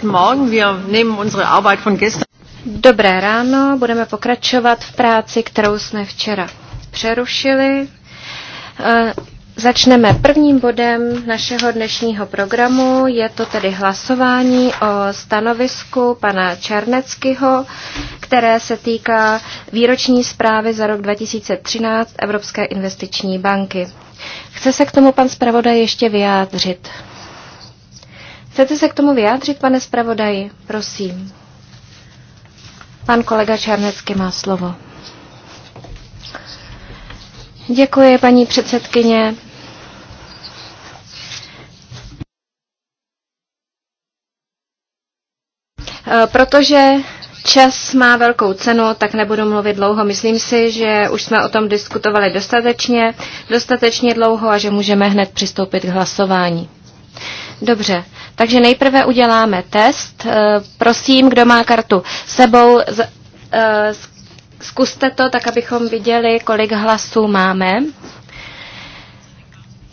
Guten Morgen, wir nehmen unsere Arbeit von gestern. Dobré ráno, budeme pokračovat v práci, kterou jsme včera přerušili. Eh, začneme prvním bodem našeho dnešního programu. Je to tedy hlasování o stanovisku pana Černeckého, které se týká výroční zprávy za rok 2013 Evropské investiční banky. Chce se k tomu pan zpravodaj ještě vyjádřit? Chcete se k tomu vyjádřit, pane zpravodaji? Prosím. Pan kolega Čarnecky má slovo. Děkuji, paní předsedkyně. Eh, protože čas má velkou cenu, tak nebudu mluvit dlouho. Myslím si, že už jsme o tom diskutovali dostatečně, dostatečně dlouho a že můžeme hned přistoupit k hlasování. Dobře, takže nejprve uděláme test. Eh, prosím, kdo má kartu sebou, eh, zkuste to tak, abychom viděli, kolik hlasů máme.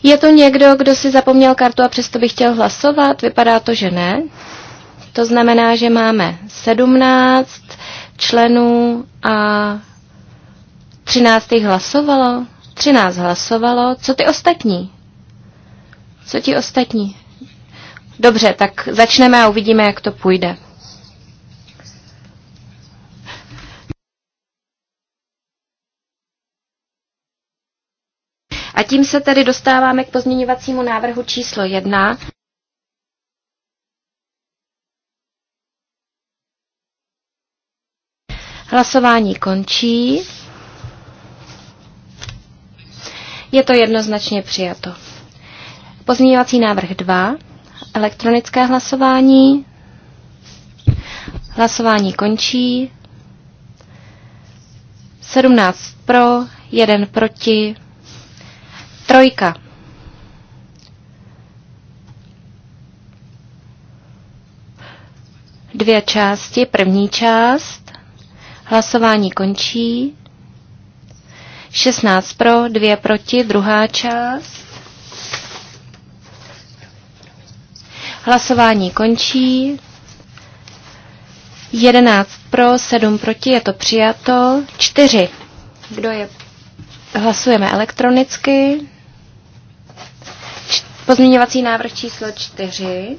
Je to někdo, kdo si zapomněl kartu a přesto by chtěl hlasovat? Vypadá to, že ne. To znamená, že máme 17 členů a 13 hlasovalo. 13 hlasovalo. Co ty ostatní? Co ti ostatní? Dobře, tak začneme a uvidíme, jak to půjde. A tím se tedy dostáváme k pozměňovacímu návrhu číslo 1. Hlasování končí. Je to jednoznačně přijato. Pozměňovací návrh 2 elektronické hlasování. Hlasování končí. 17 pro, 1 proti, trojka. Dvě části. První část. Hlasování končí. 16 pro, 2 proti, druhá část. Hlasování končí. 11 pro, 7 proti, je to přijato. 4. Kdo je? Hlasujeme elektronicky. Pozměňovací návrh číslo 4.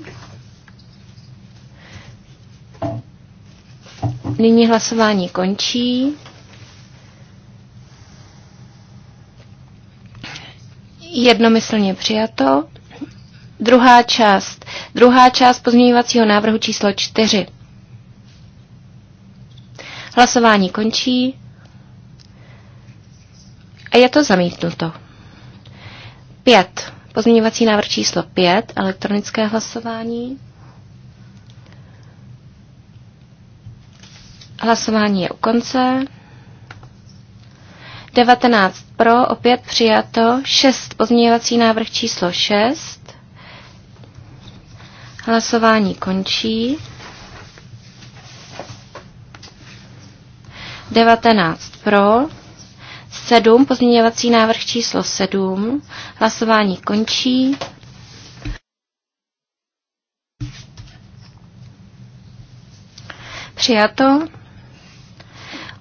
Nyní hlasování končí. Jednomyslně přijato. Druhá část. Druhá část pozměňovacího návrhu číslo 4. Hlasování končí a je to zamítnuto. 5. Pozměňovací návrh číslo 5. Elektronické hlasování. Hlasování je u konce. 19 pro, opět přijato. 6. Pozměňovací návrh číslo 6. Hlasování končí. 19 pro, 7, pozměňovací návrh číslo 7. Hlasování končí. Přijato.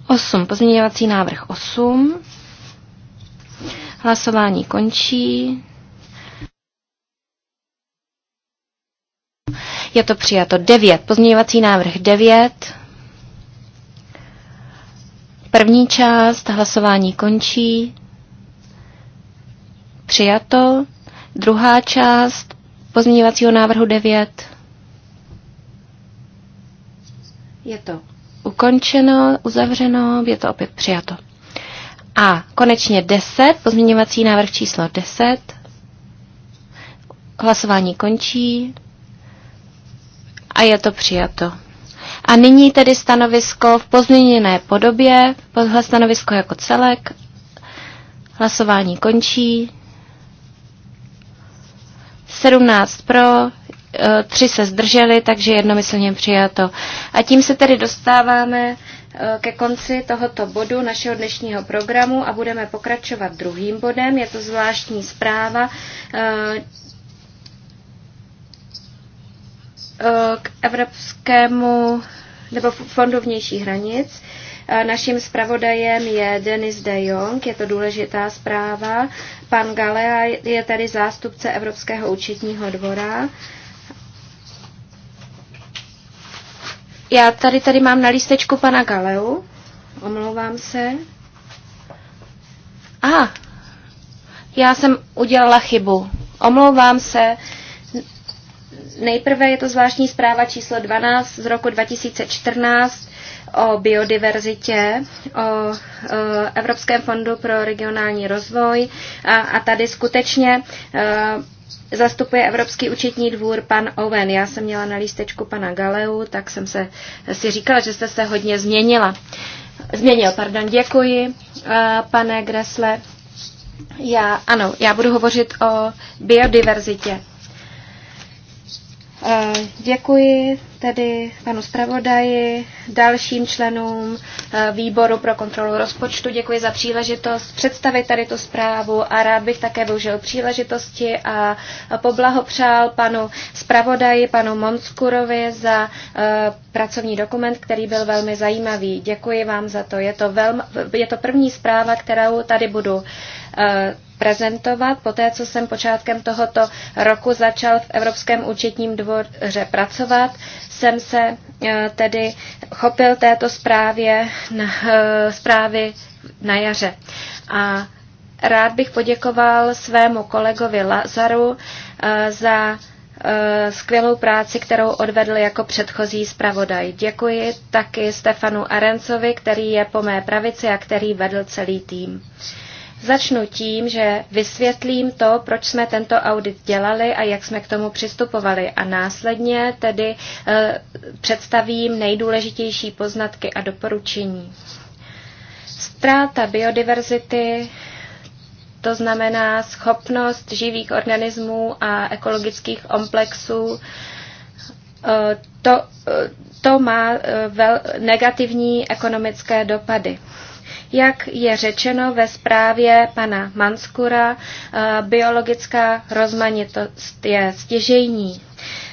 8, pozměňovací návrh 8. Hlasování končí. Je to přijato 9. Pozměňovací návrh 9. První část hlasování končí. Přijato. Druhá část pozměňovacího návrhu 9. Je to ukončeno, uzavřeno, je to opět přijato. A konečně 10, pozměňovací návrh číslo 10. Hlasování končí a je to přijato. A nyní tedy stanovisko v pozměněné podobě, stanovisko jako celek. Hlasování končí. 17 pro, 3 e, se zdrželi, takže jednomyslně přijato. A tím se tedy dostáváme e, ke konci tohoto bodu našeho dnešního programu a budeme pokračovat druhým bodem. Je to zvláštní zpráva e, Eh, k Evropskému nebo fondu vnějších hranic. Eh, naším zpravodajem je Denis de Jong, je to důležitá zpráva. Pan Galea je tady zástupce Evropského účetního dvora. Já tady, tady mám na lístečku pana Galeu. Omlouvám se. A, ah, já jsem udělala chybu. Omlouvám se. Uh, Nejprve je to zvláštní zpráva číslo 12 z roku 2014 o biodiverzitě, o Evropském fondu pro regionální rozvoj a, a tady skutečně e, zastupuje Evropský účetní dvůr pan Owen. Já jsem měla na lístečku pana Galeu, tak jsem se, si říkala, že jste se hodně změnila. Změnil, pardon, děkuji, e, pane Gresle. Já, ano, já budu hovořit o biodiverzitě. Eh, děkuji tedy panu zpravodaji, dalším členům eh, výboru pro kontrolu rozpočtu. Děkuji za příležitost představit tady tu zprávu a rád bych také využil příležitosti a poblahopřál panu zpravodaji, panu Monskurovi za eh, pracovní dokument, který byl velmi zajímavý. Děkuji vám za to. Je to, velmi, je to první zpráva, kterou tady budu prezentovat. Poté, co jsem počátkem tohoto roku začal v Evropském účetním dvoře pracovat, jsem se e, tedy chopil této zprávě, na, e, zprávy na jaře. A rád bych poděkoval svému kolegovi Lazaru e, za skvělou práci, kterou odvedl jako předchozí zpravodaj. Děkuji taky Stefanu Arencovi, který je po mé pravici a který vedl celý tým. Začnu tím, že vysvětlím to, proč jsme tento audit dělali a jak jsme k tomu přistupovali. A následně tedy e, představím nejdůležitější poznatky a doporučení. Ztráta biodiverzity to znamená schopnost živých organismů a ekologických komplexů. Eh, to, eh, to má vel, negativní ekonomické dopady. Jak je řečeno ve zprávě pana Manskura, eh, biologická rozmanitost je stěžejní.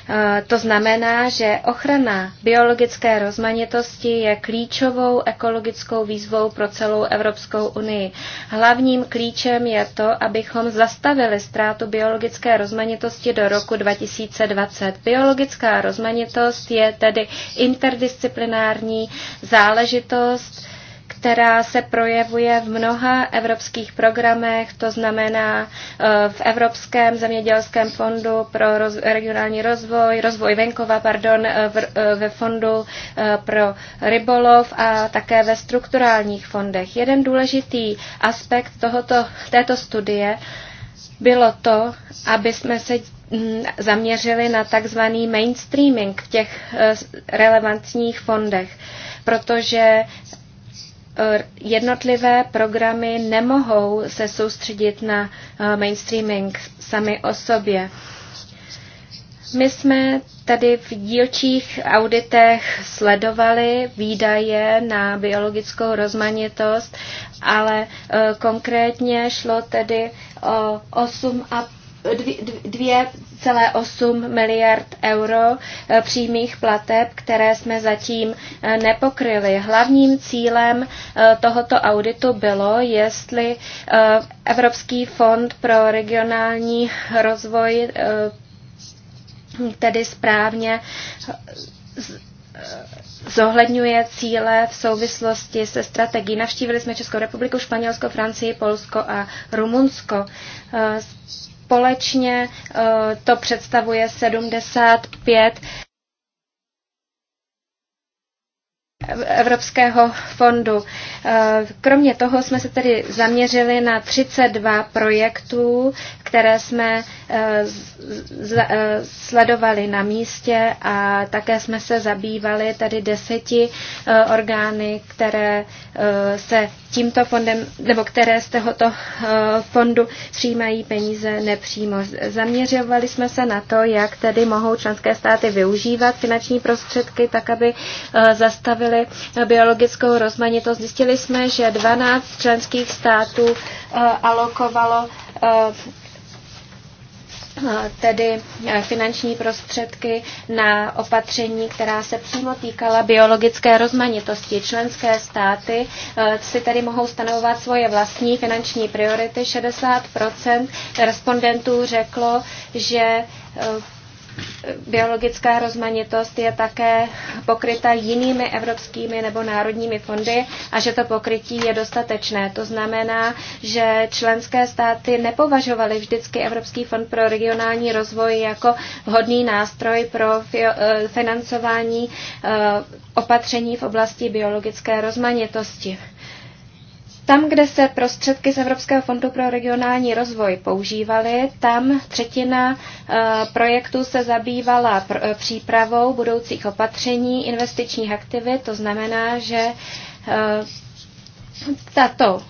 Eh, to znamená, že ochrana biologické rozmanitosti je klíčovou ekologickou výzvou pro celou Evropskou unii. Hlavním klíčem je to, abychom zastavili ztrátu biologické rozmanitosti do roku 2020. Biologická rozmanitost je tedy interdisciplinární záležitost, která se projevuje v mnoha evropských programech, to znamená eh, v Evropském zemědělském fondu pro roz, regionální rozvoj, rozvoj venkova, pardon, eh, eh, ve fondu pro rybolov a také ve strukturálních fondech. Jeden důležitý aspekt tohoto, této studie bylo to, aby jsme se hm, zaměřili na takzvaný mainstreaming v těch relevantních fondech, protože Eh, jednotlivé programy nemohou se soustředit na eh, mainstreaming sami o sobě. My jsme tady v dílčích auditech sledovali výdaje na biologickou rozmanitost, ale eh, konkrétně šlo tedy o 8 a 2 6,8 miliard euro eh, přímých plateb, které jsme zatím eh, nepokryli. Hlavním cílem eh, tohoto auditu bylo, jestli Evropský fond pro regionální rozvoj tedy správně zohledňuje cíle v souvislosti se strategií. Navštívili jsme Českou republiku, Španělsko, Francii, Polsko a Rumunsko. Společně eh, to představuje 75 Evropského fondu. Eh, kromě toho jsme se tedy zaměřili na 32 projektů, které jsme eh, eh, sledovali na místě a také jsme se zabývali tady deseti orgány, které se tímto fondem, nebo které z tohoto fondu přijímají peníze nepřímo. Zaměřovali jsme se na to, jak tedy mohou členské státy využívat finanční prostředky, tak aby zastavili zkoumali biologickou rozmanitost, zjistili jsme, že 12 členských států eh, alokovalo eh, eh, tedy finanční prostředky na opatření, která se přímo týkala biologické rozmanitosti. Členské státy si tedy mohou stanovovat svoje vlastní finanční priority. 60 respondentů řeklo, že biologická rozmanitost je také pokryta jinými evropskými nebo národními fondy a že to pokrytí je dostatečné. To znamená, že členské státy nepovažovaly vždycky Evropský fond pro regionální rozvoj jako vhodný nástroj pro eh, financování eh, opatření v oblasti biologické rozmanitosti. Tam, kde se prostředky z Evropského fondu pro regionální rozvoj používaly, tam třetina eh, projektů se zabývala eh, přípravou budoucích opatření investičních aktivit. To znamená, že eh, tato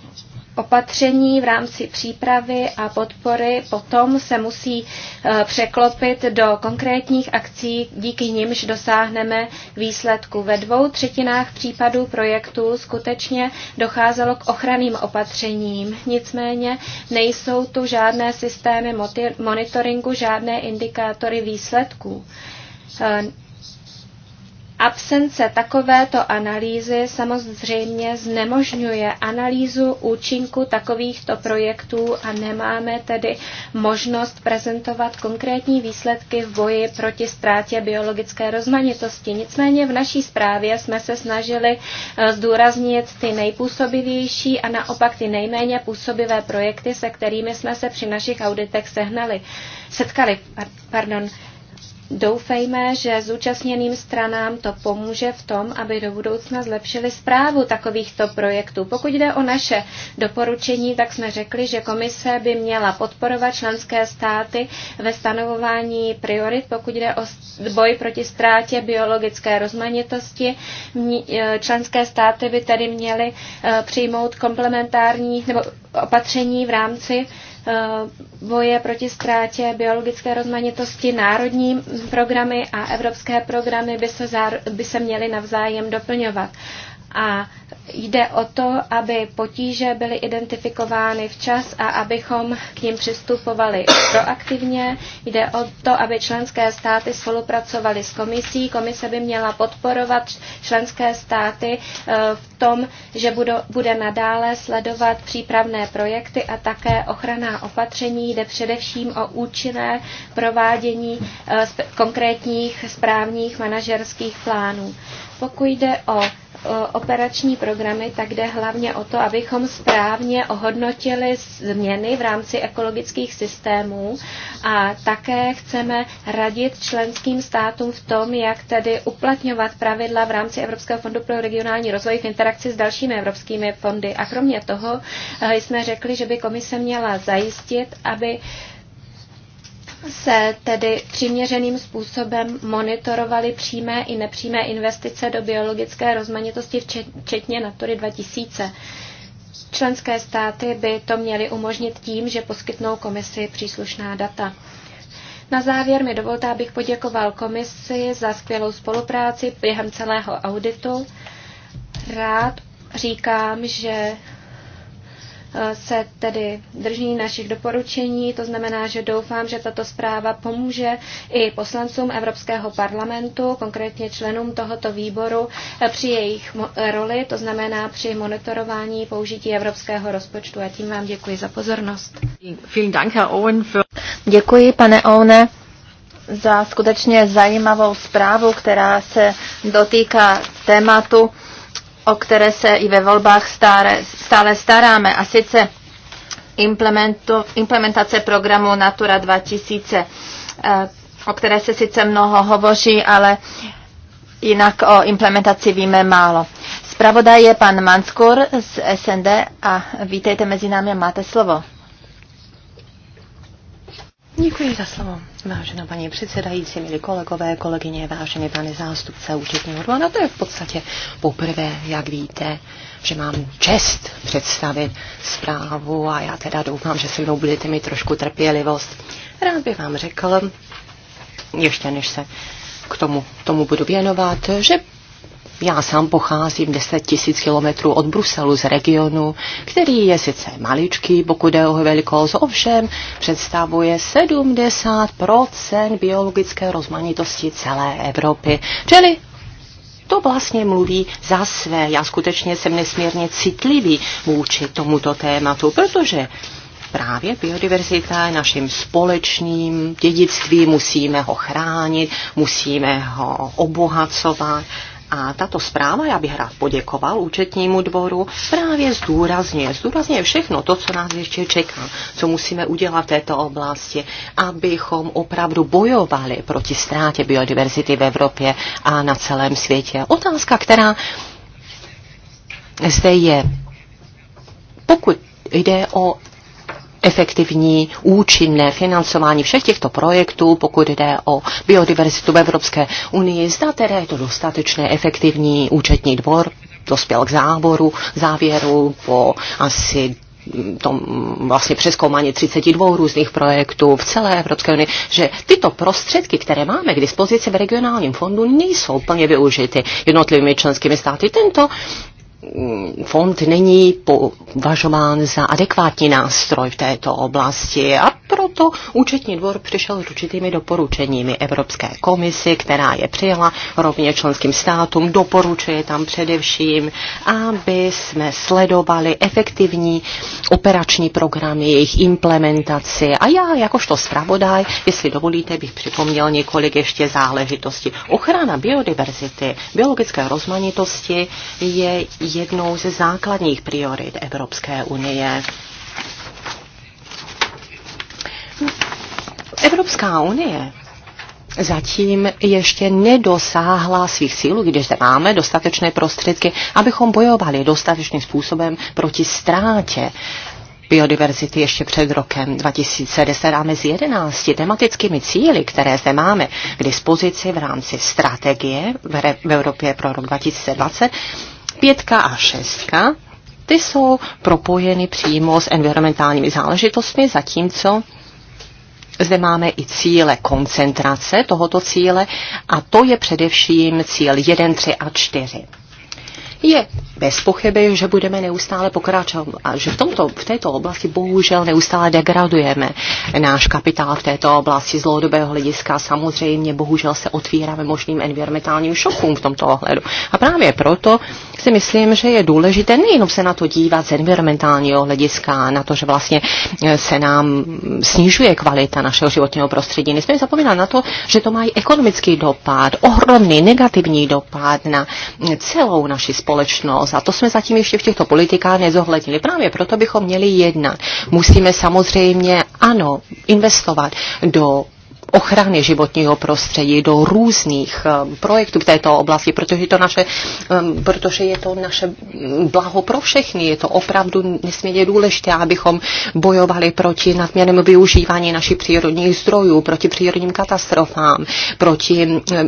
opatření v rámci přípravy a podpory potom se musí eh, překlopit do konkrétních akcí, díky nimž dosáhneme výsledku. Ve dvou třetinách případů projektu skutečně docházelo k ochranným opatřením. Nicméně nejsou tu žádné systémy monitoringu, žádné indikátory výsledků. Eh, Absence takovéto analýzy samozřejmě znemožňuje analýzu účinku takovýchto projektů a nemáme tedy možnost prezentovat konkrétní výsledky v boji proti ztrátě biologické rozmanitosti. Nicméně v naší zprávě jsme se snažili eh, zdůraznit ty nejpůsobivější a naopak ty nejméně působivé projekty, se kterými jsme se při našich auditech sehnali, setkali. Pardon. Doufejme, že zúčastněným stranám to pomůže v tom, aby do budoucna zlepšili zprávu takovýchto projektů. Pokud jde o naše doporučení, tak jsme řekli, že komise by měla podporovat členské státy ve stanovování priorit, pokud jde o boj proti ztrátě biologické rozmanitosti. E, členské státy by tedy měly e, přijmout komplementární nebo opatření v rámci Eh, boje proti ztrátě biologické rozmanitosti, národní programy a evropské programy by se, by se měly navzájem doplňovat. A Jde o to, aby potíže byly identifikovány včas a abychom k ním přistupovali proaktivně. Jde o to, aby členské státy spolupracovaly s komisí. Komise by měla podporovat členské státy eh, v tom, že bude nadále sledovat přípravné projekty a také ochranná opatření. Jde především o účinné provádění eh, konkrétních správních manažerských plánů. Pokud jde o operační programy, tak jde hlavně o to, abychom správně ohodnotili změny v rámci ekologických systémů a také chceme radit členským státům v tom, jak tedy uplatňovat pravidla v rámci Evropského fondu pro regionální rozvoj v interakci s dalšími evropskými fondy. A kromě toho eh, jsme řekli, že by komise měla zajistit, aby se tedy přiměřeným způsobem monitorovaly přímé i nepřímé investice do biologické rozmanitosti, včetně Natury 2000. Členské státy by to měly umožnit tím, že poskytnou komisi příslušná data. Na závěr mi dovolte, abych poděkoval komisi za skvělou spolupráci během celého auditu. Rád říkám, že se tedy drží našich doporučení. To znamená, že doufám, že tato zpráva pomůže i poslancům Evropského parlamentu, konkrétně členům tohoto výboru, eh, při jejich roli, to znamená při monitorování použití evropského rozpočtu. A tím vám děkuji za pozornost. Děkuji, pane Oune za skutečně zajímavou zprávu, která se dotýká tématu, o které se i ve volbách stále, stále staráme, a sice implementace programu Natura 2000, eh, o které se sice mnoho hovoří, ale jinak o implementaci víme málo. Spravodaj je pan Manskur z SND a vítejte mezi námi máte slovo. Děkuji za slovo. Vážená paní předsedající, milí kolegové, kolegyně, vážený pane zástupce účetního dvora, no, to je v podstatě poprvé, jak víte, že mám čest představit zprávu a já teda doufám, že se mnou budete mít trošku trpělivost. Rád bych vám řekl, ještě než se k tomu, tomu budu věnovat, že já sám pocházím 10 tisíc kilometrů od Bruselu z regionu, který je sice maličký, pokud je o velikost, ovšem představuje 70% biologické rozmanitosti celé Evropy. Čili to vlastně mluví za své. Já skutečně jsem nesmírně citlivý vůči tomuto tématu, protože právě biodiverzita je naším společným dědictvím, musíme ho chránit, musíme ho obohacovat a tato zpráva, já bych rád poděkoval účetnímu dvoru, právě zdůrazně, zdůrazně všechno to, co nás ještě čeká, co musíme udělat v této oblasti, abychom opravdu bojovali proti ztrátě biodiverzity v Evropě a na celém světě. Otázka, která zde je, pokud jde o efektivní, účinné financování všech těchto projektů, pokud jde o biodiverzitu v Evropské unii. Zda teda je to dostatečné, efektivní účetní dvor, dospěl k záboru, závěru po asi tom vlastně přeskoumání 32 různých projektů v celé Evropské unii, že tyto prostředky, které máme k dispozici v regionálním fondu, nejsou plně využity jednotlivými členskými státy. Tento Mm, fond není považován za adekvátní nástroj v této oblasti a proto účetní dvor přišel s určitými doporučeními Evropské komisi, která je přijala rovně členským státům, doporučuje tam především, aby jsme sledovali efektivní operační programy, jejich implementaci a já jakožto zpravodaj, jestli dovolíte, bych připomněl několik ještě záležitostí. Ochrana biodiverzity, biologické rozmanitosti je jednou ze základních priorit Evropské unie. Evropská unie zatím ještě nedosáhla svých sílů, když zde máme dostatečné prostředky, abychom bojovali dostatečným způsobem proti ztrátě biodiverzity ještě před rokem 2010 a mezi 11 tematickými cíly, které zde máme k dispozici v rámci strategie v, Evropě pro rok 2020, pětka a šestka, ty jsou propojeny přímo s environmentálními záležitostmi, zatímco zde máme i cíle koncentrace tohoto cíle a to je především cíl 1, 3 a 4 je bez pochyby, že budeme neustále pokračovat a že v, tomto, v této oblasti bohužel neustále degradujeme náš kapitál v této oblasti z dlouhodobého hlediska. Samozřejmě bohužel se otvíráme možným environmentálním šokům v tomto ohledu. A právě proto si myslím, že je důležité nejenom se na to dívat z environmentálního hlediska, na to, že vlastně se nám snižuje kvalita našeho životního prostředí. Nesmíme zapomínat na to, že to má i ekonomický dopad, ohromný negativní dopad na celou naši společnost společnost. A to jsme zatím ještě v těchto politikách nezohlednili. Právě proto bychom měli jednat. Musíme samozřejmě, ano, investovat do ochrany životního prostředí, do různých eh, projektů v této oblasti, protože, to naše, eh, protože je to naše blaho pro všechny. Je to opravdu nesmírně důležité, abychom bojovali proti nadměrnému využívání našich přírodních zdrojů, proti přírodním katastrofám, proti eh,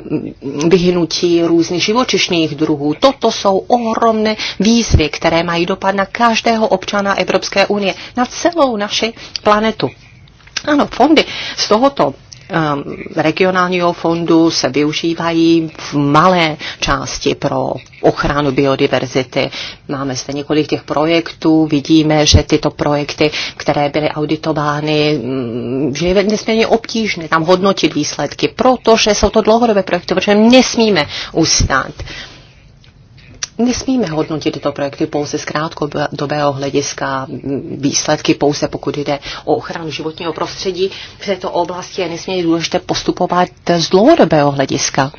vyhnutí různých živočišných druhů. Toto jsou ohromné výzvy, které mají dopad na každého občana Evropské unie, na celou naši planetu. Ano, fondy z tohoto Ehm, regionálního fondu se využívají v malé části pro ochranu biodiverzity. Máme zde několik těch projektů, vidíme, že tyto projekty, které byly auditovány, mm, že je nesmírně obtížné tam hodnotit výsledky, protože jsou to dlouhodobé projekty, protože nesmíme ustát. Nesmíme hodnotit tyto projekty pouze z krátkodobého hlediska, výsledky pouze pokud jde o ochranu životního prostředí. V této oblasti je nesmírně důležité postupovat z dlouhodobého hlediska.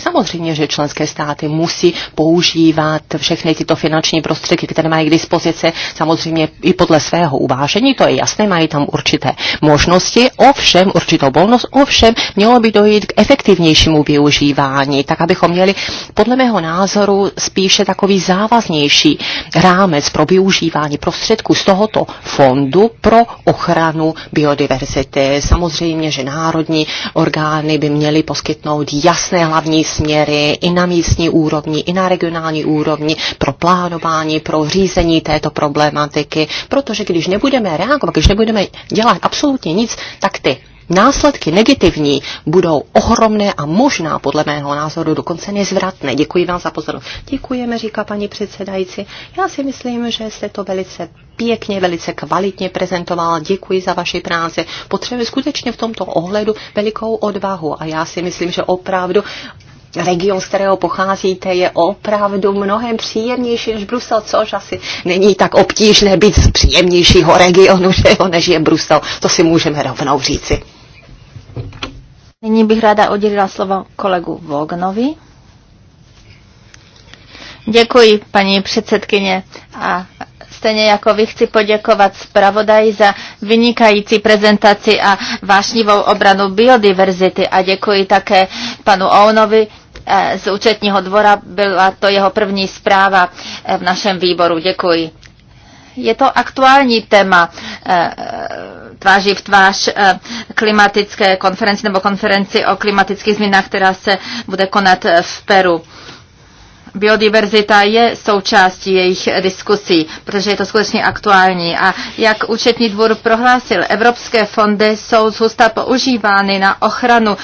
Samozřejmě, že členské státy musí používat všechny tyto finanční prostředky, které mají k dispozici, samozřejmě i podle svého uvážení, to je jasné, mají tam určité možnosti, ovšem určitou volnost, ovšem mělo by dojít k efektivnějšímu využívání, tak abychom měli podle mého názoru spíše takový závaznější rámec pro využívání prostředků z tohoto fondu pro ochranu biodiverzity. Samozřejmě, že národní orgány by měly poskytnout jasné hlavní směry i na místní úrovni, i na regionální úrovni pro plánování, pro řízení této problematiky, protože když nebudeme reagovat, když nebudeme dělat absolutně nic, tak ty Následky negativní budou ohromné a možná podle mého názoru dokonce nezvratné. Děkuji vám za pozornost. Děkujeme, říká paní předsedající. Já si myslím, že jste to velice pěkně, velice kvalitně prezentoval. Děkuji za vaši práci. Potřebujeme skutečně v tomto ohledu velikou odvahu a já si myslím, že opravdu region, z kterého pocházíte, je opravdu mnohem příjemnější než Brusel, což asi není tak obtížné být z příjemnějšího regionu, že jo, než je Brusel. To si můžeme rovnou říci. Nyní bych ráda udělila slovo kolegu Vognovi. Děkuji, paní předsedkyně, a Stejně jako vy chci poděkovat zpravodaji za vynikající prezentaci a vášnivou obranu biodiverzity a děkuji také panu Ounovi eh, z účetního dvora. Byla to jeho první zpráva eh, v našem výboru. Děkuji. Je to aktuální téma eh, tváří v tvář klimatické konferenci nebo konferenci o klimatických změnách, která se bude konat v Peru biodiverzita je součástí jejich diskusí, protože je to skutečně aktuální. A jak účetní dvůr prohlásil, evropské fondy jsou zhusta používány na ochranu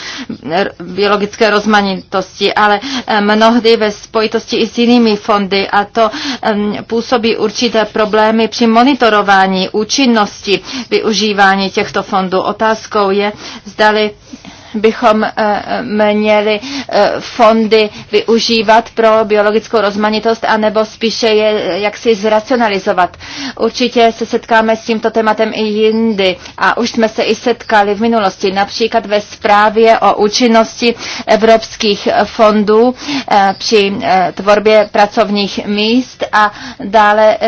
biologické rozmanitosti, ale eh, mnohdy ve spojitosti i s jinými fondy a to působí určité problémy při monitorování účinnosti využívání těchto fondů. Otázkou je, zdali bychom eh, měli eh, fondy využívat pro biologickou rozmanitost, anebo spíše je jaksi zracionalizovat. Určitě se setkáme s tímto tématem i jindy a už jsme se i setkali v minulosti, například ve zprávě o účinnosti evropských fondů eh, při tvorbě pracovních míst a dále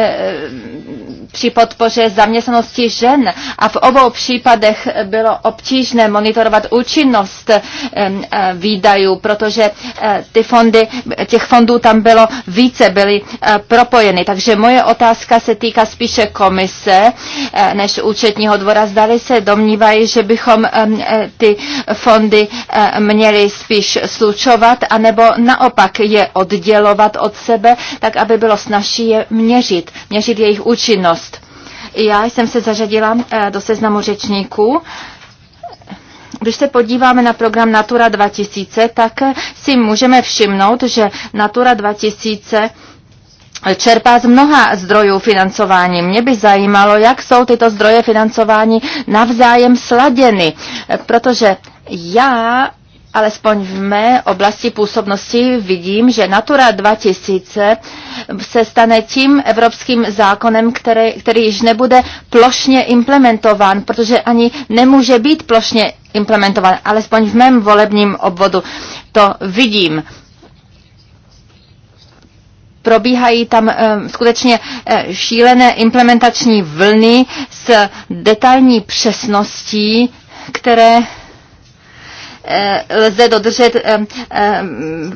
při podpoře zaměstnanosti žen. A v obou případech bylo obtížné monitorovat účinnost výkonnost eh, eh, výdajů, protože eh, ty fondy, těch fondů tam bylo více, byly propojeny. Takže moje otázka se týká spíše komise než účetního dvora. Zdali se domnívají, že bychom ty fondy měli spíš slučovat, anebo naopak je oddělovat od sebe, tak aby bylo snažší je měřit, měřit jejich účinnost. Já jsem se zařadila do seznamu řečníků když se podíváme na program Natura 2000, tak si můžeme všimnout, že Natura 2000 čerpá z mnoha zdrojů financování. Mě by zajímalo, jak jsou tyto zdroje financování navzájem sladěny, protože já alespoň v mé oblasti působnosti vidím, že Natura 2000 se stane tím evropským zákonem, který, který již nebude plošně implementován, protože ani nemůže být plošně implementován, alespoň v mém volebním obvodu. To vidím probíhají tam eh, skutečně eh, šílené implementační vlny s detailní přesností, které Eh, lze dodržet eh, eh,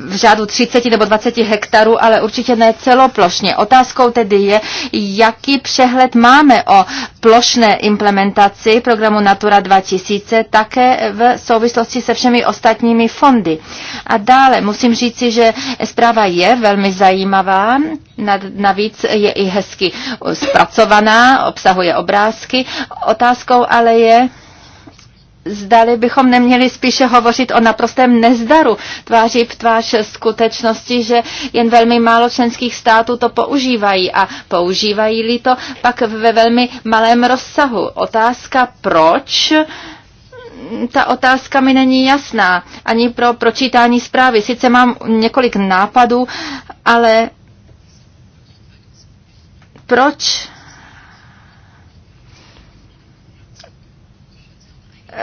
v řádu 30 nebo 20 hektarů, ale určitě ne celoplošně. Otázkou tedy je, jaký přehled máme o plošné implementaci programu Natura 2000 také v souvislosti se všemi ostatními fondy. A dále musím říci, že zpráva je velmi zajímavá, navíc je i hezky zpracovaná, obsahuje obrázky. Otázkou ale je, zdali bychom neměli spíše hovořit o naprostém nezdaru tváří v tvář skutečnosti, že jen velmi málo členských států to používají a používají-li to pak ve velmi malém rozsahu. Otázka proč ta otázka mi není jasná ani pro pročítání zprávy. Sice mám několik nápadů, ale proč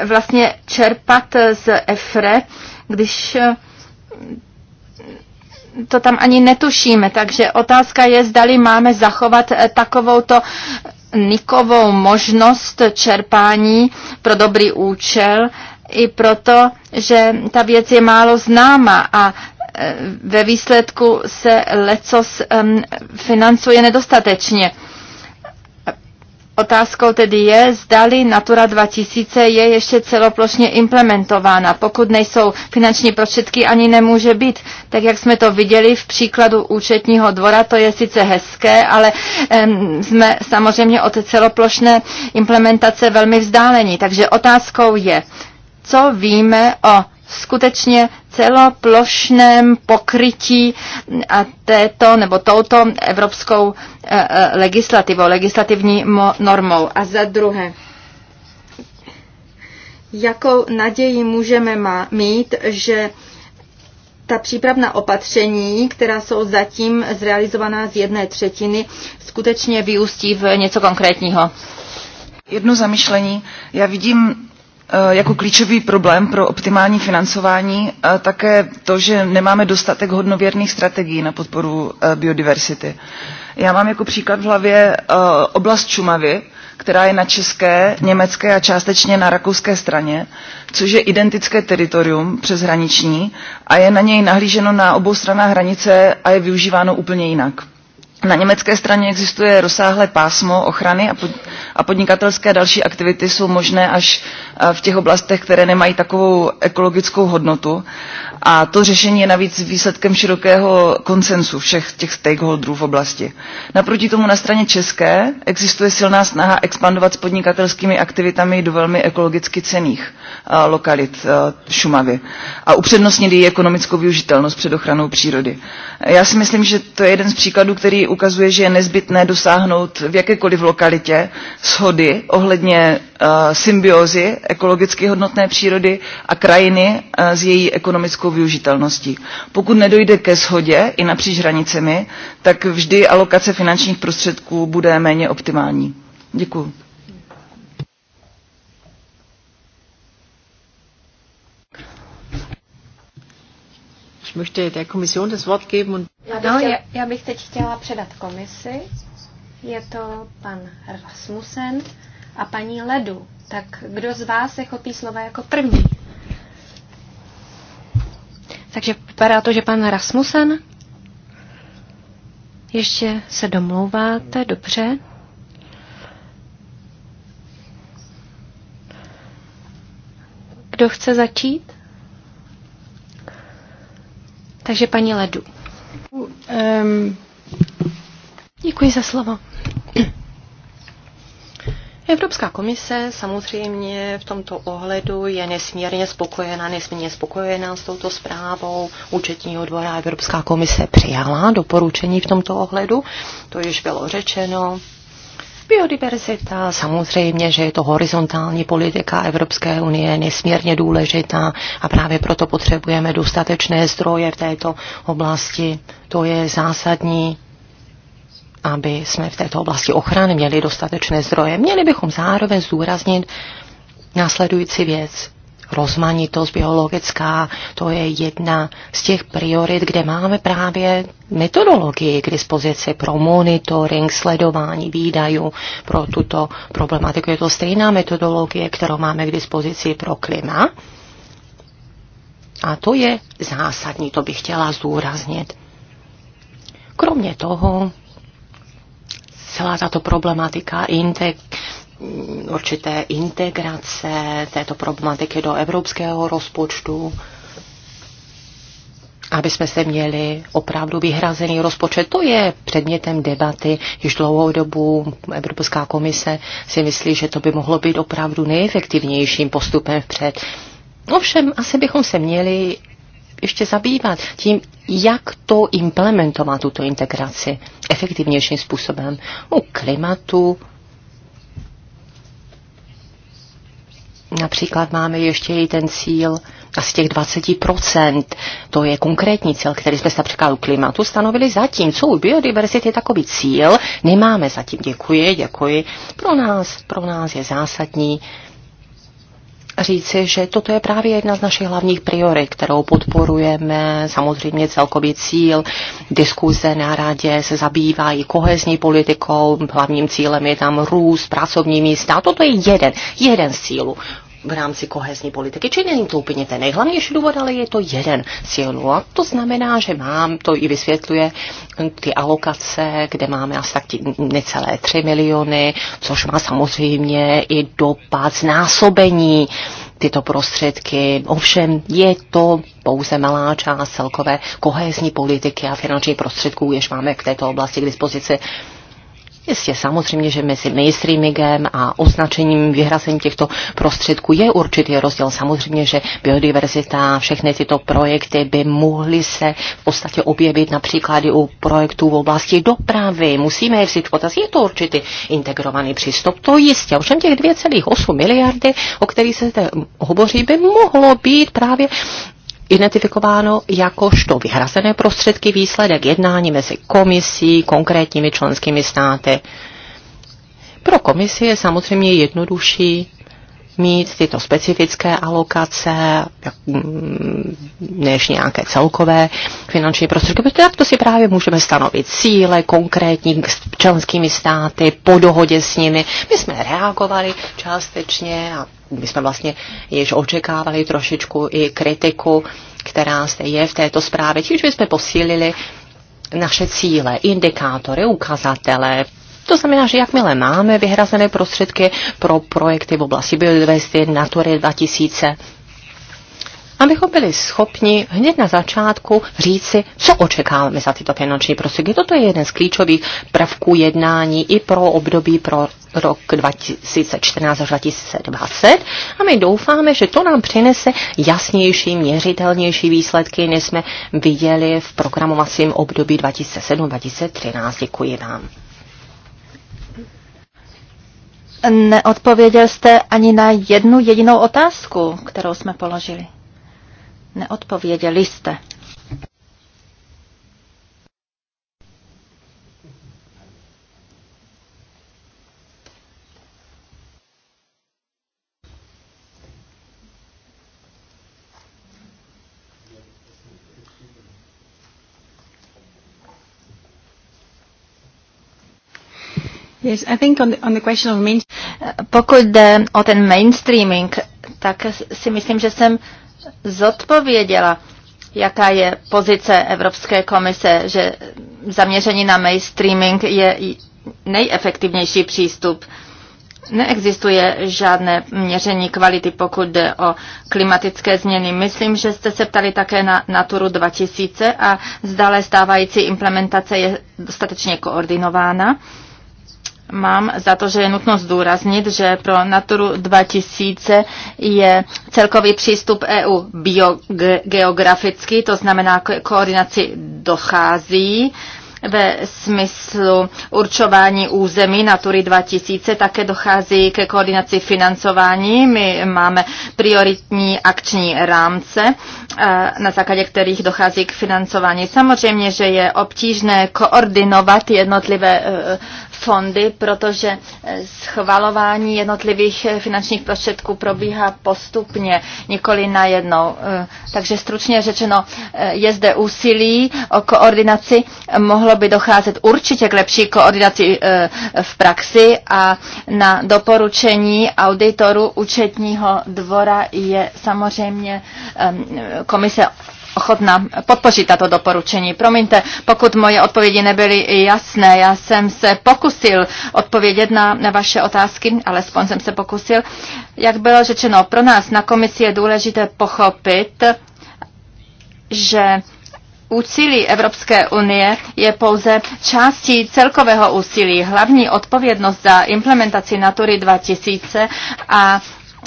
vlastně čerpat z EFRE, když eh, to tam ani netušíme. Takže otázka je, zdali máme zachovat eh, takovouto nikovou možnost čerpání pro dobrý účel, i proto, že ta věc je málo známa a eh, ve výsledku se lecos financuje nedostatečně. Otázkou tedy je, zdali Natura 2000 je ještě celoplošně implementována. Pokud nejsou finanční prostředky, ani nemůže být. Tak jak jsme to viděli v příkladu účetního dvora, to je sice hezké, ale em, jsme samozřejmě od celoplošné implementace velmi vzdálení. Takže otázkou je, co víme o skutečně celoplošném pokrytí mm, a této nebo touto evropskou eh, eh, legislativou, legislativní normou. A za druhé, jakou naději můžeme mít, že ta přípravná opatření, která jsou zatím zrealizovaná z jedné třetiny, skutečně vyústí v něco konkrétního? Jedno zamišlení. Já vidím Eh, jako klíčový problém pro optimální financování eh, také to, že nemáme dostatek hodnověrných strategií na podporu eh, biodiverzity. Já mám jako příklad v hlavě oblast Čumavy, která je na české, německé a částečně na rakouské straně, což je identické teritorium přeshraniční a je na něj nahlíženo na obou stranách hranice a je využíváno úplně jinak. Na německé straně existuje rozsáhlé pásmo ochrany a podnikatelské další aktivity jsou možné až eh, v těch oblastech, které nemají takovou ekologickou hodnotu. A to řešení je navíc výsledkem širokého konsensu všech těch stakeholderů v oblasti. Naproti tomu na straně české existuje silná snaha expandovat s podnikatelskými aktivitami do velmi ekologicky cených eh, lokalit eh, Šumavy a upřednostnit její ekonomickou využitelnost před ochranou přírody. Já si myslím, že to je jeden z příkladů, který ukazuje, že je nezbytné dosáhnout v jakékoliv lokalitě shody ohledně uh, symbiozy ekologicky hodnotné přírody a krajiny uh, s její ekonomickou využitelností. Pokud nedojde ke shodě i napříč hranicemi, tak vždy alokace finančních prostředků bude méně optimální. Děkuji. Ich möchte der Kommission das Wort geben und já bych, no, chtěla... já bych teď chtěla předat komisi. Je to pan Rasmussen a paní Ledu. Tak kdo z vás se chopí slova jako první? Takže vypadá to, že pan Rasmussen ještě se domlouváte, dobře. Kdo chce začít? Takže paní Ledu. Um, děkuji za slovo. Evropská komise samozřejmě v tomto ohledu je nesmírně spokojená, nesmírně spokojená s touto zprávou. Účetního dvora Evropská komise přijala doporučení v tomto ohledu, to již bylo řečeno. Biodiverzita, samozřejmě, že je to horizontální politika Evropské unie, nesmírně důležitá a právě proto potřebujeme dostatečné zdroje v této oblasti. To je zásadní aby jsme v této oblasti ochrany měli dostatečné zdroje. Měli bychom zároveň zdůraznit následující věc rozmanitost biologická, to je jedna z těch priorit, kde máme právě metodologii k dispozici pro monitoring, sledování výdajů pro tuto problematiku. Je to stejná metodologie, kterou máme k dispozici pro klima. A to je zásadní, to bych chtěla zdůraznit. Kromě toho, celá tato problematika integ- určité integrace této problematiky do evropského rozpočtu, aby jsme se měli opravdu vyhrazený rozpočet. To je předmětem debaty již dlouhou dobu. Evropská komise si myslí, že to by mohlo být opravdu nejefektivnějším postupem vpřed. Ovšem, asi bychom se měli ještě zabývat tím, jak to implementovat, tuto integraci efektivnějším způsobem. U klimatu Například máme ještě i ten cíl asi těch 20%. To je konkrétní cíl, který jsme se například u klimatu stanovili zatím. Co u biodiverzity je takový cíl? Nemáme zatím. Děkuji, děkuji. Pro nás, pro nás je zásadní říci, že toto je právě jedna z našich hlavních priorit, kterou podporujeme. Samozřejmě celkový cíl diskuze na radě se zabývá i kohezní politikou. Hlavním cílem je tam růst, pracovní místa. Toto je jeden, jeden z cílů v rámci kohezní politiky. Či není to úplně ten nejhlavnější důvod, ale je to jeden z A to znamená, že mám, to i vysvětluje eh, ty alokace, kde máme asi tak necelé 3 miliony, což má samozřejmě i dopad znásobení tyto prostředky. Ovšem je to pouze malá část celkové kohezní politiky a finančních prostředků, jež máme v této oblasti k dispozici. Jistě samozřejmě, že mezi mainstreamingem a označením, vyhrazení těchto prostředků je určitý rozdíl. Samozřejmě, že biodiverzita, všechny tyto projekty by mohly se v podstatě objevit například i u projektů v oblasti dopravy. Musíme je vzít v potaz. Je to určitý integrovaný přístup, to jistě. Ovšem těch 2,8 miliardy, o kterých se zde hovoří, by mohlo být právě identifikováno jakožto vyhrazené prostředky výsledek jednání mezi komisí, konkrétními členskými státy. Pro komisi je samozřejmě jednodušší mít tyto specifické alokace mm, než nějaké celkové finanční prostředky, protože tak to si právě můžeme stanovit cíle konkrétní s členskými státy po dohodě s nimi. My jsme reagovali částečně a my jsme vlastně již očekávali trošičku i kritiku, která zde je v této zprávě, tím, bychom jsme posílili naše cíle, indikátory, ukazatele, to znamená, že jakmile máme vyhrazené prostředky pro projekty v oblasti biodiverzity Natury 2000, abychom byli schopni hned na začátku říci, co očekáváme za tyto finanční prostředky. Toto je jeden z klíčových prvků jednání i pro období pro rok 2014 až 2020 a my doufáme, že to nám přinese jasnější, měřitelnější výsledky, než jsme viděli v programovacím období 2007-2013. Děkuji vám. Neodpověděl jste ani na jednu jedinou otázku, kterou jsme položili. Neodpověděli jste. Yes, I think on the, on the question of main... Pokud jde o ten mainstreaming, tak si myslím, že jsem zodpověděla, jaká je pozice Evropské komise, že zaměření na mainstreaming je nejefektivnější přístup. Neexistuje žádné měření kvality, pokud jde o klimatické změny. Myslím, že jste se ptali také na Naturu 2000 a zdále stávající implementace je dostatečně koordinována. Mám za to, že je nutno zdůraznit, že pro Naturu 2000 je celkový přístup EU biogeografický, to znamená koordinaci dochází ve smyslu určování území Natury 2000 také dochází ke koordinaci financování. My máme prioritní akční rámce, eh, na základě kterých dochází k financování. Samozřejmě, že je obtížné koordinovat jednotlivé eh, fondy, protože eh, schvalování jednotlivých eh, finančních prostředků probíhá postupně, nikoli najednou. Eh, takže stručně řečeno, je zde úsilí o koordinaci, mohlo by docházet určitě k lepší koordinaci v praxi a na doporučení auditoru účetního dvora je samozřejmě komise ochotna podpořit tato doporučení. Promiňte, pokud moje odpovědi nebyly jasné, já jsem se pokusil odpovědět na, na vaše otázky, alespoň jsem se pokusil. Jak bylo řečeno, pro nás na komisi je důležité pochopit, že úsilí Evropské unie je pouze částí celkového úsilí. Hlavní odpovědnost za implementaci Natury 2000 a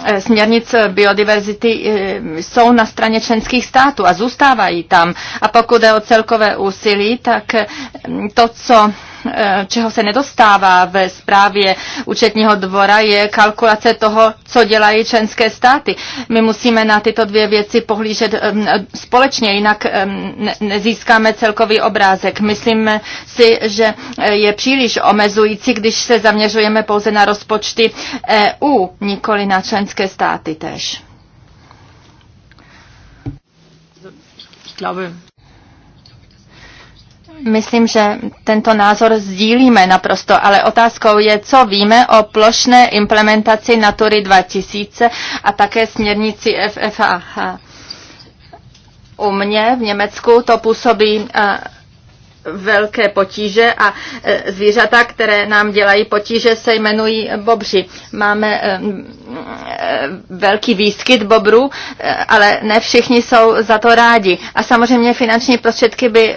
Eh, směrnic biodiverzity eh, jsou na straně členských států a zůstávají tam. A pokud je o celkové úsilí, tak eh, to, co Eh, čeho se nedostává ve zprávě účetního dvora, je kalkulace toho, co dělají členské státy. My musíme na tyto dvě věci pohlížet společně, jinak nezískáme celkový obrázek. Myslím si, že eh, je příliš omezující, když se zaměřujeme pouze na rozpočty EU, nikoli na členské státy též. Myslím, že tento názor sdílíme naprosto, ale otázkou je, co víme o plošné implementaci Natury 2000 a také směrnici FFAH. U mě v Německu to působí eh, velké potíže a e, zvířata, které nám dělají potíže, se jmenují bobři. Máme e, e, velký výskyt bobrů, ale ne všichni jsou za to rádi. A samozřejmě finanční prostředky by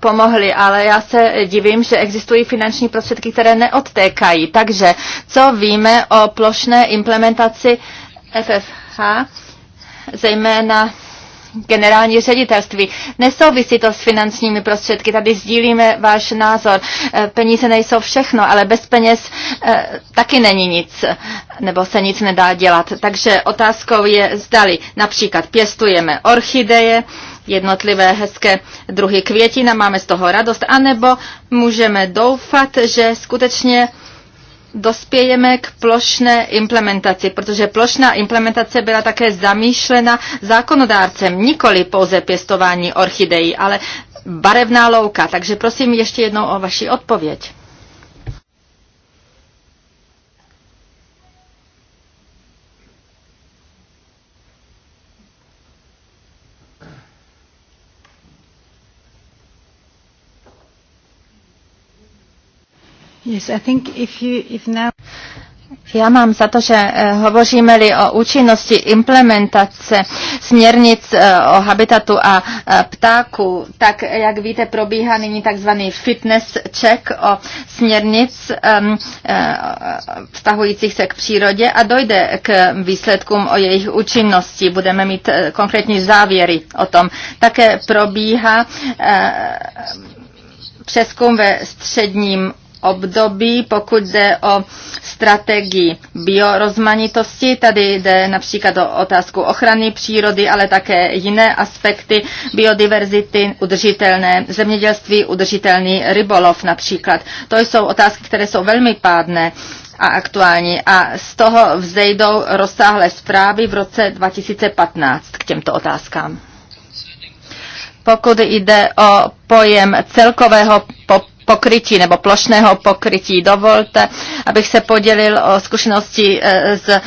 pomohly, ale já se divím, že existují finanční prostředky, které neodtékají. Takže co víme o plošné implementaci FFH, zejména generální ředitelství. Nesouvisí to s finančními prostředky, tady sdílíme váš názor. Eh, peníze nejsou všechno, ale bez peněz eh, taky není nic, nebo se nic nedá dělat. Takže otázkou je, zdali například pěstujeme orchideje, jednotlivé hezké druhy květin a máme z toho radost, anebo můžeme doufat, že skutečně dospějeme k plošné implementaci, protože plošná implementace byla také zamýšlena zákonodárcem, nikoli pouze pěstování orchidejí, ale barevná louka. Takže prosím ještě jednou o vaši odpověď. Yes, I think if you, if now... Já mám za to, že eh, hovoříme-li o účinnosti implementace směrnic eh, o habitatu a eh, ptáku, tak jak víte, probíhá nyní takzvaný fitness check o směrnic ehm, vztahujících se k přírodě a dojde k výsledkům o jejich účinnosti. Budeme mít konkrétní závěry o tom. Také probíhá přeskum ve středním období, pokud jde o strategii biorozmanitosti. Tady jde například o otázku ochrany přírody, ale také jiné aspekty biodiverzity, udržitelné zemědělství, udržitelný rybolov například. To jsou otázky, které jsou velmi pádné a aktuální a z toho vzejdou rozsáhlé zprávy v roce 2015 k těmto otázkám. Pokud jde o pojem celkového pokrytí nebo plošného pokrytí. Dovolte, abych se podělil o zkušenosti eh, z eh,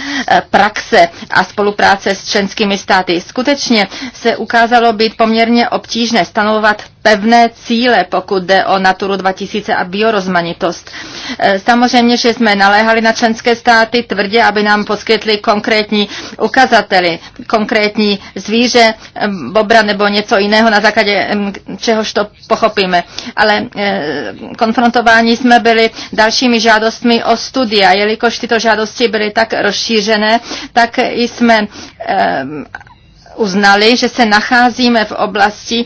praxe a spolupráce s členskými státy. Skutečně se ukázalo být poměrně obtížné stanovat pevné cíle, pokud jde o Naturu 2000 a biorozmanitost. Eh, samozřejmě, že jsme naléhali na členské státy tvrdě, aby nám poskytli konkrétní ukazateli, konkrétní zvíře, bobra nebo něco jiného, na základě hm, čehož to pochopíme. Ale konfrontováni jsme byli dalšími žádostmi o studia. Jelikož tyto žádosti byly tak rozšířené, tak jsme eh, uznali, že se nacházíme v oblasti,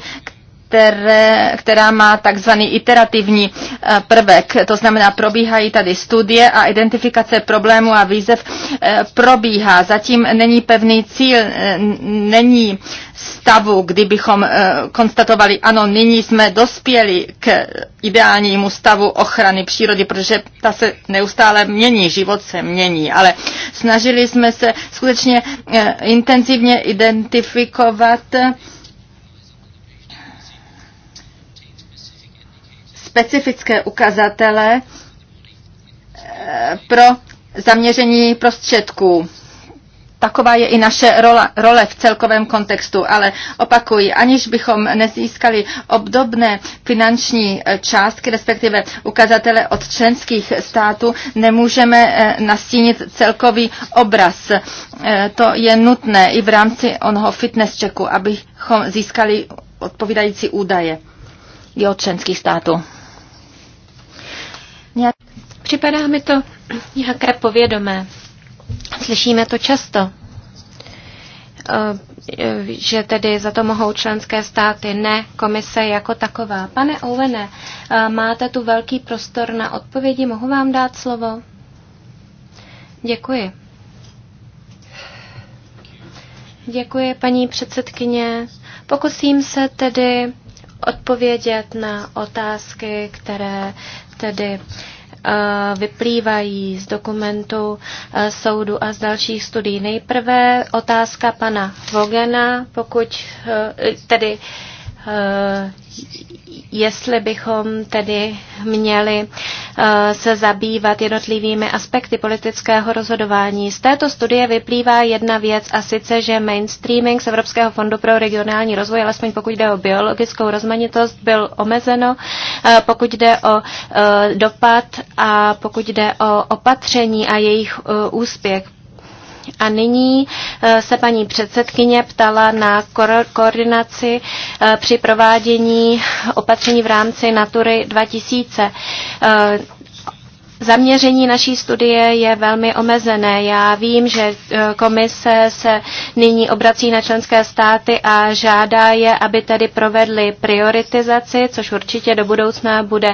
které, která má takzvaný iterativní eh, prvek. To znamená, probíhají tady studie a identifikace problémů a výzev eh, probíhá. Zatím není pevný cíl, eh, není stavu, kdybychom konstatovali, ano, nyní jsme dospěli k ideálnímu stavu ochrany přírody, protože ta se neustále mění, život se mění, ale snažili jsme se skutečně intenzivně identifikovat specifické ukazatele eh, pro zaměření prostředků. Taková je i naše rola, role v celkovém kontextu, ale opakuji, aniž bychom nezískali obdobné finanční eh, částky, respektive ukazatele od členských států, nemůžeme eh, nastínit celkový obraz. To je nutné i v rámci onoho fitness checku, abychom získali odpovídající údaje i od členských států nějak... Připadá mi to nějaké povědomé. Slyšíme to často, eh, že tedy za to mohou členské státy, ne komise jako taková. Pane Ovene, eh, máte tu velký prostor na odpovědi, mohu vám dát slovo? Děkuji. Děkuji, paní předsedkyně. Pokusím se tedy odpovědět na otázky, které tedy eh, vyplývají z dokumentu eh, soudu a z dalších studií. Nejprve otázka pana Vogena, pokud eh, tedy Eh, jestli bychom tedy měli eh, se zabývat jednotlivými aspekty politického rozhodování. Z této studie vyplývá jedna věc a sice, že mainstreaming z Evropského fondu pro regionální rozvoj, alespoň pokud jde o biologickou rozmanitost, byl omezeno, eh, pokud jde o dopad a pokud jde o opatření a jejich úspěch. A nyní eh, se paní předsedkyně ptala na koordinaci eh, při provádění opatření v rámci Natury 2000. Eh, Zaměření naší studie je velmi omezené. Já vím, že eh, komise se nyní obrací na členské státy a žádá je, aby tedy provedli prioritizaci, což určitě do budoucna bude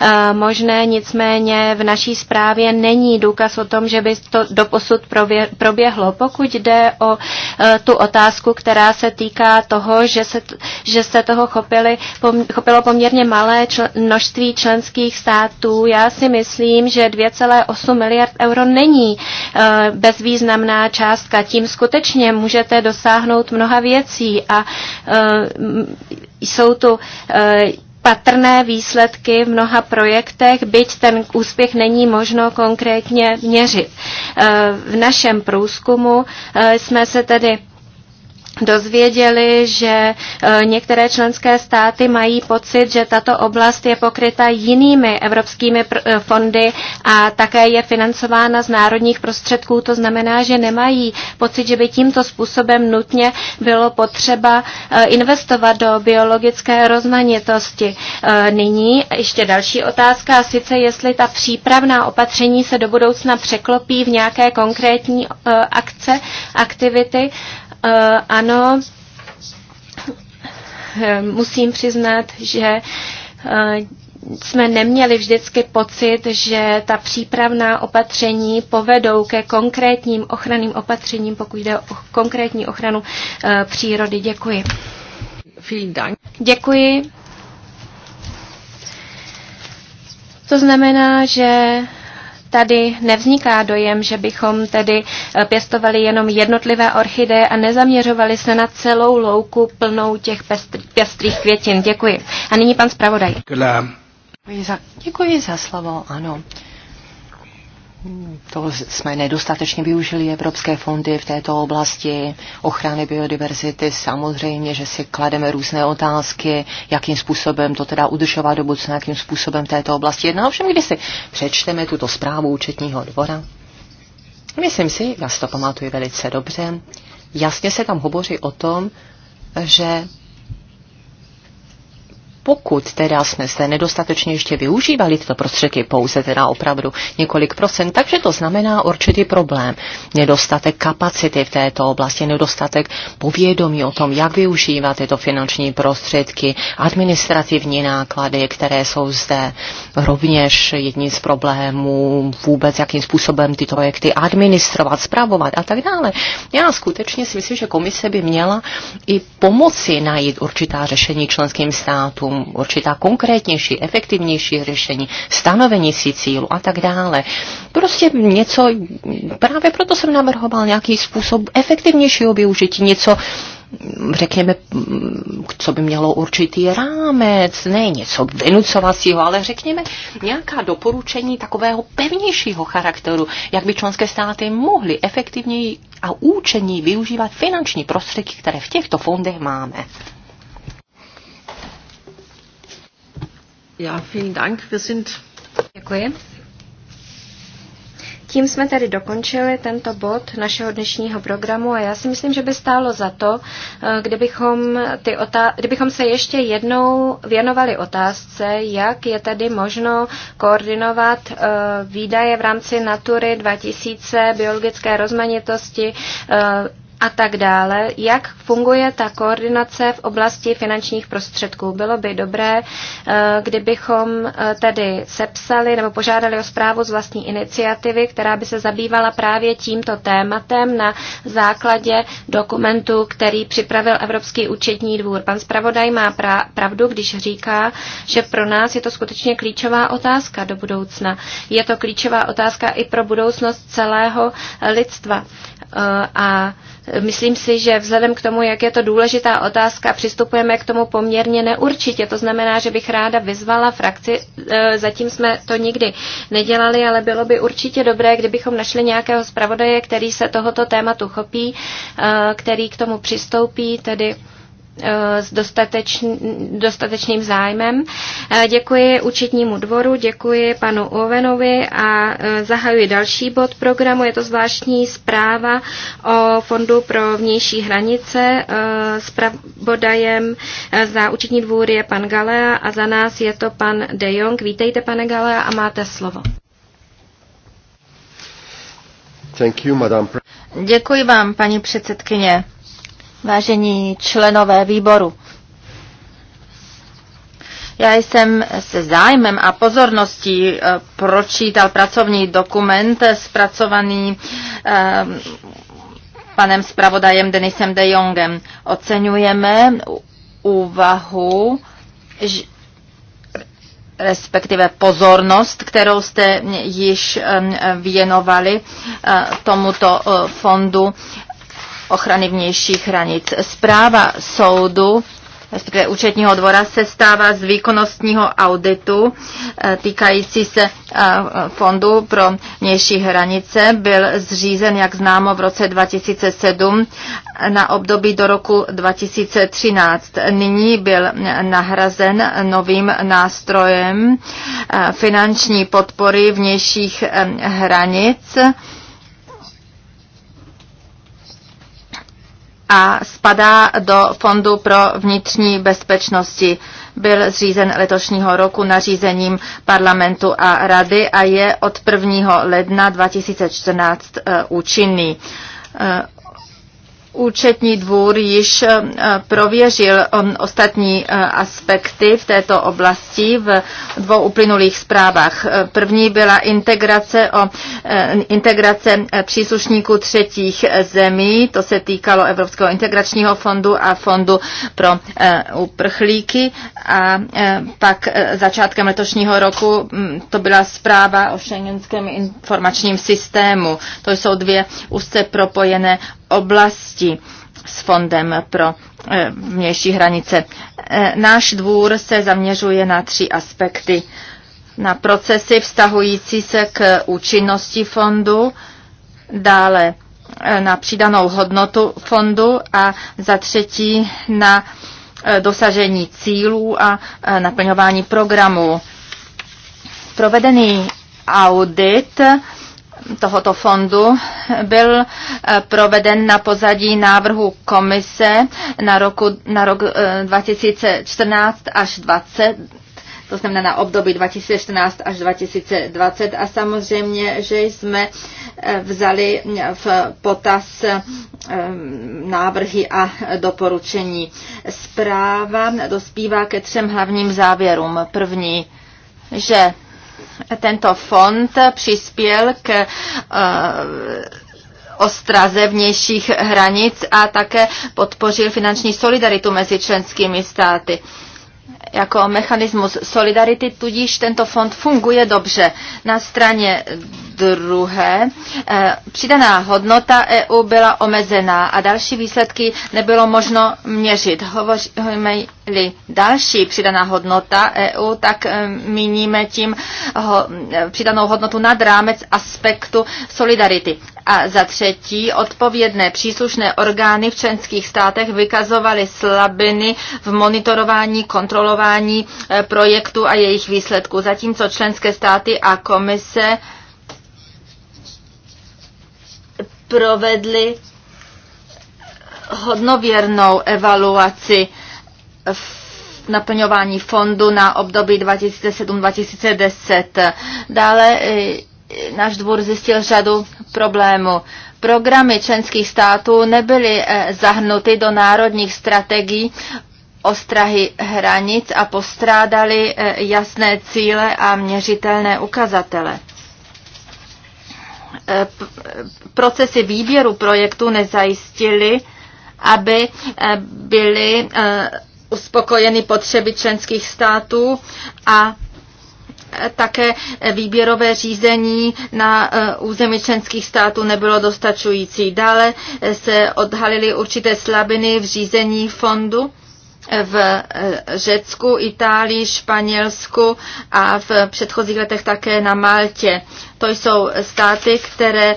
eh, možné. Nicméně v naší zprávě není důkaz o tom, že by to doposud proběhlo. Pokud jde o eh, tu otázku, která se týká toho, že se, že se toho chopili, chopilo poměrně malé čl, množství členských států, já si myslím, že 2,8 miliard euro není eh, bezvýznamná částka. Tím skutečně můžete dosáhnout mnoha věcí a eh, jsou tu eh, patrné výsledky v mnoha projektech, byť ten úspěch není možno konkrétně měřit. V našem průzkumu jsme se tedy dozvěděli, že e, některé členské státy mají pocit, že tato oblast je pokryta jinými evropskými e, fondy a také je financována z národních prostředků. To znamená, že nemají pocit, že by tímto způsobem nutně bylo potřeba e, investovat do biologické rozmanitosti. Nyní ještě další otázka, a sice jestli ta přípravná opatření se do budoucna překlopí v nějaké konkrétní akce, aktivity. Eh, ano, eh, musím přiznat, že eh, jsme neměli vždycky pocit, že ta přípravná opatření povedou ke konkrétním ochranným opatřením, pokud jde o konkrétní ochranu přírody. Děkuji. Děkuji. To znamená, že tady nevzniká dojem, že bychom tedy eh, pěstovali jenom jednotlivé orchideje a nezaměřovali se na celou louku plnou těch pestr- pestrých květin. Děkuji. A nyní pan zpravodaj. Děkuji za, děkuji za slovo, ano to jsme nedostatečně využili evropské fondy v této oblasti ochrany biodiverzity. Samozřejmě, že si klademe různé otázky, jakým způsobem to teda udržovat do budoucna, jakým způsobem v této oblasti jedná. Ovšem, když si přečteme tuto zprávu účetního dvora, myslím si, já si to pamatuju velice dobře, jasně se tam hovoří o tom, že pokud teda jsme se nedostatečně ještě využívali tyto prostředky, pouze teda opravdu několik procent, takže to znamená určitý problém. Nedostatek kapacity v této oblasti, nedostatek povědomí o tom, jak využívat tyto finanční prostředky, administrativní náklady, které jsou zde rovněž jedním z problémů, vůbec jakým způsobem tyto projekty administrovat, zpravovat a tak dále. Já skutečně si myslím, že komise by měla i pomoci najít určitá řešení členským státům, určitá konkrétnější, efektivnější řešení, stanovení si cílu a tak dále. Prostě něco, právě proto jsem navrhoval nějaký způsob efektivnějšího využití, něco, řekněme, co by mělo určitý rámec, ne něco vynucovacího, ale řekněme nějaká doporučení takového pevnějšího charakteru, jak by členské státy mohly efektivněji a účení využívat finanční prostředky, které v těchto fondech máme. vielen Dank. Wir sind... Děkuji. Tím jsme tady dokončili tento bod našeho dnešního programu a já si myslím, že by stálo za to, eh, kdybychom, ty otá- kdybychom se ještě jednou věnovali otázce, jak je tedy možno koordinovat eh, výdaje v rámci Natury 2000, biologické rozmanitosti, eh, a tak dále, jak funguje ta koordinace v oblasti finančních prostředků. Bylo by dobré, eh, kdybychom eh, tedy sepsali nebo požádali o zprávu z vlastní iniciativy, která by se zabývala právě tímto tématem na základě dokumentu, který připravil Evropský účetní dvůr. Pan zpravodaj má pravdu, když říká, že pro nás je to skutečně klíčová otázka do budoucna. Je to klíčová otázka i pro budoucnost celého lidstva. Eh, a myslím si, že vzhledem k tomu, jak je to důležitá otázka, přistupujeme k tomu poměrně neurčitě. To znamená, že bych ráda vyzvala frakci, eh, zatím jsme to nikdy nedělali, ale bylo by určitě dobré, kdybychom našli nějakého zpravodaje, který se tohoto tématu chopí, eh, který k tomu přistoupí, tedy Eh, s dostatečný, dostatečným zájmem. Eh, děkuji účetnímu dvoru, děkuji panu Ovenovi a eh, zahajuji další bod programu. Je to zvláštní zpráva o Fondu pro vnější hranice. Spravodajem za účetní dvůr je pan Galea a za nás je to pan De Jong. Vítejte, pane Galea, a máte slovo. Thank you, Děkuji vám, paní předsedkyně vážení členové výboru. Já jsem se zájmem a pozorností eh, pročítal pracovní dokument eh, zpracovaný eh, panem zpravodajem Denisem de Jongem. Oceňujeme úvahu, respektive pozornost, kterou jste již věnovali tomuto fondu ochrany vnějších hranic. Zpráva soudu respektive účetního dvora se stává z výkonnostního auditu eh, týkající se eh, fondu pro vnější hranice. Byl zřízen, jak známo, v roce 2007 na období do roku 2013. Nyní byl nahrazen novým nástrojem eh, finanční podpory vnějších hranic a spadá do Fondu pro vnitřní bezpečnosti. Byl zřízen letošního roku nařízením parlamentu a rady a je od 1. ledna 2014 eh, účinný. Eh, Účetní dvůr již eh, prověřil um, ostatní eh, aspekty v této oblasti v dvou uplynulých zprávách. Eh, první byla integrace, o, integrace příslušníků třetích zemí, to se týkalo Evropského integračního fondu a fondu pro uprchlíky a pak začátkem letošního roku hm, to byla zpráva o šengenském informačním systému. To jsou dvě úzce propojené oblasti souvislostí s Fondem pro eh, vnější hranice. Eh, náš dvůr se zaměřuje na tři aspekty. Na procesy vztahující se k účinnosti fondu, dále eh, na přidanou hodnotu fondu a za třetí na dosažení cílů a naplňování programu. Provedený audit tohoto fondu byl eh, proveden na pozadí návrhu komise na, roku, na rok 2014 eh, až 2020 to znamená na období 2014 až 2020 a samozřejmě, že jsme eh, vzali v potaz návrhy a doporučení. Zpráva dospívá ke třem hlavním závěrům. První, že tento fond přispěl k eh, ostraze vnějších hranic a také podpořil finanční solidaritu mezi členskými státy jako mechanismus solidarity, tudíž tento fond funguje dobře. Na straně druhé eh, přidaná hodnota EU byla omezená a další výsledky nebylo možno měřit. Hovoříme-li další přidaná hodnota EU, tak eh, míníme tím ho, eh, přidanou hodnotu nad rámec aspektu solidarity. A za třetí, odpovědné příslušné orgány v členských státech vykazovaly slabiny v monitorování kontrolování schvalování eh, projektu a jejich výsledků, zatímco členské státy a komise provedly hodnověrnou evaluaci naplňování fondu na období 2007-2010. Dále eh, náš dvůr zjistil řadu problémů. Programy členských států nebyly eh, zahrnuty do národních strategií ostrahy hranic a postrádali eh, jasné cíle a měřitelné ukazatele eh, procesy výběru projektu nezajistily, aby eh, byly uspokojeny potřeby členských států a také výběrové řízení na území členských států nebylo dostačující. Dále se odhalily určité slabiny v řízení fondu v eh, Řecku, Itálii, Španělsku a v předchozích letech také na Maltě. To jsou státy, které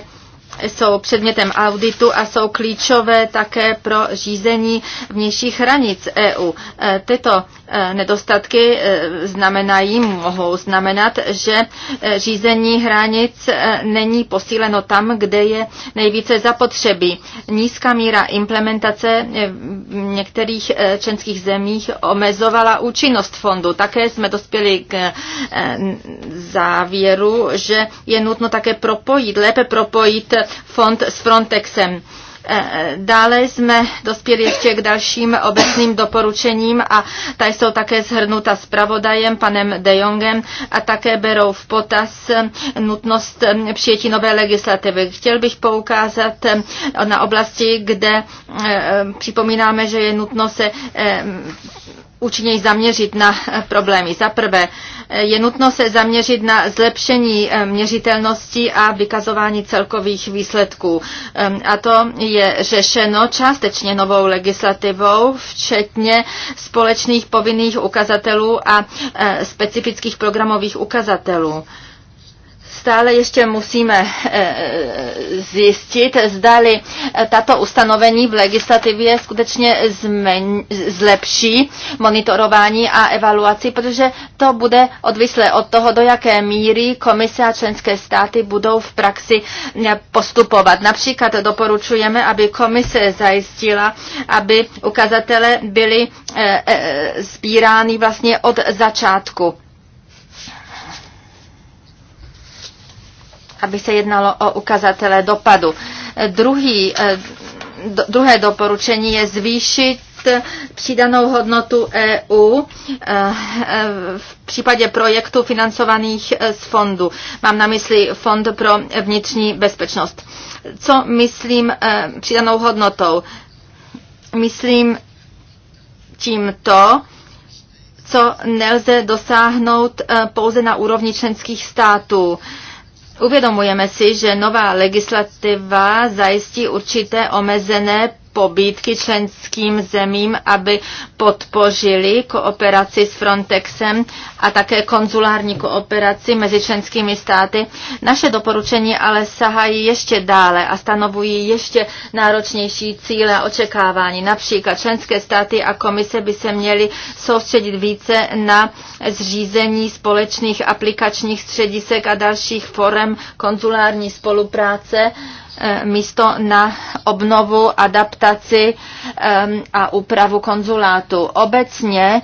jsou předmětem auditu a jsou klíčové také pro řízení vnějších hranic EU. E, tyto e, nedostatky e, znamenají, mohou znamenat, že řízení hranic není posíleno tam, kde je nejvíce zapotřebí. Nízká míra implementace v některých členských zemích omezovala účinnost fondu. Také jsme dospěli k závěru, že je nutno také propojit, lépe propojit fond s Frontexem. Eh, eh, dále jsme dospěli ještě k dalším obecným doporučením a ta jsou také zhrnuta pravodajem, panem De Jongem a také berou v potaz eh, nutnost přijetí nové legislativy. Chtěl bych poukázat na oblasti, kde připomínáme, že je nutno se účinněji zaměřit na eh, problémy. Za prvé, eh, je nutno se zaměřit na zlepšení eh, měřitelnosti a vykazování celkových výsledků. A to je řešeno částečně novou legislativou, včetně společných povinných ukazatelů a specifických programových ukazatelů. Stále ještě musíme eh, zjistit, zdali eh, tato ustanovení v legislativě skutečně zmen, zlepší monitorování a evaluaci, protože to bude odvislé od toho, do jaké míry komise a členské státy budou v praxi eh, postupovat. Například doporučujeme, aby komise zajistila, aby ukazatele byly sbírány vlastně od začátku aby se jednalo o ukazatele dopadu. Druhý, eh, druhé doporučení je zvýšit přidanou hodnotu EU eh, eh, v případě projektů financovaných z fondu. Mám na mysli Fond pro vnitřní bezpečnost. Co myslím přidanou hodnotou? Myslím tím to, co nelze dosáhnout pouze na úrovni členských států. Uvědomujeme si, že nová legislativa zajistí určité omezené pobídky členským zemím, aby podpořili kooperaci s Frontexem a také konzulární kooperaci mezi členskými státy. Naše doporučení ale sahají ještě dále a stanovují ještě náročnější cíle a očekávání. Například členské státy a komise by se měly soustředit více na zřízení společných aplikačních středisek a dalších forem konzulární spolupráce, Eh, místo na obnovu, adaptaci eh, a úpravu konzulátu. Obecně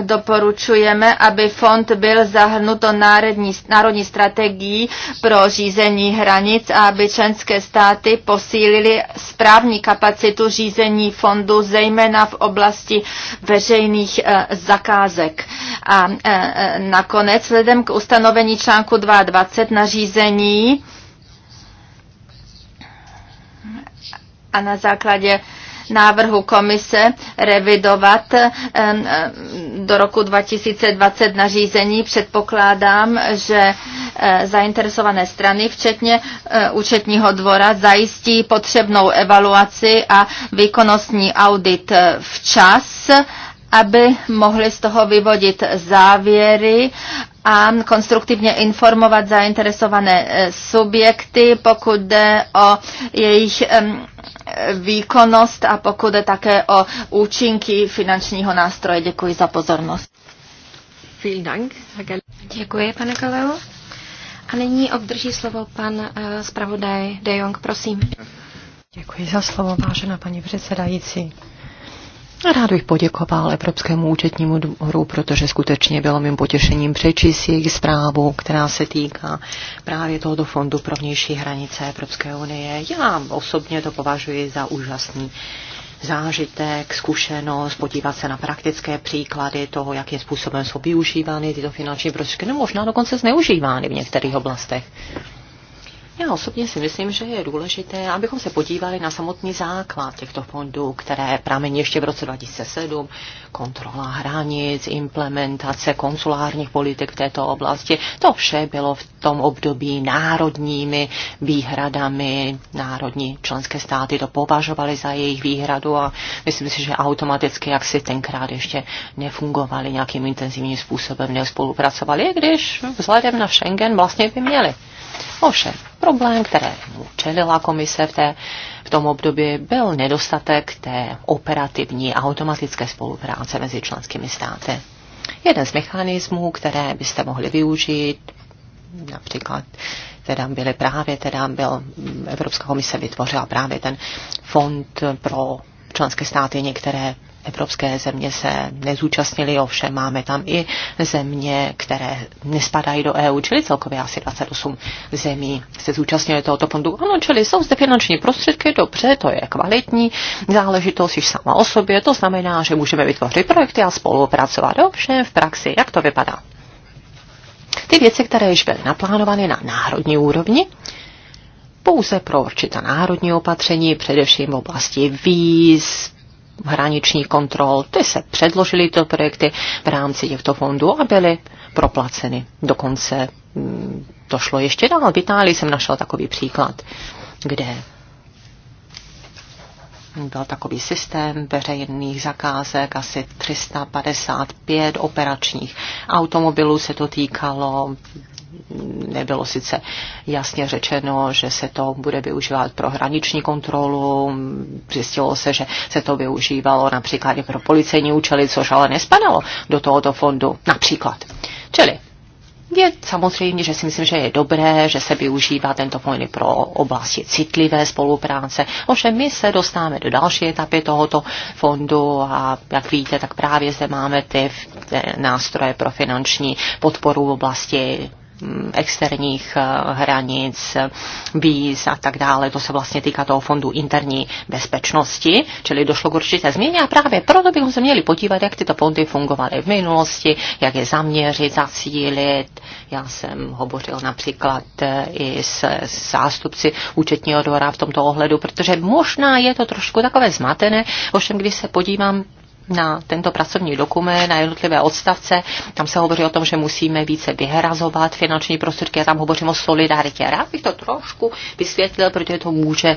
Doporučujeme, aby fond byl zahrnut do národní, národní strategií pro řízení hranic a aby členské státy posílili správní kapacitu řízení fondu, zejména v oblasti veřejných e, zakázek. A e, nakonec, vzhledem k ustanovení článku 22 nařízení, a na základě návrhu komise revidovat eh, eh, do roku 2020 nařízení. Předpokládám, že eh, zainteresované strany, včetně účetního dvora, zajistí potřebnou evaluaci a výkonnostní audit včas aby mohli z toho vyvodit závěry a konstruktivně informovat zainteresované eh, subjekty, pokud jde o jejich výkonnost a pokud jde také o účinky finančního nástroje. Děkuji za pozornost. Děkuji, pane Kaleo. A nyní obdrží slovo pan eh, zpravodaj De Jong, prosím. Děkuji za slovo, vážená paní předsedající. Rád bych poděkoval Evropskému účetnímu dvoru, protože skutečně bylo mým potěšením přečíst jejich zprávu, která se týká právě tohoto fondu pro vnější hranice Evropské unie. Já osobně to považuji za úžasný zážitek, zkušenost, podívat se na praktické příklady toho, jakým způsobem jsou využívány tyto finanční prostředky, nebo možná dokonce zneužívány v některých oblastech. Já osobně si myslím, že je důležité, abychom se podívali na samotný základ těchto fondů, které pramení ještě v roce 2007, kontrola hranic, implementace konsulárních politik v této oblasti. To vše bylo v tom období národními výhradami. Národní členské státy to považovaly za jejich výhradu a myslím si, že automaticky, jak si tenkrát ještě nefungovali nějakým intenzivním způsobem, nespolupracovali, když vzhledem na Schengen vlastně by měli. Ovšem, problém, kterému čelila komise v, té, v tom období, byl nedostatek té operativní a automatické spolupráce mezi členskými státy. Jeden z mechanismů, které byste mohli využít, například teda byly právě, teda byl, Evropská komise vytvořila právě ten fond pro členské státy některé Evropské země se nezúčastnily, ovšem máme tam i země, které nespadají do EU, čili celkově asi 28 zemí se zúčastnily tohoto fondu. Ano, čili jsou zde finanční prostředky, dobře, to je kvalitní záležitost již sama o sobě, to znamená, že můžeme vytvořit projekty a spolupracovat. Ovšem v praxi, jak to vypadá? Ty věci, které již byly naplánovány na národní úrovni, pouze pro určitá národní opatření, především v oblasti víz, hraničních kontrol. Ty se předložily tyto projekty v rámci těchto fondů a byly proplaceny. Dokonce to mm, šlo ještě dál. V Itálii jsem našel takový příklad, kde byl takový systém veřejných zakázek, asi 355 operačních automobilů se to týkalo, nebylo sice jasně řečeno, že se to bude využívat pro hraniční kontrolu. Zjistilo se, že se to využívalo například i pro policejní účely, což ale nespadalo do tohoto fondu například. Čili je samozřejmě, že si myslím, že je dobré, že se využívá tento fond pro oblasti citlivé spolupráce. Ovšem my se dostáváme do další etapy tohoto fondu a jak víte, tak právě zde máme ty nástroje pro finanční podporu v oblasti Mm, externích eh, hranic, víz a tak dále. To se vlastně týká toho fondu interní bezpečnosti, čili došlo k určité změně a právě proto bychom se měli podívat, jak tyto fondy fungovaly v minulosti, jak je zaměřit, zacílit. Já jsem hovořil například eh, i s, zástupci účetního dvora v tomto ohledu, protože možná je to trošku takové zmatené, ovšem když se podívám na tento pracovní dokument, na jednotlivé odstavce. Tam se hovoří o tom, že musíme více vyhrazovat finanční prostředky. Já tam hovořím o solidaritě. Rád bych to trošku vysvětlil, protože to může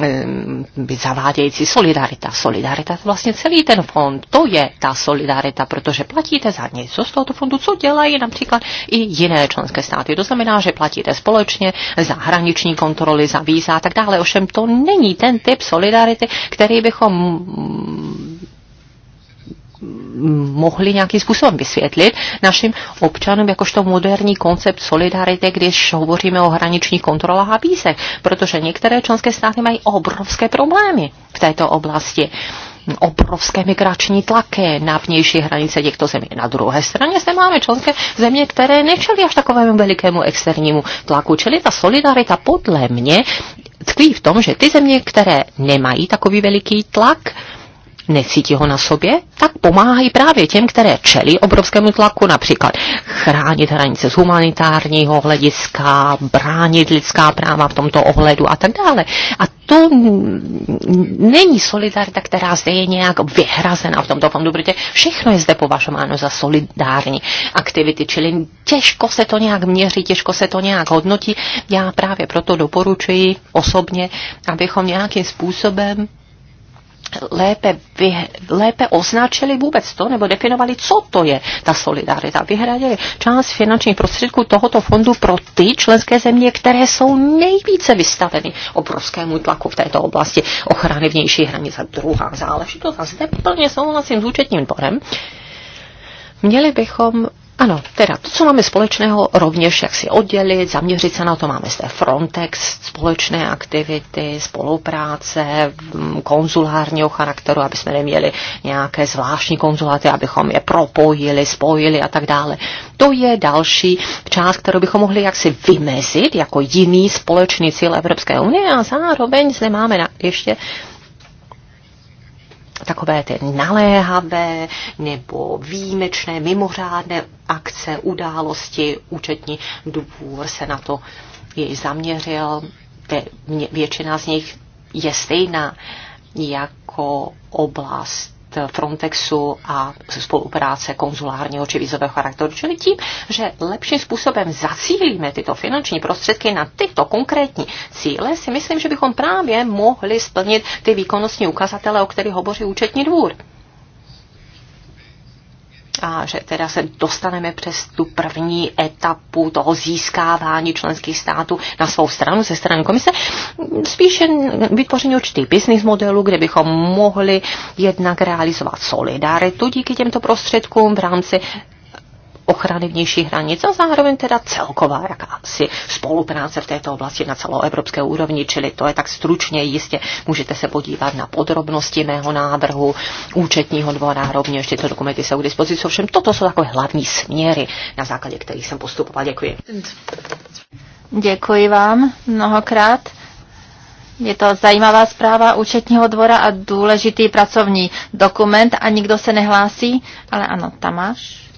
um, být zavádějící. Solidarita. Solidarita to vlastně celý ten fond. To je ta solidarita, protože platíte za něco z tohoto fondu, co dělají například i jiné členské státy. To znamená, že platíte společně za hraniční kontroly, za víza a tak dále. Ovšem to není ten typ solidarity, který bychom mohli nějakým způsobem vysvětlit našim občanům jakožto moderní koncept solidarity, když hovoříme o hraničních kontrolách a písech, protože některé členské státy mají obrovské problémy v této oblasti obrovské migrační tlaky na vnější hranice těchto zemí. Na druhé straně zde máme členské země, které nečelí až takovému velikému externímu tlaku. Čili ta solidarita podle mě tkví v tom, že ty země, které nemají takový veliký tlak, necítí ho na sobě, tak pomáhají právě těm, které čelí obrovskému tlaku, například chránit hranice z humanitárního hlediska, bránit lidská práva v tomto ohledu a tak dále. A to není solidarita, která zde je nějak vyhrazena v tomto fondu, protože všechno je zde považováno za solidární aktivity, čili těžko se to nějak měří, těžko se to nějak hodnotí. Já právě proto doporučuji osobně, abychom nějakým způsobem lépe, vy, lépe označili vůbec to, nebo definovali, co to je ta solidarita. Vyhradili část finančních prostředků tohoto fondu pro ty členské země, které jsou nejvíce vystaveny obrovskému tlaku v této oblasti ochrany vnější hranice. Druhá záležitost, a zde plně souhlasím s účetním dvorem, měli bychom ano, teda to, co máme společného, rovněž jak si oddělit, zaměřit se na to, máme zde Frontex, společné aktivity, spolupráce, mm, konzulárního charakteru, aby jsme neměli nějaké zvláštní konzuláty, abychom je propojili, spojili a tak dále. To je další část, kterou bychom mohli jaksi vymezit jako jiný společný cíl Evropské unie a zároveň zde máme na, ještě takové ty naléhavé nebo výjimečné, mimořádné akce, události, účetní dvůr se na to jej zaměřil. Většina z nich je stejná jako oblast Frontexu a spolupráce konzulárního či vizového charakteru. Čili tím, že lepším způsobem zacílíme tyto finanční prostředky na tyto konkrétní cíle, si myslím, že bychom právě mohli splnit ty výkonnostní ukazatele, o kterých hovoří účetní dvůr a že teda se dostaneme přes tu první etapu toho získávání členských států na svou stranu ze strany komise, spíše vytvoření určitý business modelu, kde bychom mohli jednak realizovat solidaritu díky těmto prostředkům v rámci ochrany vnějších hranic a zároveň teda celková jakási spolupráce v této oblasti na celoevropské úrovni, čili to je tak stručně jistě. Můžete se podívat na podrobnosti mého návrhu účetního dvora, rovněž tyto dokumenty jsou k dispozici. Ovšem toto jsou takové hlavní směry, na základě kterých jsem postupoval. Děkuji. Děkuji vám mnohokrát. Je to zajímavá zpráva účetního dvora a důležitý pracovní dokument a nikdo se nehlásí, ale ano, Tamáš.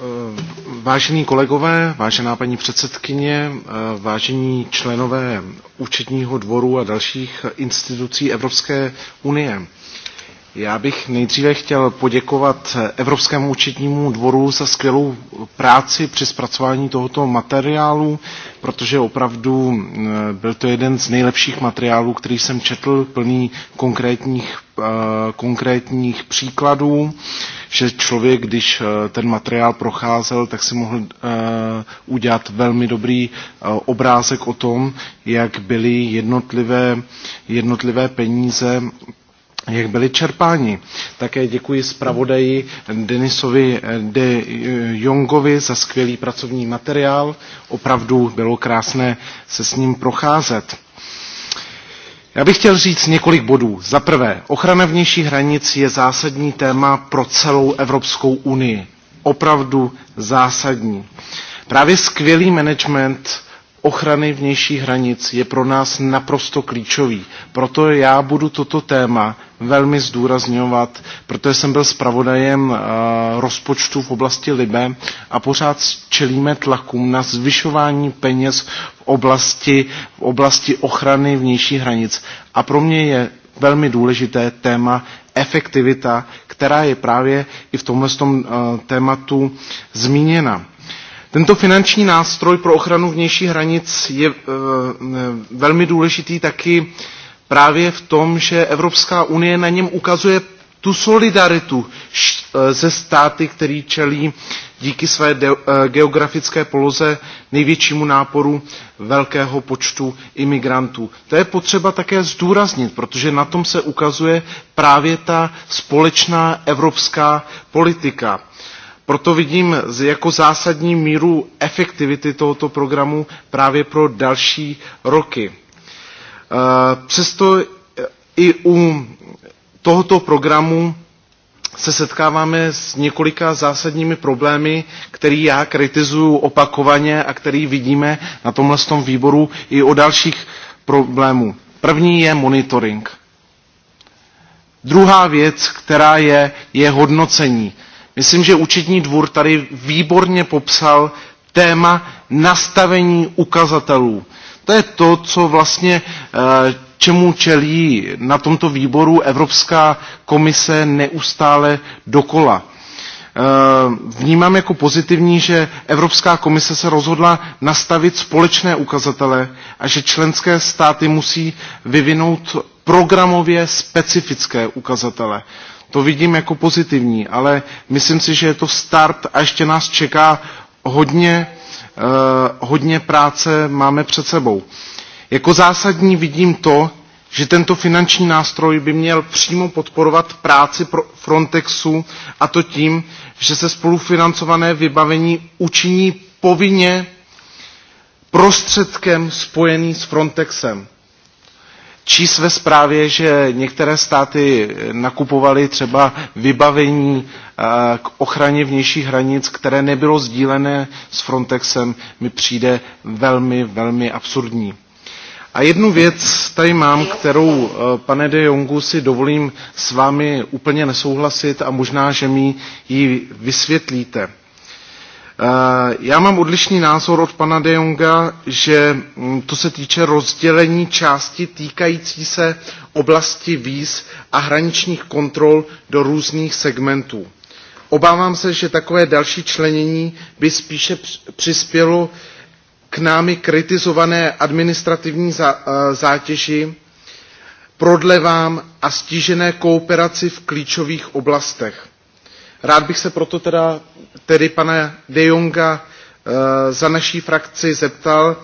Eh, vážení kolegové, vážená paní předsedkyně, eh, vážení členové účetního dvoru a dalších institucí Evropské unie, já bych nejdříve chtěl poděkovat Evropskému účetnímu dvoru za skvělou práci při zpracování tohoto materiálu, protože opravdu byl to jeden z nejlepších materiálů, který jsem četl, plný konkrétních, eh, konkrétních příkladů, že člověk, když eh, ten materiál procházel, tak si mohl eh, udělat velmi dobrý obrázek o tom, jak byly jednotlivé, jednotlivé peníze jak byli čerpáni. Také děkuji zpravodaji Denisovi eh, de Jongovi za skvělý pracovní materiál. Opravdu bylo krásné se s ním procházet. Já bych chtěl říct několik bodů. Za prvé, ochrana vnějších hranic je zásadní téma pro celou Evropskou unii. Opravdu zásadní. Právě skvělý management ochrany vnějších hranic je pro nás naprosto klíčový. Proto já budu toto téma velmi zdůrazňovat, protože jsem byl zpravodajem eh, rozpočtu v oblasti Libe a pořád čelíme tlakům na zvyšování peněz v oblasti, v oblasti ochrany vnějších hranic. A pro mě je velmi důležité téma efektivita, která je právě i v tomhle eh, tématu zmíněna. Tento finanční nástroj pro ochranu vnějších hranic je eh, eh, velmi důležitý taky právě v tom, že Evropská unie na něm ukazuje tu solidaritu eh, ze státy, který čelí díky své geografické poloze největšímu náporu velkého počtu imigrantů. To je potřeba také zdůraznit, protože na tom se ukazuje právě ta společná evropská politika. Proto vidím jako zásadní míru efektivity tohoto programu právě pro další roky. E, přesto e, i u tohoto programu se setkáváme s několika zásadními problémy, který já kritizuju opakovaně a který vidíme na tomhle tom výboru i o dalších problémů. První je monitoring. Druhá věc, která je, je hodnocení. Myslím, že účetní dvůr tady výborně popsal téma nastavení ukazatelů. To je to, co vlastně eh, čemu čelí na tomto výboru Evropská komise neustále dokola. Eh, vnímám jako pozitivní, že Evropská komise se rozhodla nastavit společné ukazatele a že členské státy musí vyvinout programově specifické ukazatele. To vidím jako pozitivní, ale myslím si, že je to start a ještě nás čeká hodně, eh, hodně práce máme před sebou. Jako zásadní vidím to, že tento finanční nástroj by měl přímo podporovat práci Frontexu a to tím, že se spolufinancované vybavení učiní povinně prostředkem spojený s Frontexem číst ve zprávě, že některé státy eh, nakupovaly třeba vybavení eh, k ochraně vnějších hranic, které nebylo sdílené s Frontexem, mi přijde velmi, velmi absurdní. A jednu věc tady mám, kterou, eh, pane de Jongu, si dovolím s vámi úplně nesouhlasit a možná, že mi ji vysvětlíte. Eh, já mám odlišný názor od pana De Jonga, že mm, to se týče rozdělení části týkající se oblasti víz a hraničních kontrol do různých segmentů. Obávám se, že takové další členění by spíše přispělo k námi kritizované administrativní eh, zátěži, prodlevám a stížené kooperaci v klíčových oblastech Rád bych se proto teda, tedy pana De Jonga eh, za naší frakci zeptal,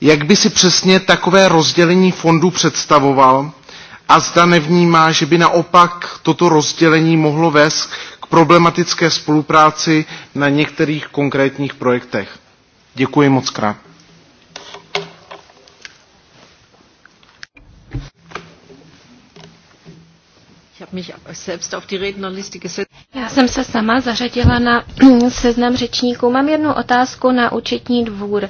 jak by si přesně takové rozdělení fondů představoval a zda nevnímá, že by naopak toto rozdělení mohlo vést k problematické spolupráci na některých konkrétních projektech. Děkuji moc krát. Já jsem se sama zařadila na seznam řečníků. Mám jednu otázku na účetní dvůr.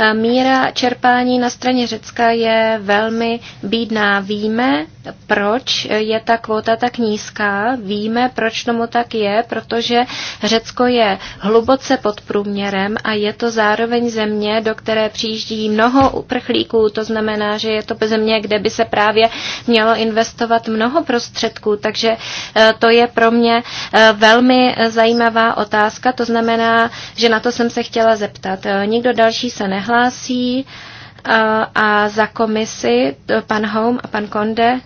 E, míra čerpání na straně Řecka je velmi bídná. Víme, proč je ta kvota tak nízká. Víme, proč tomu tak je, protože Řecko je hluboce pod průměrem a je to zároveň země, do které přijíždí mnoho uprchlíků. To znamená, že je to země, kde by se právě mělo investovat mnoho prostředků. Takže eh, to je pro mě eh, velmi eh, zajímavá otázka. To znamená, že na to jsem se chtěla zeptat. Nikdo další se nehlásí a za komisi pan Home a pan Konde.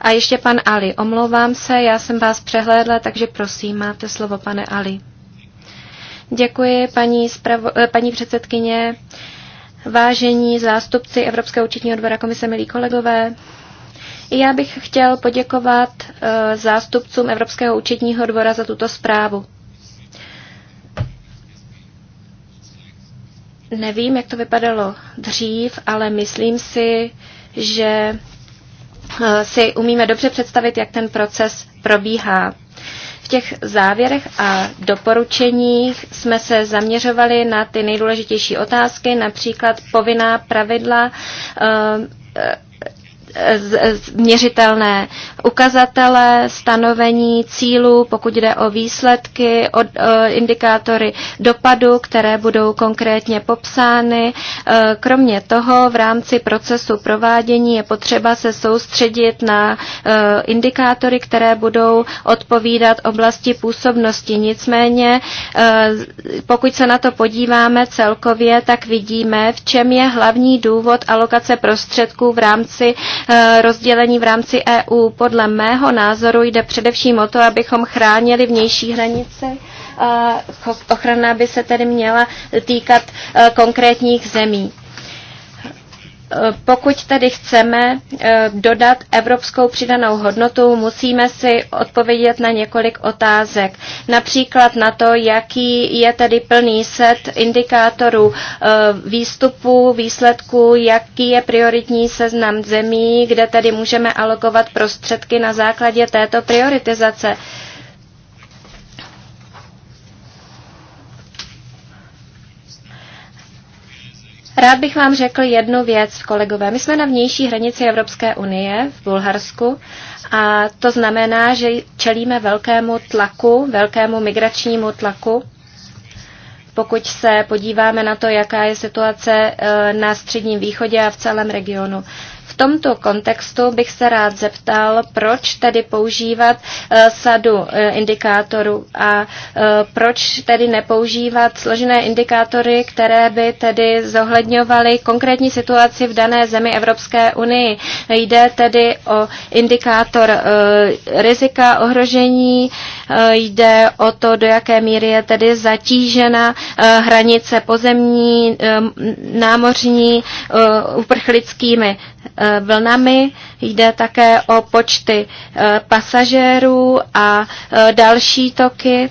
A ještě pan Ali. Omlouvám se, já jsem vás přehlédla, takže prosím, máte slovo, pane Ali. Děkuji, paní, spravo, paní předsedkyně, vážení zástupci Evropského účetního dvora komise, milí kolegové. Já bych chtěl poděkovat eh, zástupcům Evropského účetního dvora za tuto zprávu. Nevím, jak to vypadalo dřív, ale myslím si, že eh, si umíme dobře představit, jak ten proces probíhá. V těch závěrech a doporučeních jsme se zaměřovali na ty nejdůležitější otázky, například povinná pravidla eh, měřitelné ukazatele, stanovení cílů, pokud jde o výsledky, o e, indikátory dopadu, které budou konkrétně popsány. E, kromě toho v rámci procesu provádění je potřeba se soustředit na e, indikátory, které budou odpovídat oblasti působnosti. Nicméně, pokud se na to podíváme celkově, tak vidíme, v čem je hlavní důvod alokace prostředků v rámci Eh, rozdělení v rámci EU. Podle mého názoru jde především o to, abychom chránili vnější hranice. Eh, Ochrana by se tedy měla týkat eh, konkrétních zemí pokud tedy chceme eh, dodat evropskou přidanou hodnotu, musíme si odpovědět na několik otázek. Například na to, jaký je tedy plný set indikátorů eh, výstupů, výsledků, jaký je prioritní seznam zemí, kde tedy můžeme alokovat prostředky na základě této prioritizace. Rád bych vám řekl jednu věc, kolegové. My jsme na vnější hranici Evropské unie v Bulharsku a to znamená, že čelíme velkému tlaku, velkému migračnímu tlaku. Pokud se podíváme na to, jaká je situace eh, na Středním východě a v celém regionu, tomto kontextu bych se rád zeptal, proč tedy používat eh, sadu eh, indikátorů a eh, proč tedy nepoužívat složené indikátory, které by tedy zohledňovaly konkrétní situaci v dané zemi Evropské unii. Jde tedy o indikátor rizika ohrožení, jde o to, do jaké míry je tedy zatížena hranice pozemní, námořní, uprchlickými vlnami, jde také o počty eh, pasažérů a eh, další toky.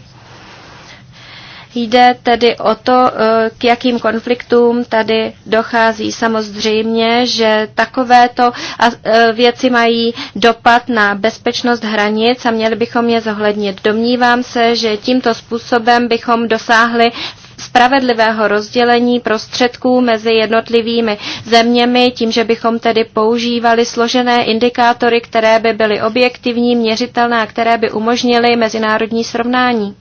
Jde tedy o to, eh, k jakým konfliktům tady dochází. Samozřejmě, že takovéto věci mají dopad na bezpečnost hranic a měli bychom je zohlednit. Domnívám se, že tímto způsobem bychom dosáhli spravedlivého rozdělení prostředků mezi jednotlivými zeměmi, tím, že bychom tedy používali složené indikátory, které by byly objektivní, měřitelné a které by umožnily mezinárodní srovnání.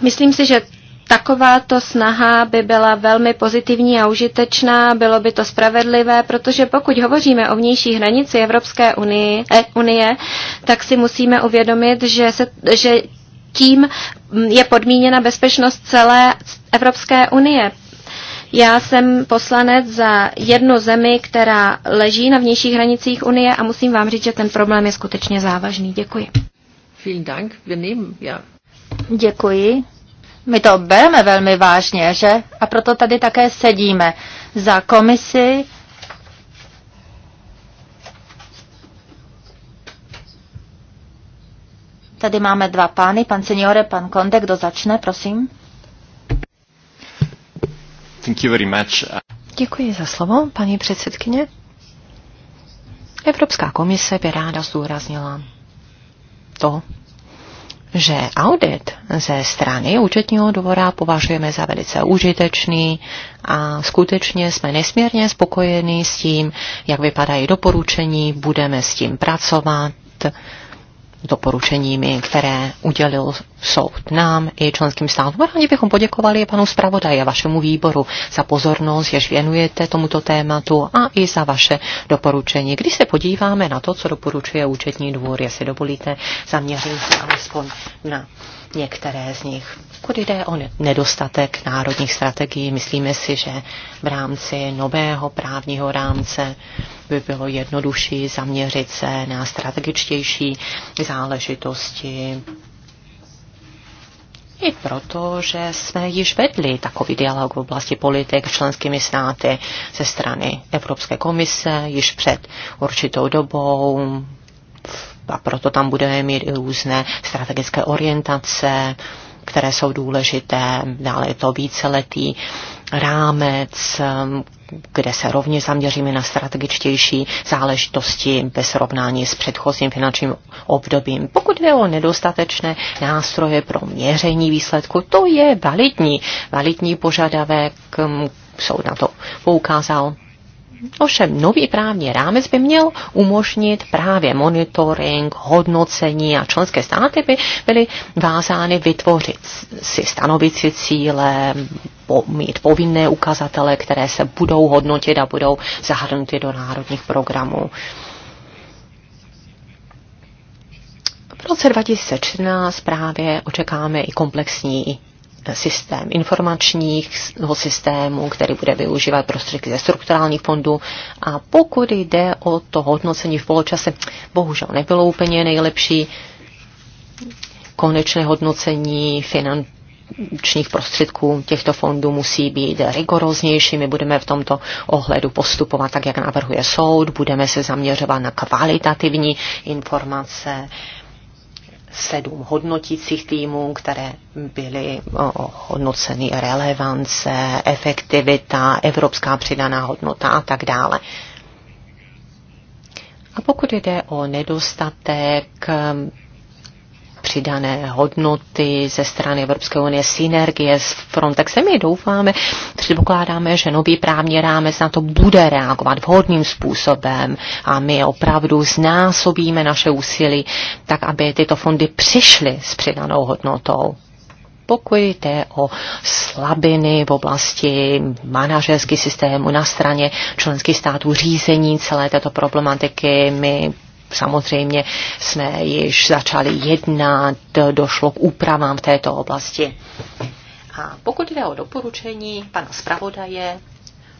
Myslím si, že takováto snaha by byla velmi pozitivní a užitečná, bylo by to spravedlivé, protože pokud hovoříme o vnější hranici Evropské unie, eh, unie tak si musíme uvědomit, že, se, že tím mm, je podmíněna bezpečnost celé Evropské unie. Já jsem poslanec za jednu zemi, která leží na vnějších hranicích Unie a musím vám říct, že ten problém je skutečně závažný. Děkuji. Vielen Dank. Wir nehmen, ja. Děkuji. My to bereme velmi vážně, že? A proto tady také sedíme za komisi Tady máme dva pány, pan seniore, pan Konde, kdo začne, prosím. Thank you very much. Děkuji za slovo, paní předsedkyně. Evropská komise by ráda zdůraznila to, že audit ze strany účetního dvora považujeme za velice užitečný a skutečně jsme nesmírně spokojeni s tím, jak vypadají doporučení, budeme s tím pracovat doporučeními, které udělil soud nám i členským státům. Rádi bychom poděkovali panu zpravodaji a vašemu výboru za pozornost, jež věnujete tomuto tématu a i za vaše doporučení. Když se podíváme na to, co doporučuje účetní dvůr, jestli dovolíte, zaměřím se alespoň na některé z nich. Pokud jde o nedostatek národních strategií, myslíme si, že v rámci nového právního rámce by bylo jednodušší zaměřit se na strategičtější záležitosti, i proto, že jsme již vedli takový dialog v oblasti politik s členskými státy ze strany Evropské komise již před určitou dobou a proto tam budeme mít i různé strategické orientace, které jsou důležité. Dále je to víceletý rámec, um, kde se rovněž zaměříme na strategičtější záležitosti ve srovnání s předchozím finančním obdobím. Pokud jde o nedostatečné nástroje pro měření výsledku, to je validní, validní požadavek, um, soud na to poukázal Ovšem nový právní rámec by měl umožnit právě monitoring, hodnocení a členské státy by byly vázány vytvořit si, stanovit si cíle, po, mít povinné ukazatele, které se budou hodnotit a budou zahrnuty do národních programů. V roce 2014 právě očekáme i komplexní systém informačních systému, který bude využívat prostředky ze strukturálních fondů. A pokud jde o to hodnocení v poločase, bohužel nebylo úplně nejlepší konečné hodnocení finanční finančních prostředků těchto fondů musí být rigoróznější. My budeme v tomto ohledu postupovat tak, jak navrhuje soud. Budeme se zaměřovat na kvalitativní informace, sedm hodnotících týmů, které byly hodnoceny relevance, efektivita, evropská přidaná hodnota a tak dále. A pokud jde o nedostatek přidané hodnoty ze strany Evropské unie, synergie s Frontexem. My doufáme, předpokládáme, že nový právní rámec na to bude reagovat vhodným způsobem a my opravdu znásobíme naše úsilí, tak aby tyto fondy přišly s přidanou hodnotou pokud jde o slabiny v oblasti manažerských systému na straně členských států, řízení celé této problematiky. My Samozřejmě jsme již začali jednat, došlo k úpravám v této oblasti. A pokud jde o doporučení pana zpravodaje,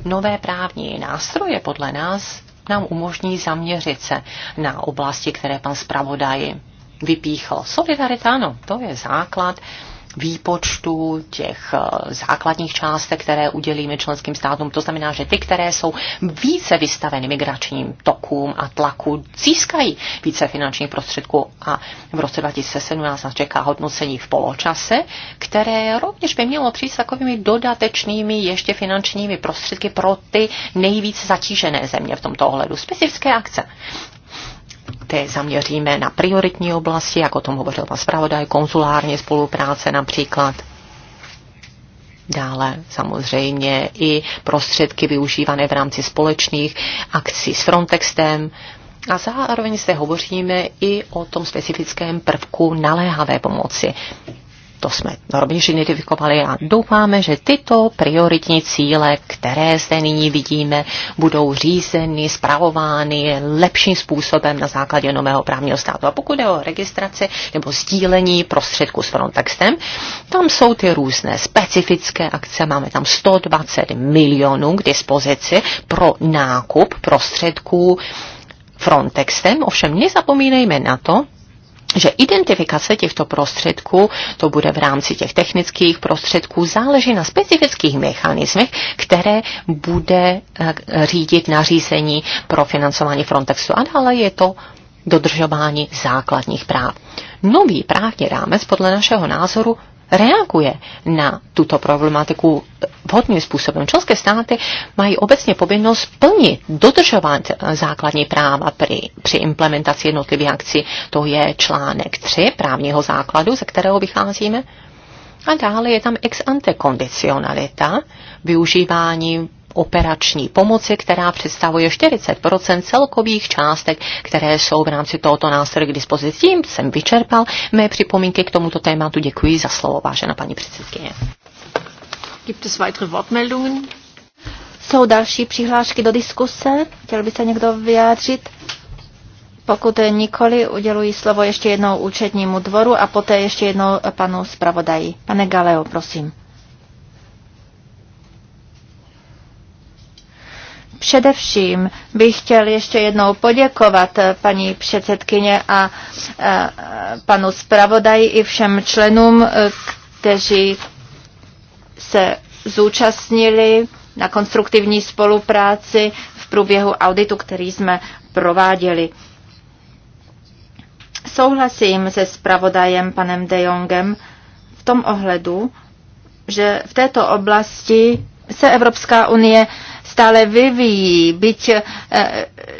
nové právní nástroje podle nás nám umožní zaměřit se na oblasti, které pan zpravodaj vypíchl. Solidarita, ano, to je základ výpočtu těch eh, základních částek, které udělíme členským státům. To znamená, že ty, které jsou více vystaveny migračním tokům a tlaku, získají více finančních prostředků a v roce 2017 nás čeká hodnocení v poločase, které rovněž by mělo přijít s takovými dodatečnými ještě finančními prostředky pro ty nejvíce zatížené země v tomto ohledu. Specifické akce státy zaměříme na prioritní oblasti, jako o tom hovořil pan zpravodaj, konzulární spolupráce například. Dále samozřejmě i prostředky využívané v rámci společných akcí s Frontextem. A zároveň zde hovoříme i o tom specifickém prvku naléhavé pomoci to jsme rovněž identifikovali a doufáme, že tyto prioritní cíle, které zde nyní vidíme, budou řízeny, zpravovány lepším způsobem na základě nového právního státu. A pokud je o registraci nebo sdílení prostředků s Frontextem, tam jsou ty různé specifické akce, máme tam 120 milionů k dispozici pro nákup prostředků Frontextem, ovšem nezapomínejme na to, že identifikace těchto prostředků, to bude v rámci těch technických prostředků, záleží na specifických mechanismech, které bude eh, řídit nařízení pro financování Frontexu. A dále je to dodržování základních práv. Nový právní rámec podle našeho názoru reaguje na tuto problematiku vhodným způsobem. Členské státy mají obecně povinnost plnit, dodržovat základní práva při, při implementaci jednotlivých akcí. To je článek 3 právního základu, ze kterého vycházíme. A dále je tam ex ante kondicionalita, využívání operační pomoci, která představuje 40 celkových částek, které jsou v rámci tohoto nástroje k dispozici. Tím jsem vyčerpal mé připomínky k tomuto tématu. Děkuji za slovo, vážená paní předsedkyně. Gibt es weitere Wortmeldungen? Jsou další přihlášky do diskuse? Chtěl by se někdo vyjádřit? Pokud nikoli, uděluji slovo ještě jednou účetnímu dvoru a poté ještě jednou panu zpravodaji. Pane Galeo, prosím. Především bych chtěl ještě jednou poděkovat eh, paní předsedkyně a eh, panu zpravodaji i všem členům, eh, kteří se zúčastnili na konstruktivní spolupráci v průběhu auditu, který jsme prováděli. Souhlasím se zpravodajem panem De Jongem v tom ohledu, že v této oblasti se Evropská unie stále vyvíjí, byť eh,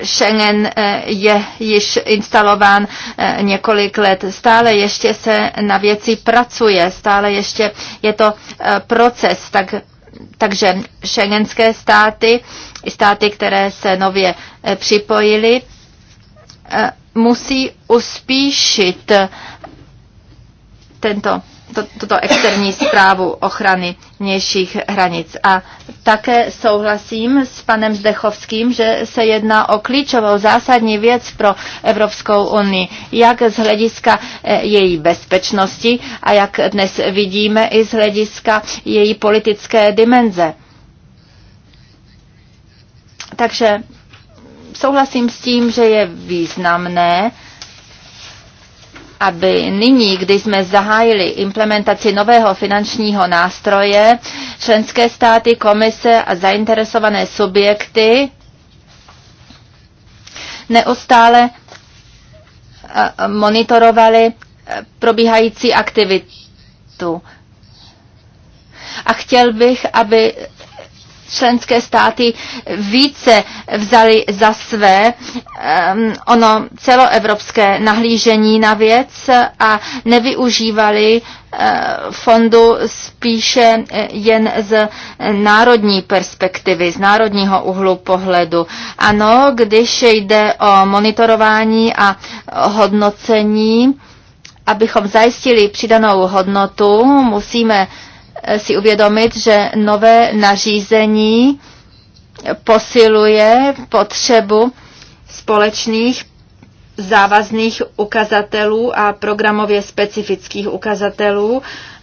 Schengen eh, je již instalován eh, několik let. Stále ještě se na věci pracuje, stále ještě je to proces, tak takže šengenské státy i státy, které se nově připojily, musí uspíšit tento to, tuto externí zprávu ochrany vnějších hranic. A také souhlasím s panem Zdechovským, že se jedná o klíčovou zásadní věc pro Evropskou unii, jak z hlediska e, její bezpečnosti a jak dnes vidíme i z hlediska její politické dimenze. Takže souhlasím s tím, že je významné, aby nyní, kdy jsme zahájili implementaci nového finančního nástroje, členské státy, komise a zainteresované subjekty neustále monitorovali e, probíhající aktivitu. A chtěl bych, aby členské státy více vzali za své um, ono celoevropské nahlížení na věc a nevyužívali uh, fondu spíše eh, jen z národní perspektivy, z národního uhlu pohledu. Ano, když jde o monitorování a hodnocení, abychom zajistili přidanou hodnotu, musíme uh, Eh, si uvědomit, že nové nařízení posiluje potřebu společných závazných ukazatelů a programově specifických ukazatelů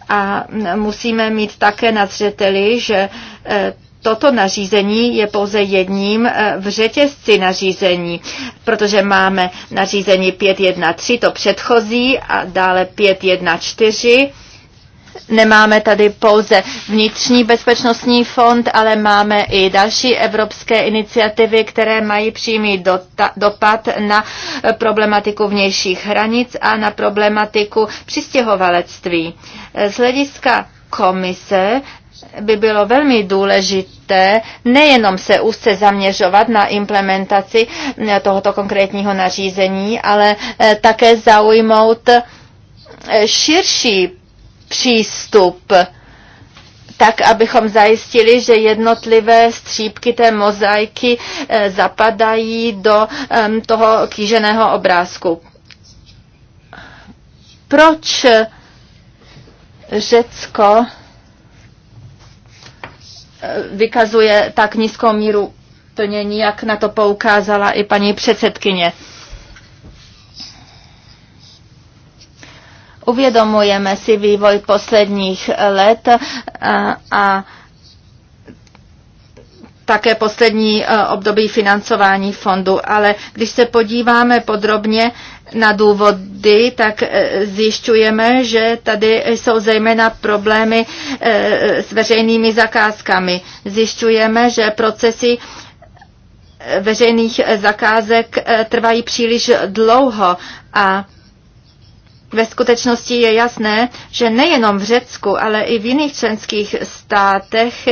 a musíme mít také na zřeteli, že eh, toto nařízení je pouze jedním eh, v řetězci nařízení, protože máme nařízení 5.1.3, to předchozí, a dále 5.1.4, nemáme tady pouze vnitřní bezpečnostní fond, ale máme i další evropské iniciativy, které mají přímý dopad na problematiku vnějších hranic a na problematiku přistěhovalectví. Z hlediska komise by bylo velmi důležité nejenom se úzce zaměřovat na implementaci tohoto konkrétního nařízení, ale eh, také zaujmout eh, širší přístup tak, abychom zajistili, že jednotlivé střípky té mozaiky eh, zapadají do toho kýženého obrázku. Proč Řecko eh, vykazuje tak nízkou míru plnění, jak na to poukázala i paní předsedkyně? Uvědomujeme si vývoj posledních let a, eh, a také poslední eh, období financování fondu. Ale když se podíváme podrobně na důvody, tak eh, zjišťujeme, že tady jsou zejména problémy s veřejnými zakázkami. Zjišťujeme, že procesy veřejných zakázek trvají příliš dlouho a ve skutečnosti je jasné, že nejenom v Řecku, ale i v jiných členských státech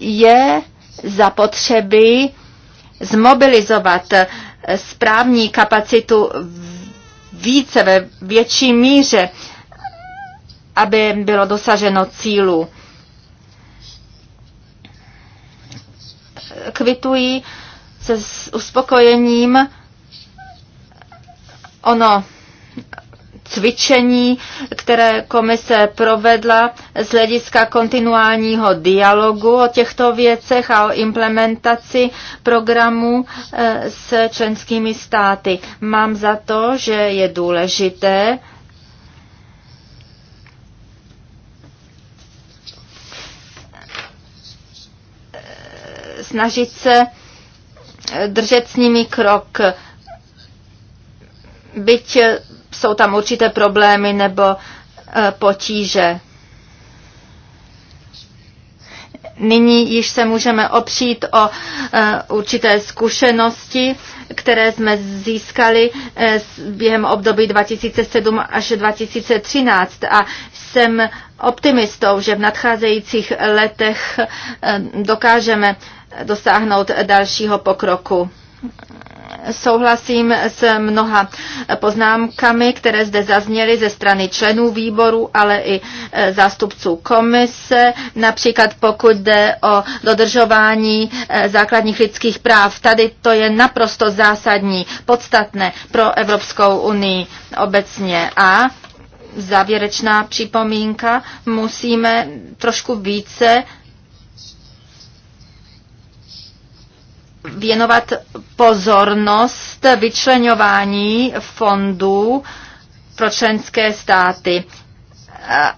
je zapotřebí zmobilizovat eh, správní kapacitu více ve větší míře, aby bylo dosaženo cílu. Kvitují se s uspokojením ono cvičení, které komise provedla z hlediska kontinuálního dialogu o těchto věcech a o implementaci programu eh, s členskými státy. Mám za to, že je důležité, eh, snažit se držet s nimi krok. Byť jsou tam určité problémy nebo eh, potíže. Nyní již se můžeme opřít o eh, určité zkušenosti, které jsme získali eh, během období 2007 až 2013 a jsem optimistou, že v nadcházejících letech dokážeme dosáhnout dalšího pokroku souhlasím s mnoha poznámkami, které zde zazněly ze strany členů výboru, ale i e, zástupců komise, například pokud jde o dodržování e, základních lidských práv. Tady to je naprosto zásadní, podstatné pro Evropskou unii obecně. A závěrečná připomínka, musíme trošku více věnovat pozornost vyčlenování fondů pro členské státy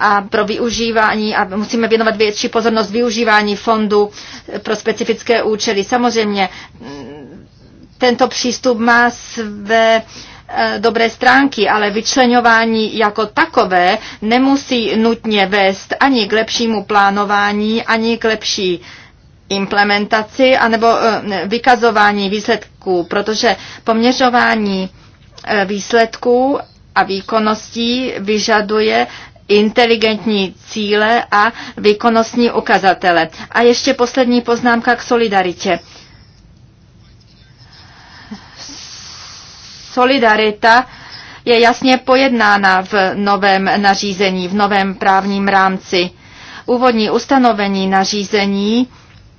a pro využívání a musíme věnovat větší pozornost využívání fondu pro specifické účely. Samozřejmě mm, tento přístup má své e, dobré stránky, ale vyčlenování jako takové nemusí nutně vést ani k lepšímu plánování, ani k lepší implementaci anebo eh, vykazování výsledků, protože poměřování eh, výsledků a výkonností vyžaduje inteligentní cíle a výkonnostní ukazatele. A ještě poslední poznámka k solidaritě. Solidarita je jasně pojednána v novém nařízení, v novém právním rámci. Úvodní ustanovení nařízení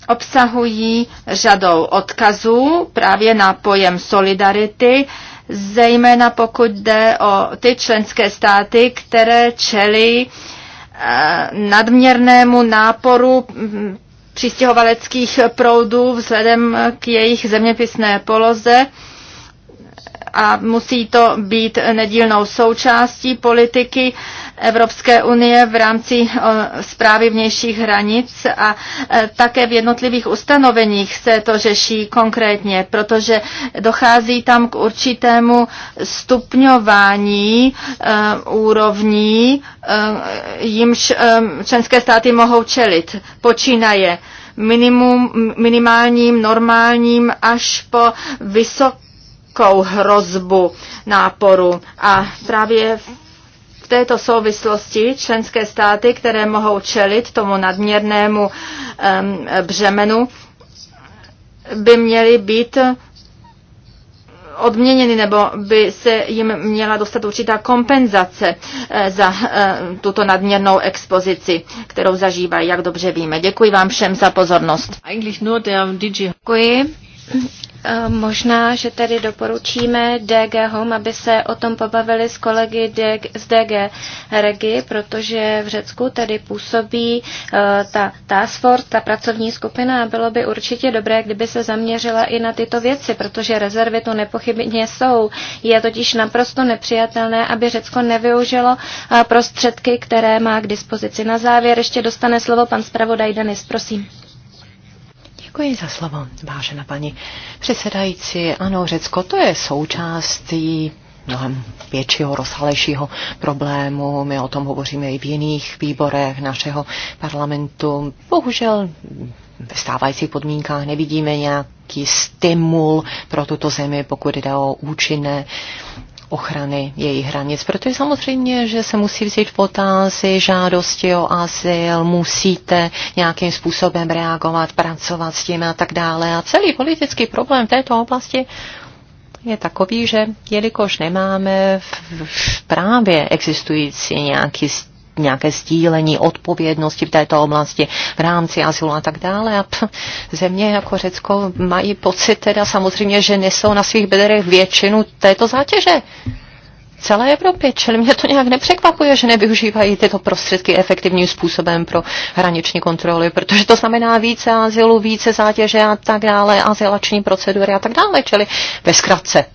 obsahují řadou odkazů právě na pojem solidarity, zejména pokud jde o ty členské státy, které čelí eh, nadměrnému náporu mm, přistěhovaleckých proudů vzhledem k jejich zeměpisné poloze a musí to být nedílnou součástí politiky Evropské unie v rámci zprávy vnějších hranic a e, také v jednotlivých ustanoveních se to řeší konkrétně, protože dochází tam k určitému stupňování e, úrovní, e, jimž členské státy mohou čelit. Počínaje minimum, minimálním, normálním až po vysoké velkou hrozbu náporu a právě v této souvislosti členské státy, které mohou čelit tomu nadměrnému um, břemenu, by měly být odměněny nebo by se jim měla dostat určitá kompenzace eh, za eh, tuto nadměrnou expozici, kterou zažívají, jak dobře víme. Děkuji vám všem za pozornost. Děkuji. Eh, možná, že tedy doporučíme DG Home, aby se o tom pobavili s kolegy z DG Regi, protože v Řecku tedy působí eh, ta task force, ta pracovní skupina a bylo by určitě dobré, kdyby se zaměřila i na tyto věci, protože rezervy to nepochybně jsou. Je totiž naprosto nepřijatelné, aby Řecko nevyužilo eh, prostředky, které má k dispozici. Na závěr ještě dostane slovo pan zpravodaj Danis, prosím. Děkuji za slovo, vážená paní předsedající. Ano, Řecko to je součástí mnohem většího, rozhalejšího problému. My o tom hovoříme i v jiných výborech našeho parlamentu. Bohužel ve stávajících podmínkách nevidíme nějaký stimul pro tuto zemi, pokud jde o účinné uh, ochrany jejich hranic, protože samozřejmě, že se musí vzít potázy, žádosti o azyl, musíte nějakým způsobem reagovat, pracovat s tím a tak dále. A celý politický problém této oblasti je takový, že jelikož nemáme v právě existující nějaký nějaké stílení odpovědnosti v této oblasti v rámci asilu a tak dále. A pff, země jako Řecko mají pocit teda samozřejmě, že nesou na svých bederech většinu této zátěže celé Evropě, Čili mě to nějak nepřekvapuje, že nevyužívají tyto prostředky efektivním způsobem pro hraniční kontroly, protože to znamená více azylu, více zátěže a tak dále, azylační procedury a tak dále. Čili ve zkratce,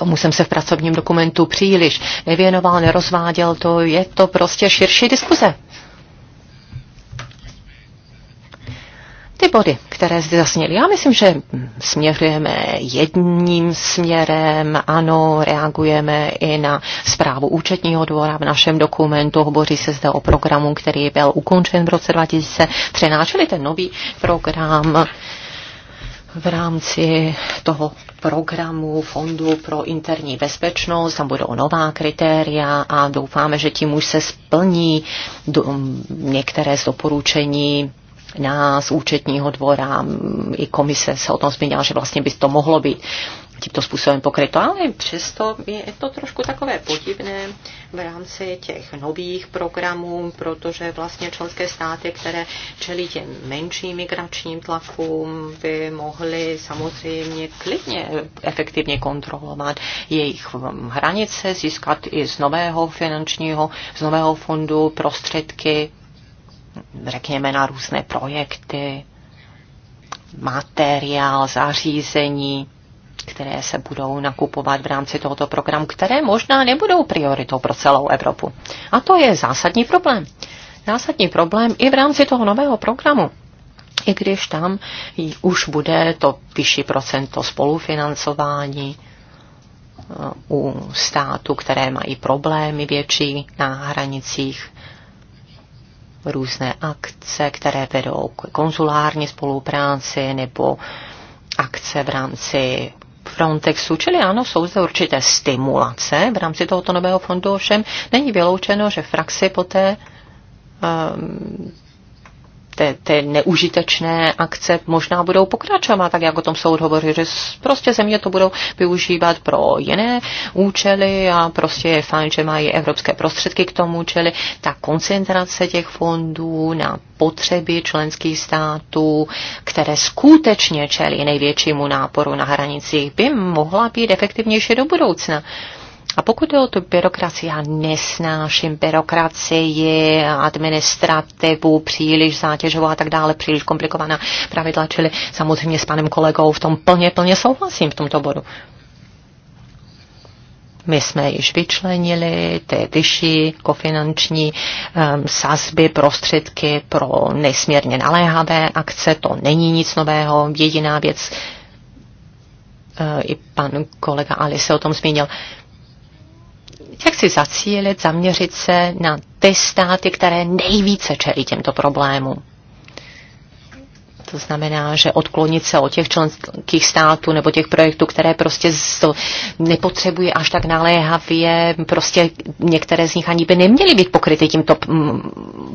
tomu jsem se v pracovním dokumentu příliš nevěnoval, nerozváděl to, je to prostě širší diskuze. Ty body, které zde zasněly, já myslím, že směřujeme jedním směrem, ano, reagujeme i na zprávu účetního dvora v našem dokumentu, hovoří se zde o programu, který byl ukončen v roce 2013, čili ten nový program v rámci toho programu Fondu pro interní bezpečnost, tam budou nová kritéria a doufáme, že tím už se splní do, um, některé z doporučení nás, účetního dvora, i komise se o tom zmínila, že vlastně by to mohlo být tímto způsobem pokryto, ale přesto je to trošku takové podivné v rámci těch nových programů, protože vlastně členské státy, které čelí těm menším migračním tlakům, by mohly samozřejmě klidně efektivně kontrolovat jejich hranice, získat i z nového finančního, z nového fondu prostředky, řekněme na různé projekty, materiál, zařízení, které se budou nakupovat v rámci tohoto programu, které možná nebudou prioritou pro celou Evropu. A to je zásadní problém. Zásadní problém i v rámci toho nového programu. I když tam už bude to vyšší procento spolufinancování eh, u států, které mají problémy větší na hranicích, různé akce, které vedou k konzulární spolupráci nebo akce v rámci Frontexu, čili ano, jsou zde určité stimulace v rámci tohoto nového fondu, ovšem není vyloučeno, že v poté um, ty, ty neužitečné akce možná budou pokračovat, tak jak o tom soud hovoří, že prostě země to budou využívat pro jiné účely a prostě je fajn, že mají evropské prostředky k tomu účely. Ta koncentrace těch fondů na potřeby členských států, které skutečně čelí největšímu náporu na hranicích, by mohla být efektivnější do budoucna. A pokud je o tu byrokracii, já nesnáším byrokracii, administrativu, příliš zátěžovou a tak dále, příliš komplikovaná pravidla, čili samozřejmě s panem kolegou v tom plně, plně souhlasím v tomto bodu. My jsme již vyčlenili ty vyšší kofinanční um, sazby, prostředky pro nesmírně naléhavé akce. To není nic nového. Jediná věc, uh, i pan kolega Ali se o tom zmínil, uh, jak si zacílit, zaměřit se na ty státy, které nejvíce čelí těmto problémům? To znamená, že odklonit se od těch členských států nebo těch projektů, které prostě nepotřebují až tak naléhavě, prostě některé z nich ani by neměly být pokryty tímto mm,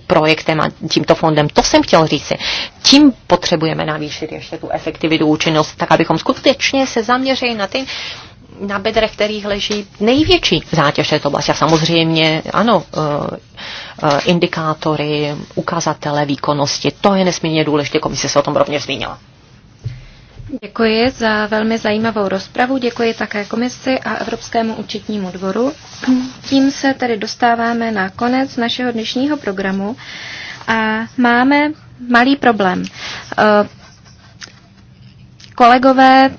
projektem a tímto fondem. To jsem chtěl říci. Tím potřebujeme navýšit ještě tu efektivitu, účinnost, tak abychom skutečně se zaměřili na ty na bedrech kterých leží největší zátěž této oblasti. A samozřejmě, ano, eh, eh, indikátory, ukazatele výkonnosti, to je nesmírně důležité, komise se o tom rovněž zmínila. Děkuji za velmi zajímavou rozpravu, děkuji také komisi a Evropskému účetnímu dvoru. Tím se tedy dostáváme na konec našeho dnešního programu a máme malý problém. Eh, kolegové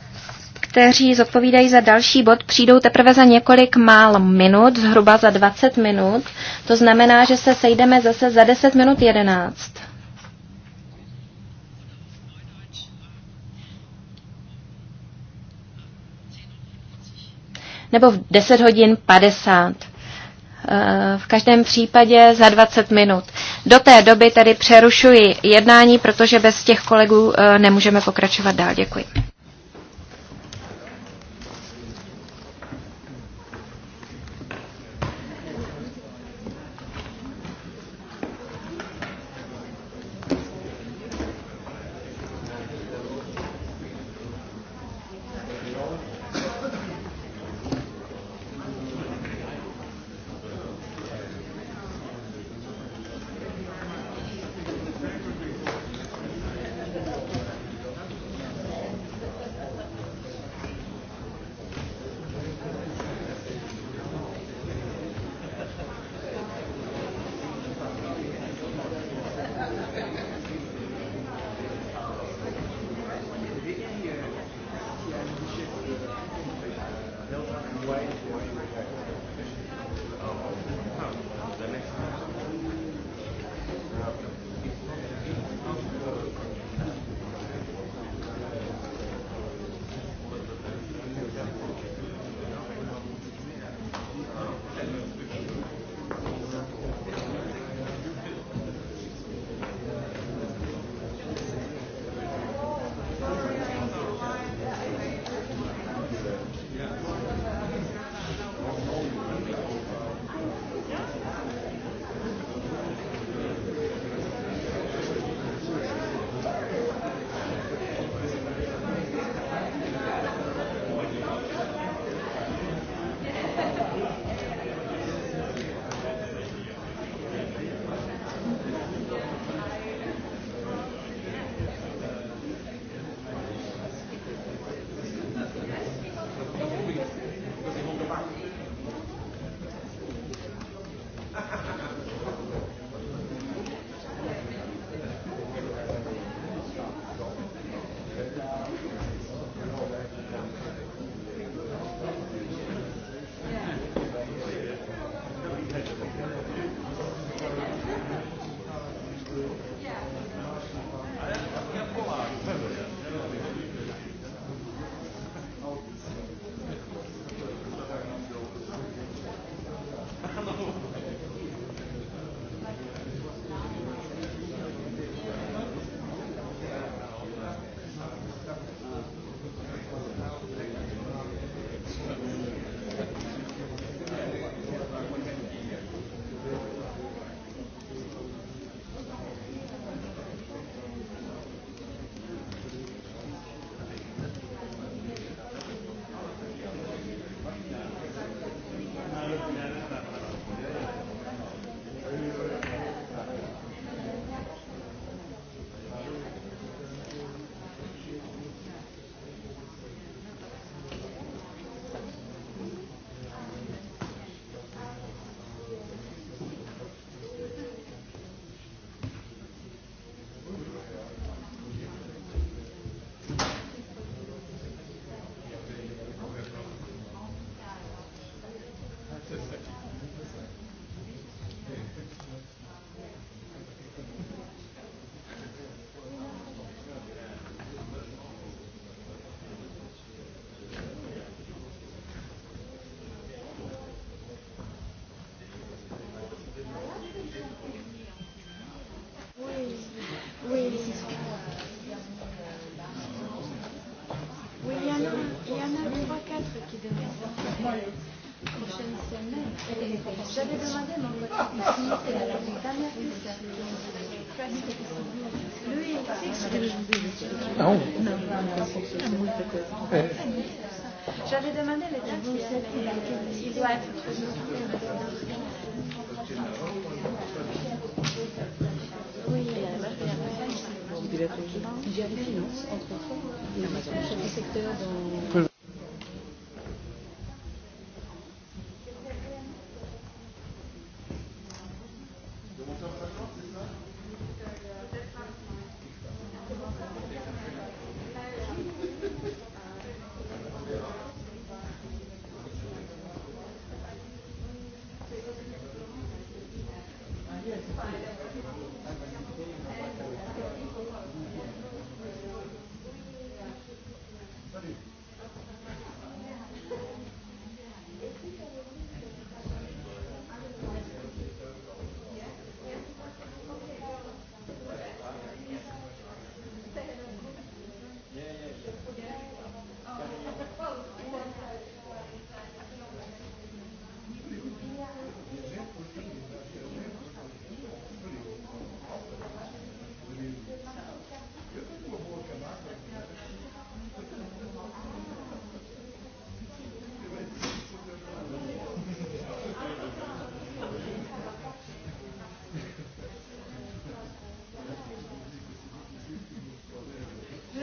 kteří zodpovídají za další bod, přijdou teprve za několik mál minut, zhruba za 20 minut. To znamená, že se sejdeme zase za 10 minut 11. Nebo v 10 hodin 50. Eh, v každém případě za 20 minut. Do té doby tedy přerušuji jednání, protože bez těch kolegů eh, nemůžeme pokračovat dál. Děkuji.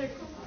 jako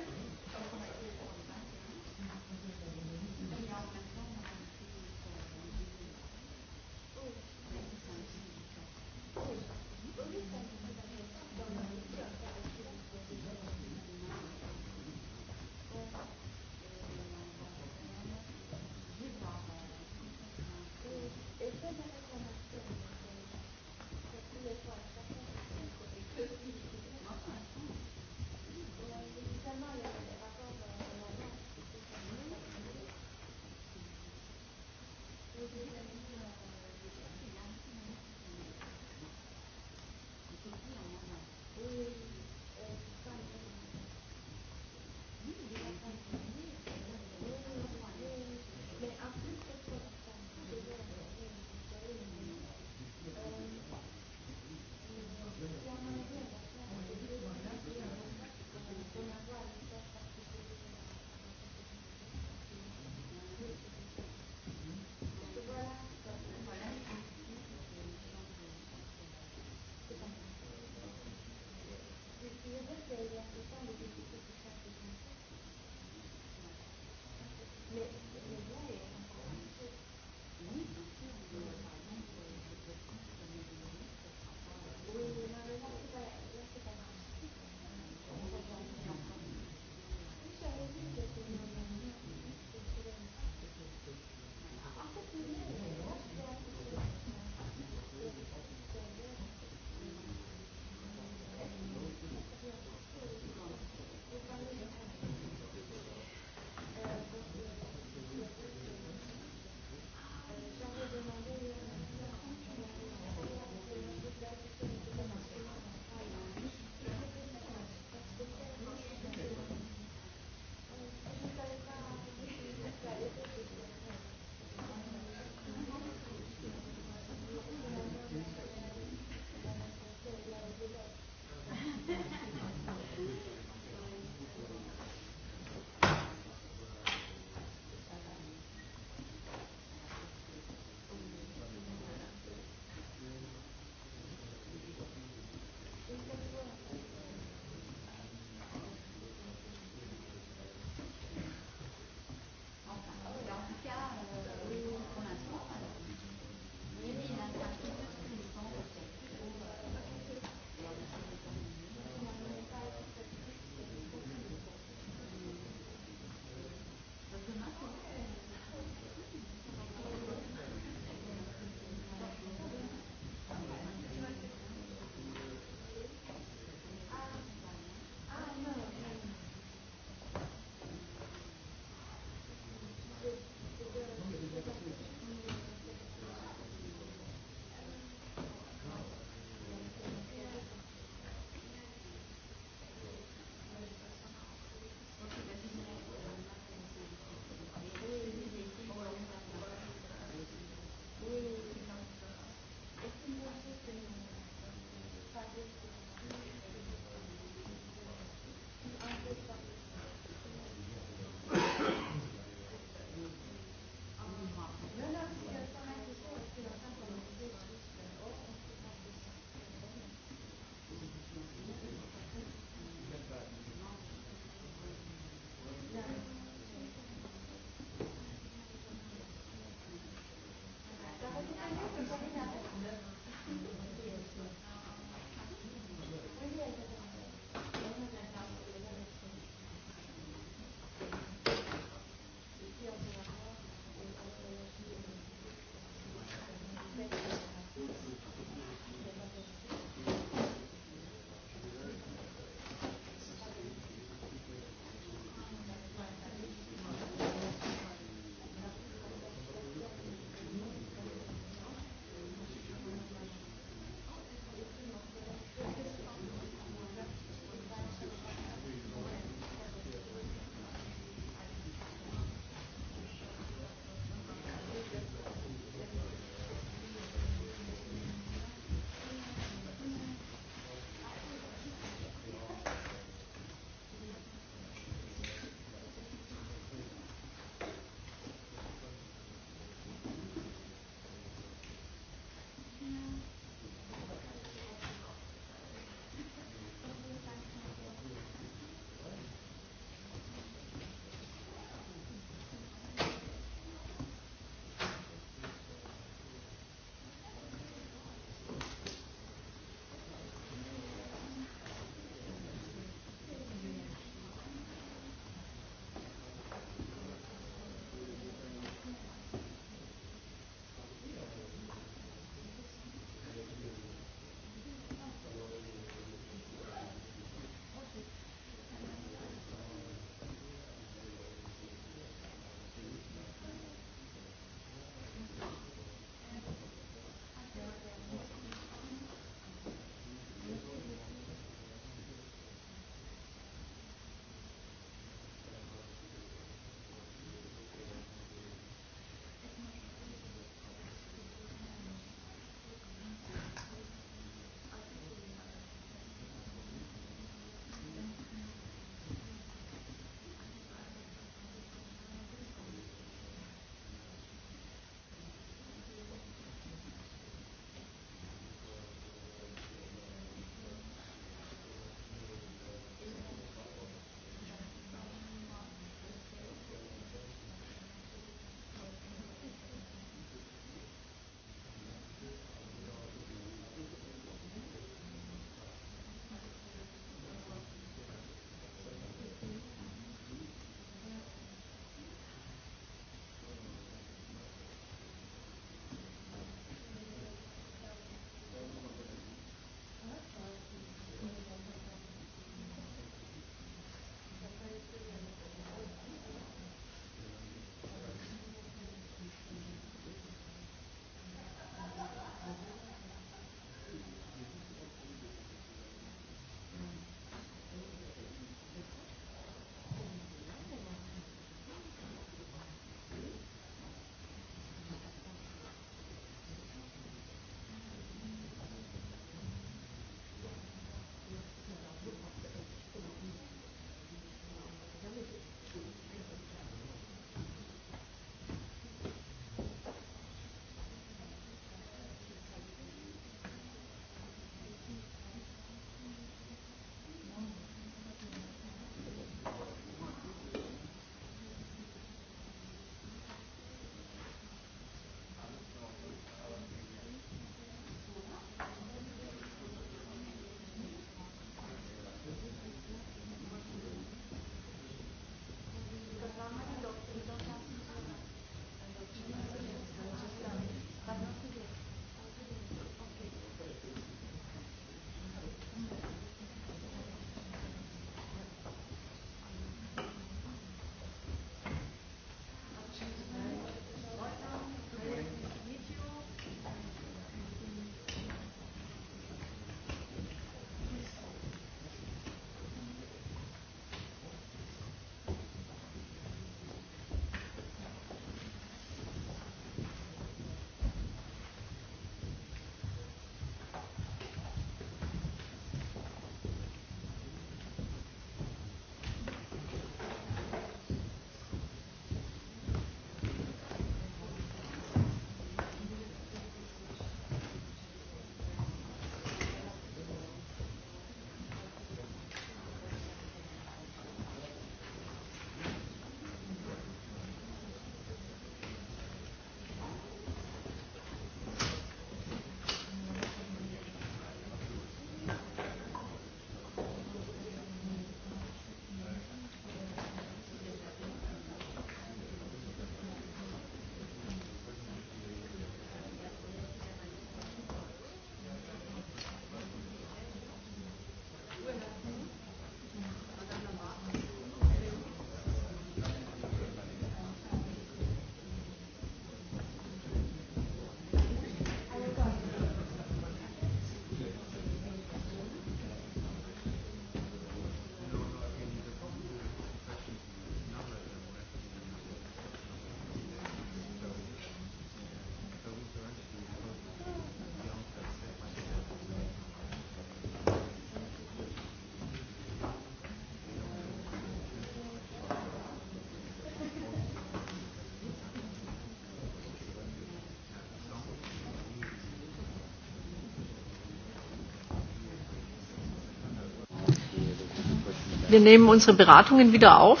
Wir nehmen unsere Beratungen wieder auf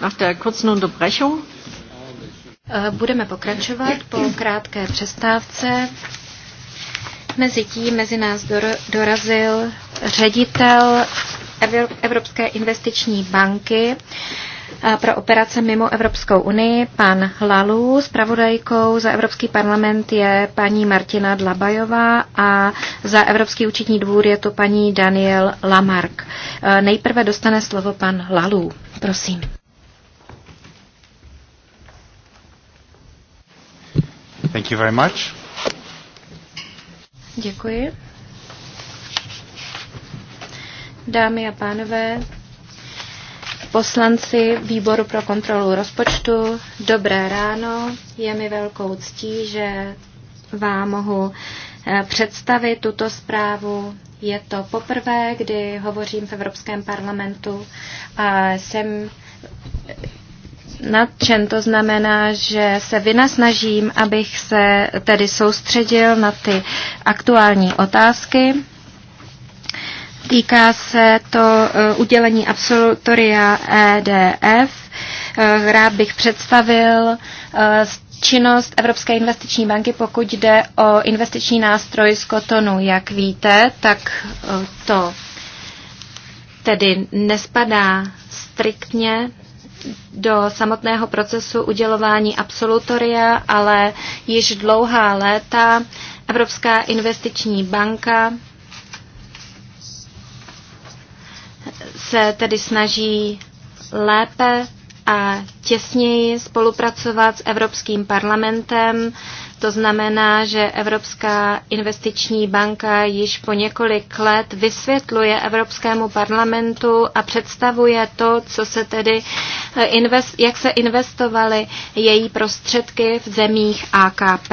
nach der kurzen Unterbrechung. Äh, budeme pokračovat po krátké přestávce. Mezitím mezi nás dorazil ředitel Evropské investiční banky äh, pro operace mimo Evropskou unii, pan Lalu. Spravodajkou za Evropský parlament je paní Martina Dlabajová a za Evropský účetní dvůr je to paní Daniel Lamark. Nejprve dostane slovo pan Lalů. Prosím. Thank you very much. Děkuji. Dámy a pánové, poslanci výboru pro kontrolu rozpočtu, dobré ráno. Je mi velkou ctí, že vám mohu eh, představit tuto zprávu je to poprvé, kdy hovořím v Evropském parlamentu a jsem nadčen. To znamená, že se vynasnažím, abych se tedy soustředil na ty aktuální otázky. Týká se to eh, udělení absolutoria EDF. Eh, rád bych představil eh, činnost Evropské investiční banky, pokud jde o investiční nástroj z kotonu. Jak víte, tak eh, to tedy nespadá striktně do samotného procesu udělování absolutoria, ale již dlouhá léta Evropská investiční banka se tedy snaží lépe a těsněji spolupracovat s Evropským parlamentem. To znamená, že Evropská investiční banka již po několik let vysvětluje Evropskému parlamentu a představuje to, co se tedy eh, invest, jak se investovaly její prostředky v zemích AKP.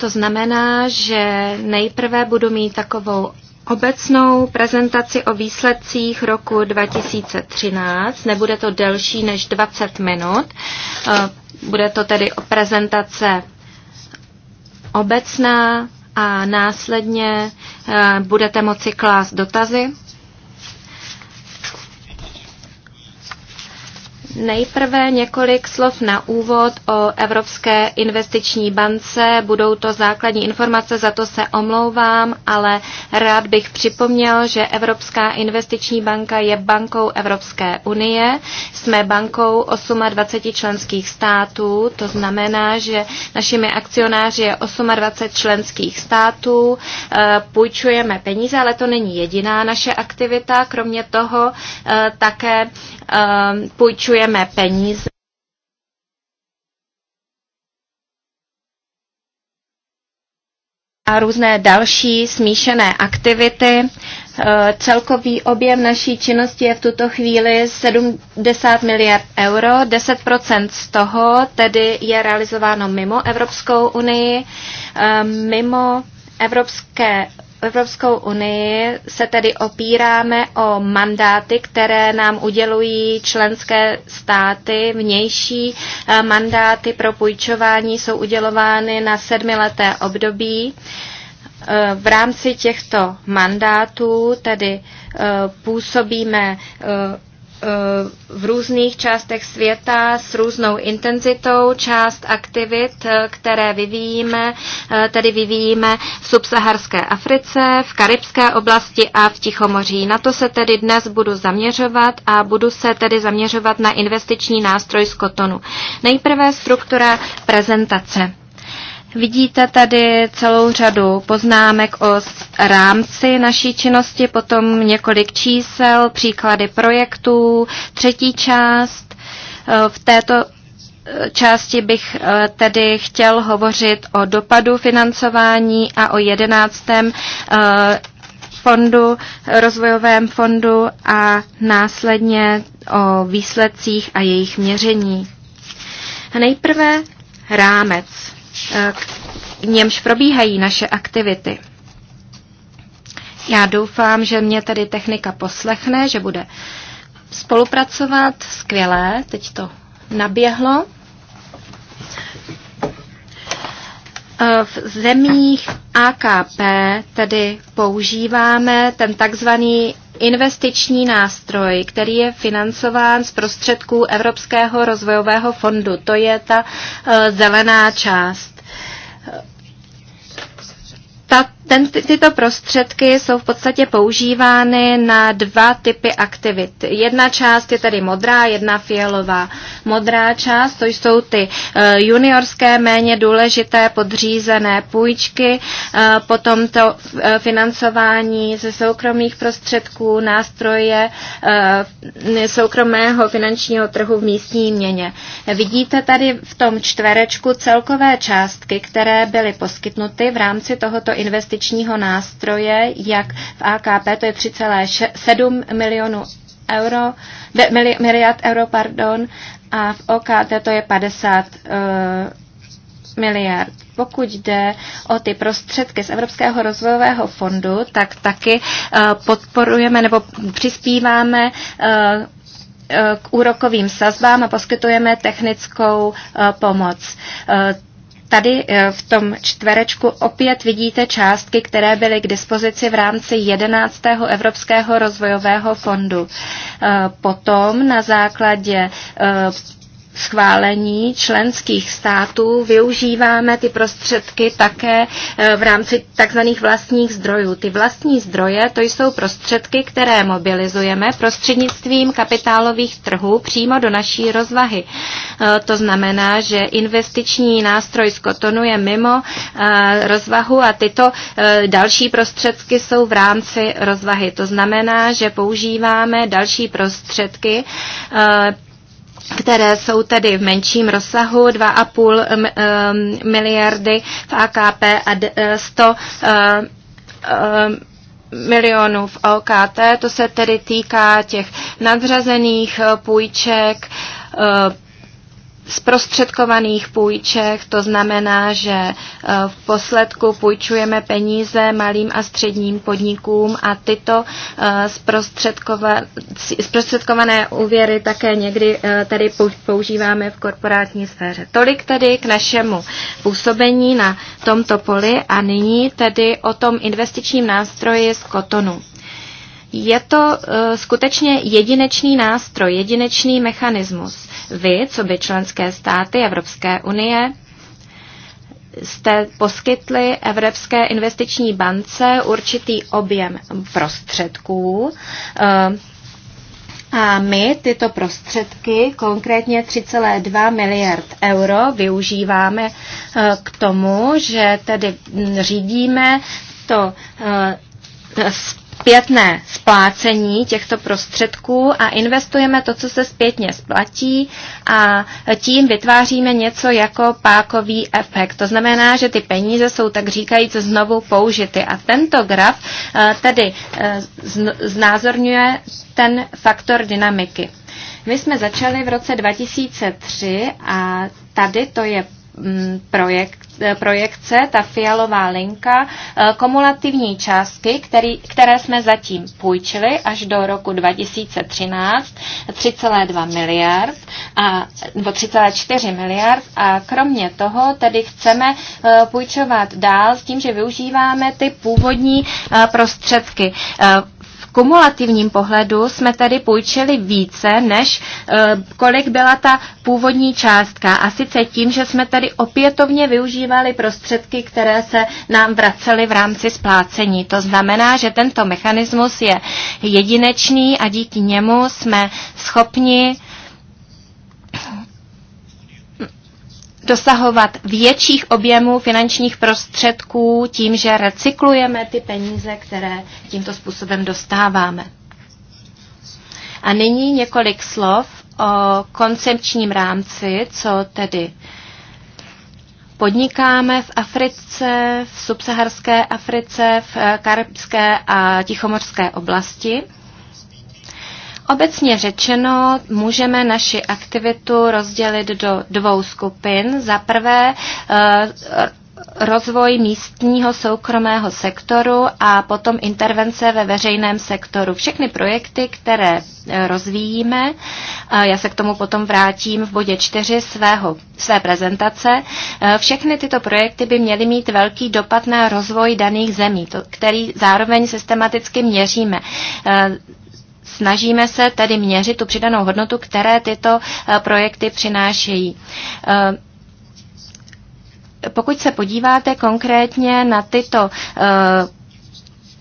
To znamená, že nejprve budu mít takovou obecnou prezentaci o výsledcích roku 2013. Nebude to delší než 20 minut. Eh, bude to tedy prezentace obecná a následně eh, budete moci klást dotazy. Nejprve několik slov na úvod o Evropské investiční bance. Budou to základní informace, za to se omlouvám, ale rád bych připomněl, že Evropská investiční banka je bankou Evropské unie. Jsme bankou 28 členských států, to znamená, že našimi akcionáři je 28 členských států. Eh, půjčujeme peníze, ale to není jediná naše aktivita. Kromě toho eh, také Ehm, půjčujeme peníze. a různé další smíšené aktivity. Ehm, celkový objem naší činnosti je v tuto chvíli 70 miliard euro. 10% z toho tedy je realizováno mimo Evropskou unii, ehm, mimo Evropské Evropskou unii se tedy opíráme o mandáty, které nám udělují členské státy. Vnější eh, mandáty pro půjčování jsou udělovány na sedmileté období. Eh, v rámci těchto mandátů tedy eh, působíme Eh, v různých částech světa s různou intenzitou část aktivit, eh, které vyvíjíme, eh, tedy vyvíjíme v subsaharské Africe, v karibské oblasti a v Tichomoří. Na to se tedy dnes budu zaměřovat a budu se tedy zaměřovat na investiční nástroj z kotonu. Nejprve struktura prezentace. Vidíte tady celou řadu poznámek o rámci naší činnosti, potom několik čísel, příklady projektů, třetí část. Eh, v této eh, části bych eh, tedy chtěl hovořit o dopadu financování a o jedenáctém fondu, rozvojovém fondu a následně o výsledcích a jejich měření. Nejprve rámec. Eh, k němž probíhají naše aktivity. Já doufám, že mě tady technika poslechne, že bude spolupracovat. Skvělé, teď to naběhlo. Eh, v zemích AKP tedy používáme ten takzvaný investiční nástroj, který je financován z prostředků Evropského rozvojového fondu. To je ta eh, zelená část tak ten, tyto prostředky jsou v podstatě používány na dva typy aktivit. Jedna část je tedy modrá, jedna fialová. Modrá část to jsou ty eh, juniorské, méně důležité podřízené půjčky, eh, potom to eh, financování ze soukromých prostředků, nástroje soukromého finančního trhu v místní měně. Vidíte tady v tom čtverečku celkové částky, které byly poskytnuty v rámci tohoto investičního investičního nástroje, jak v AKP, to je 3,7 milionů euro, miliard euro, pardon, a v OKT to je 50 eh, miliard. Pokud jde o ty prostředky z Evropského rozvojového fondu, tak taky eh, podporujeme nebo přispíváme eh, k úrokovým sazbám a poskytujeme technickou pomoc. Tady eh, v tom čtverečku opět vidíte částky, které byly k dispozici v rámci 11. Evropského rozvojového fondu. Eh, potom na základě eh, schválení členských států využíváme ty prostředky také eh, v rámci takzvaných vlastních zdrojů. Ty vlastní zdroje to jsou prostředky, které mobilizujeme prostřednictvím kapitálových trhů přímo do naší rozvahy. Eh, to znamená, že investiční nástroj z kotonu je mimo eh, rozvahu a tyto další prostředky jsou v rámci rozvahy. To znamená, že používáme další prostředky které jsou tedy v menším rozsahu 2,5 eh, miliardy v AKP a 100 eh, eh, milionů v OKT. To se tedy týká těch nadřazených půjček, zprostředkovaných půjček, to znamená, že eh, v posledku půjčujeme peníze malým a středním podnikům a tyto eh, zprostředkované úvěry také někdy eh, tady používáme v korporátní sféře. Tolik tedy k našemu působení na tomto poli a nyní tedy o tom investičním nástroji z kotonu je to e, skutečně jedinečný nástroj, jedinečný mechanismus. Vy, co by členské státy Evropské unie, jste poskytli Evropské investiční bance určitý objem prostředků. E, a my tyto prostředky, konkrétně 3,2 miliard euro, využíváme e, k tomu, že tedy řídíme to zpětné splácení těchto prostředků a investujeme to, co se zpětně splatí a tím vytváříme něco jako pákový efekt. To znamená, že ty peníze jsou tak říkajíc znovu použity a tento graf eh, tedy eh, znázorňuje ten faktor dynamiky. My jsme začali v roce 2003 a tady to je mm, projekt, Eh, projekce, ta fialová linka, eh, kumulativní částky, který, které jsme zatím půjčili až do roku 2013, 3,2 miliard a, nebo 3,4 miliard a kromě toho tedy chceme eh, půjčovat dál s tím, že využíváme ty původní prostředky kumulativním pohledu jsme tedy půjčili více, než eh, kolik byla ta původní částka. A sice tím, že jsme tedy opětovně využívali prostředky, které se nám vracely v rámci splácení. To znamená, že tento mechanismus je jedinečný a díky němu jsme schopni dosahovat větších objemů finančních prostředků tím, že recyklujeme ty peníze, které tímto způsobem dostáváme. A nyní několik slov o koncepčním rámci, co tedy podnikáme v Africe, v subsaharské Africe, v karibské a tichomorské oblasti. Obecně řečeno, můžeme naši aktivitu rozdělit do dvou skupin. Za prvé eh, rozvoj místního soukromého sektoru a potom intervence ve veřejném sektoru. Všechny projekty, které eh, rozvíjíme, já se k tomu potom vrátím v bodě 4 svého, své prezentace, eh, všechny tyto projekty by měly mít velký dopad na rozvoj daných zemí, který zároveň systematicky měříme. Snažíme se tedy měřit tu přidanou hodnotu, které tyto eh, projekty přinášejí. Eh, pokud se podíváte konkrétně na tyto eh,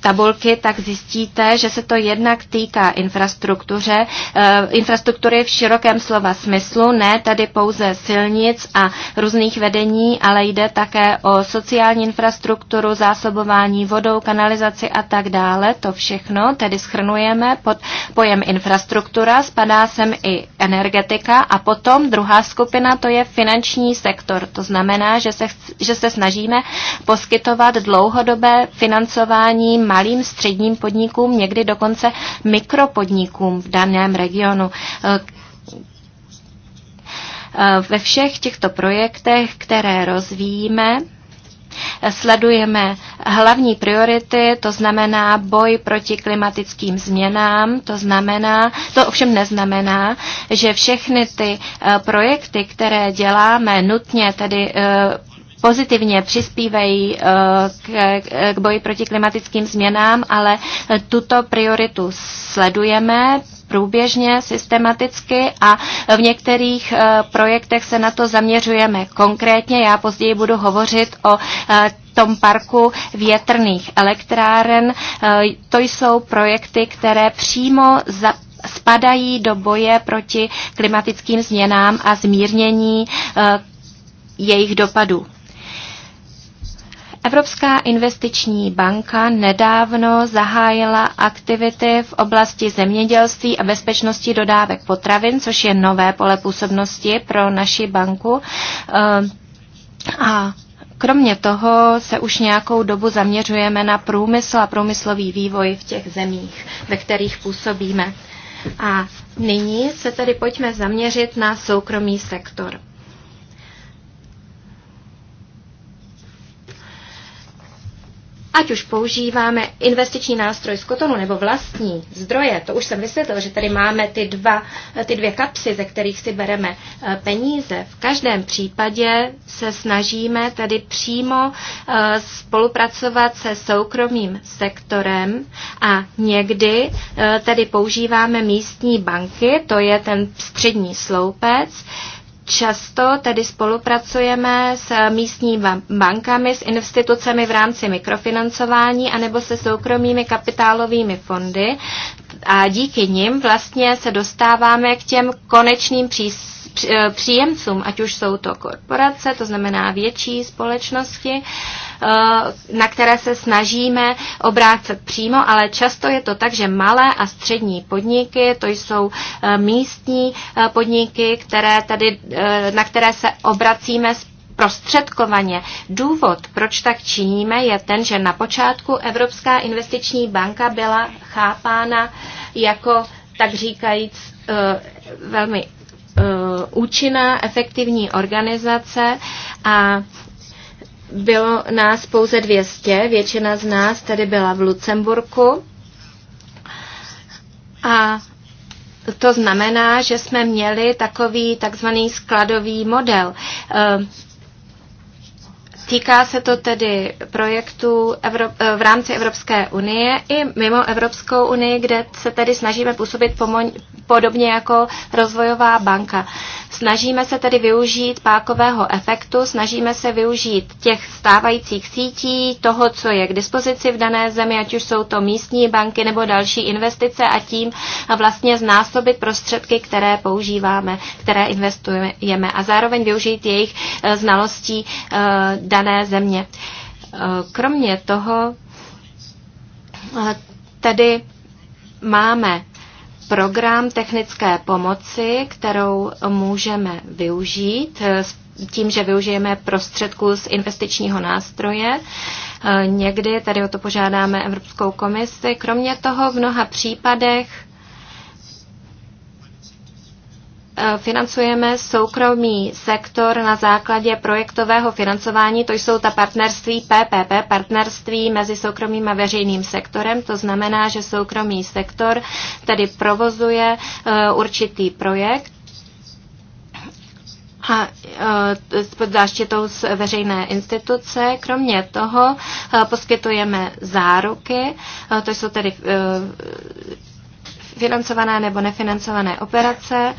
tabulky, tak zjistíte, že se to jednak týká infrastruktuře, eh, infrastruktury v širokém slova smyslu, ne tady pouze silnic a různých vedení, ale jde také o sociální infrastrukturu, zásobování vodou, kanalizaci a tak dále. To všechno tedy schrnujeme pod pojem infrastruktura, spadá sem i energetika a potom druhá skupina to je finanční sektor. To znamená, že se, že se snažíme poskytovat dlouhodobé financování malým středním podnikům, někdy dokonce mikropodnikům v daném regionu. Eh, ve všech těchto projektech, které rozvíjíme, sledujeme hlavní priority, to znamená boj proti klimatickým změnám, to znamená, to ovšem neznamená, že všechny ty eh, projekty, které děláme, nutně tedy eh, pozitivně přispívají eh, k boji proti klimatickým změnám, ale eh, tuto prioritu sledujeme průběžně, systematicky a v některých eh, projektech se na to zaměřujeme konkrétně. Já později budu hovořit o tom parku větrných elektráren. To jsou projekty, které přímo za spadají do boje proti klimatickým změnám a zmírnění jejich dopadů. Evropská investiční banka nedávno zahájila aktivity v oblasti zemědělství a bezpečnosti dodávek potravin, což je nové pole působnosti pro naši banku. Eh, a Kromě toho se už nějakou dobu zaměřujeme na průmysl a průmyslový vývoj v těch zemích, ve kterých působíme. A nyní se tedy pojďme zaměřit na soukromý sektor. ať už používáme investiční nástroj z kotonu nebo vlastní zdroje, to už jsem vysvětlil, že tady máme ty, dva, ty dvě kapsy, ze kterých si bereme eh, peníze. V každém případě se snažíme tedy přímo eh, spolupracovat se soukromým sektorem a někdy eh, tedy používáme místní banky, to je ten střední sloupec, Často tedy spolupracujeme s místními bankami, s institucemi v rámci mikrofinancování anebo se soukromými kapitálovými fondy a díky nim vlastně se dostáváme k těm konečným přístupům příjemcům, ať už jsou to korporace, to znamená větší společnosti, Eh, na které se snažíme obrácet přímo, ale často je to tak, že malé a střední podniky, to jsou eh, místní eh, podniky, které tady, na které se obracíme s Důvod, proč tak činíme, je ten, že na počátku Evropská investiční banka byla chápána jako, tak říkajíc, velmi účinná, efektivní organizace a bylo nás pouze 200, většina z nás tady byla v Lucemburku. A to znamená, že jsme měli takový takzvaný skladový model. Týká se to tedy projektů eh, v rámci Evropské unie i mimo Evropskou unii, kde se tedy snažíme působit podobně jako rozvojová banka. Snažíme se tedy využít pákového efektu, snažíme se využít těch stávajících sítí, toho, co je k dispozici v dané zemi, ať už jsou to místní banky nebo další investice a tím vlastně znásobit prostředky, které používáme, které investujeme a zároveň využít jejich eh, znalostí eh, dané země. E, kromě toho e, tedy máme program technické pomoci, kterou můžeme využít e, tím, že využijeme prostředku z investičního nástroje. Někdy tady o to požádáme Evropskou komisi. Kromě toho v mnoha případech E, financujeme soukromý sektor na základě projektového financování, to jsou ta partnerství PPP, partnerství mezi soukromým a veřejným sektorem, to znamená, že soukromý sektor tedy provozuje e, určitý projekt a pod e, záštitou z veřejné instituce. Kromě toho poskytujeme záruky, to jsou tedy financované nebo nefinancované operace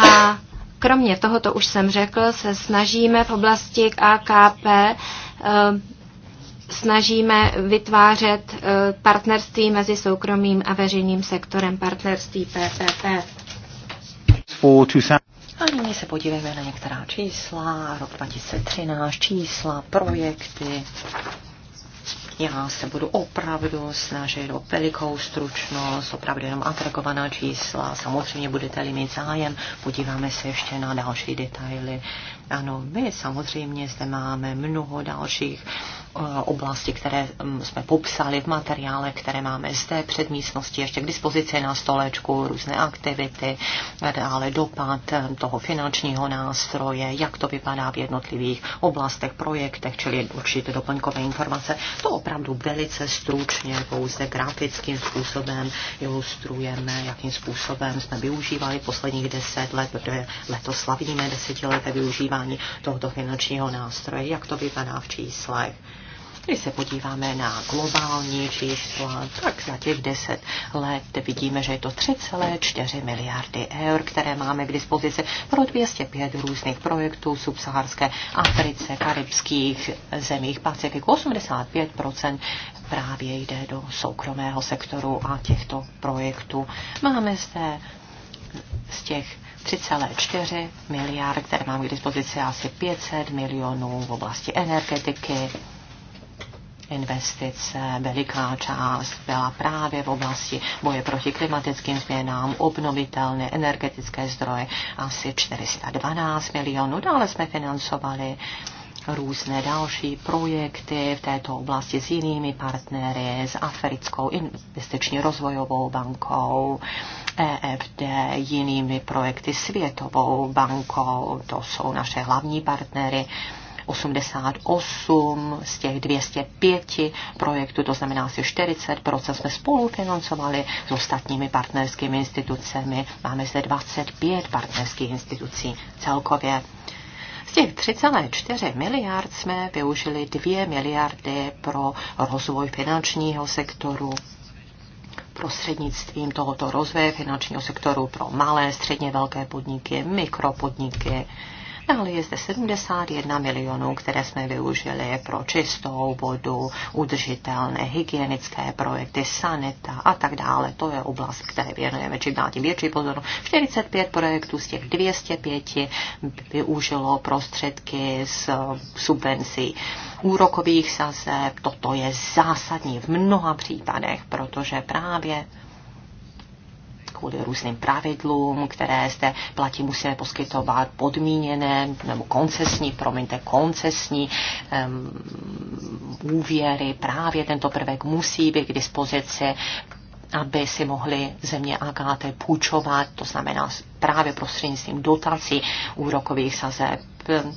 a kromě toho, to už jsem řekl, se snažíme v oblasti AKP eh, snažíme vytvářet eh, partnerství mezi soukromým a veřejným sektorem, partnerství PPP. A nyní se podívejme na některá čísla, rok 2013, čísla, projekty, já se budu opravdu snažit o velikou stručnost, opravdu jenom atrakovaná čísla. Samozřejmě budete-li mít zájem, podíváme se ještě na další detaily. Ano, my samozřejmě zde máme mnoho dalších Eh, oblasti, které mm, jsme popsali v materiále, které máme zde před místnosti, ještě k dispozici na stolečku, různé aktivity, dále dopad eh, toho finančního nástroje, jak to vypadá v jednotlivých oblastech, projektech, čili určitě doplňkové informace. To opravdu velice stručně, pouze grafickým způsobem ilustrujeme, jakým způsobem jsme využívali posledních deset let, protože letos slavíme desetileté využívání tohoto finančního nástroje, jak to vypadá v číslech. Když se podíváme na globální čísla, tak za těch 10 let vidíme, že je to 3,4 miliardy eur, které máme k dispozici pro 205 různých projektů v subsaharské Africe, karibských zemích Pacifiku. 85 právě jde do soukromého sektoru a těchto projektů. Máme zde z těch 3,4 miliard, které máme k dispozici asi 500 milionů v oblasti energetiky, investice. Veliká část byla právě v oblasti boje proti klimatickým změnám, obnovitelné energetické zdroje asi 412 milionů. Dále jsme financovali různé další projekty v této oblasti s jinými partnery, s Africkou investiční rozvojovou bankou, EFD, jinými projekty Světovou bankou, to jsou naše hlavní partnery 88 z těch 205 projektů, to znamená asi 40% jsme spolufinancovali s ostatními partnerskými institucemi. Máme zde 25 partnerských institucí celkově. Z těch 3,4 miliard jsme využili 2 miliardy pro rozvoj finančního sektoru prostřednictvím tohoto rozvoje finančního sektoru pro malé, středně velké podniky, mikropodniky, ale je zde 71 milionů, které jsme využili pro čistou vodu, udržitelné hygienické projekty, sanita a tak dále. To je oblast, které věnujeme čím dál tím větší pozor. 45 projektů z těch 205 využilo prostředky z subvencí úrokových sazeb. Toto je zásadní v mnoha případech, protože právě kvůli různým pravidlům, které zde platí, musíme poskytovat podmíněné nebo koncesní, promiňte, koncesní um, úvěry. Právě tento prvek musí být k dispozici aby si mohly země AKT půjčovat, to znamená právě prostřednictvím dotací úrokových sazeb.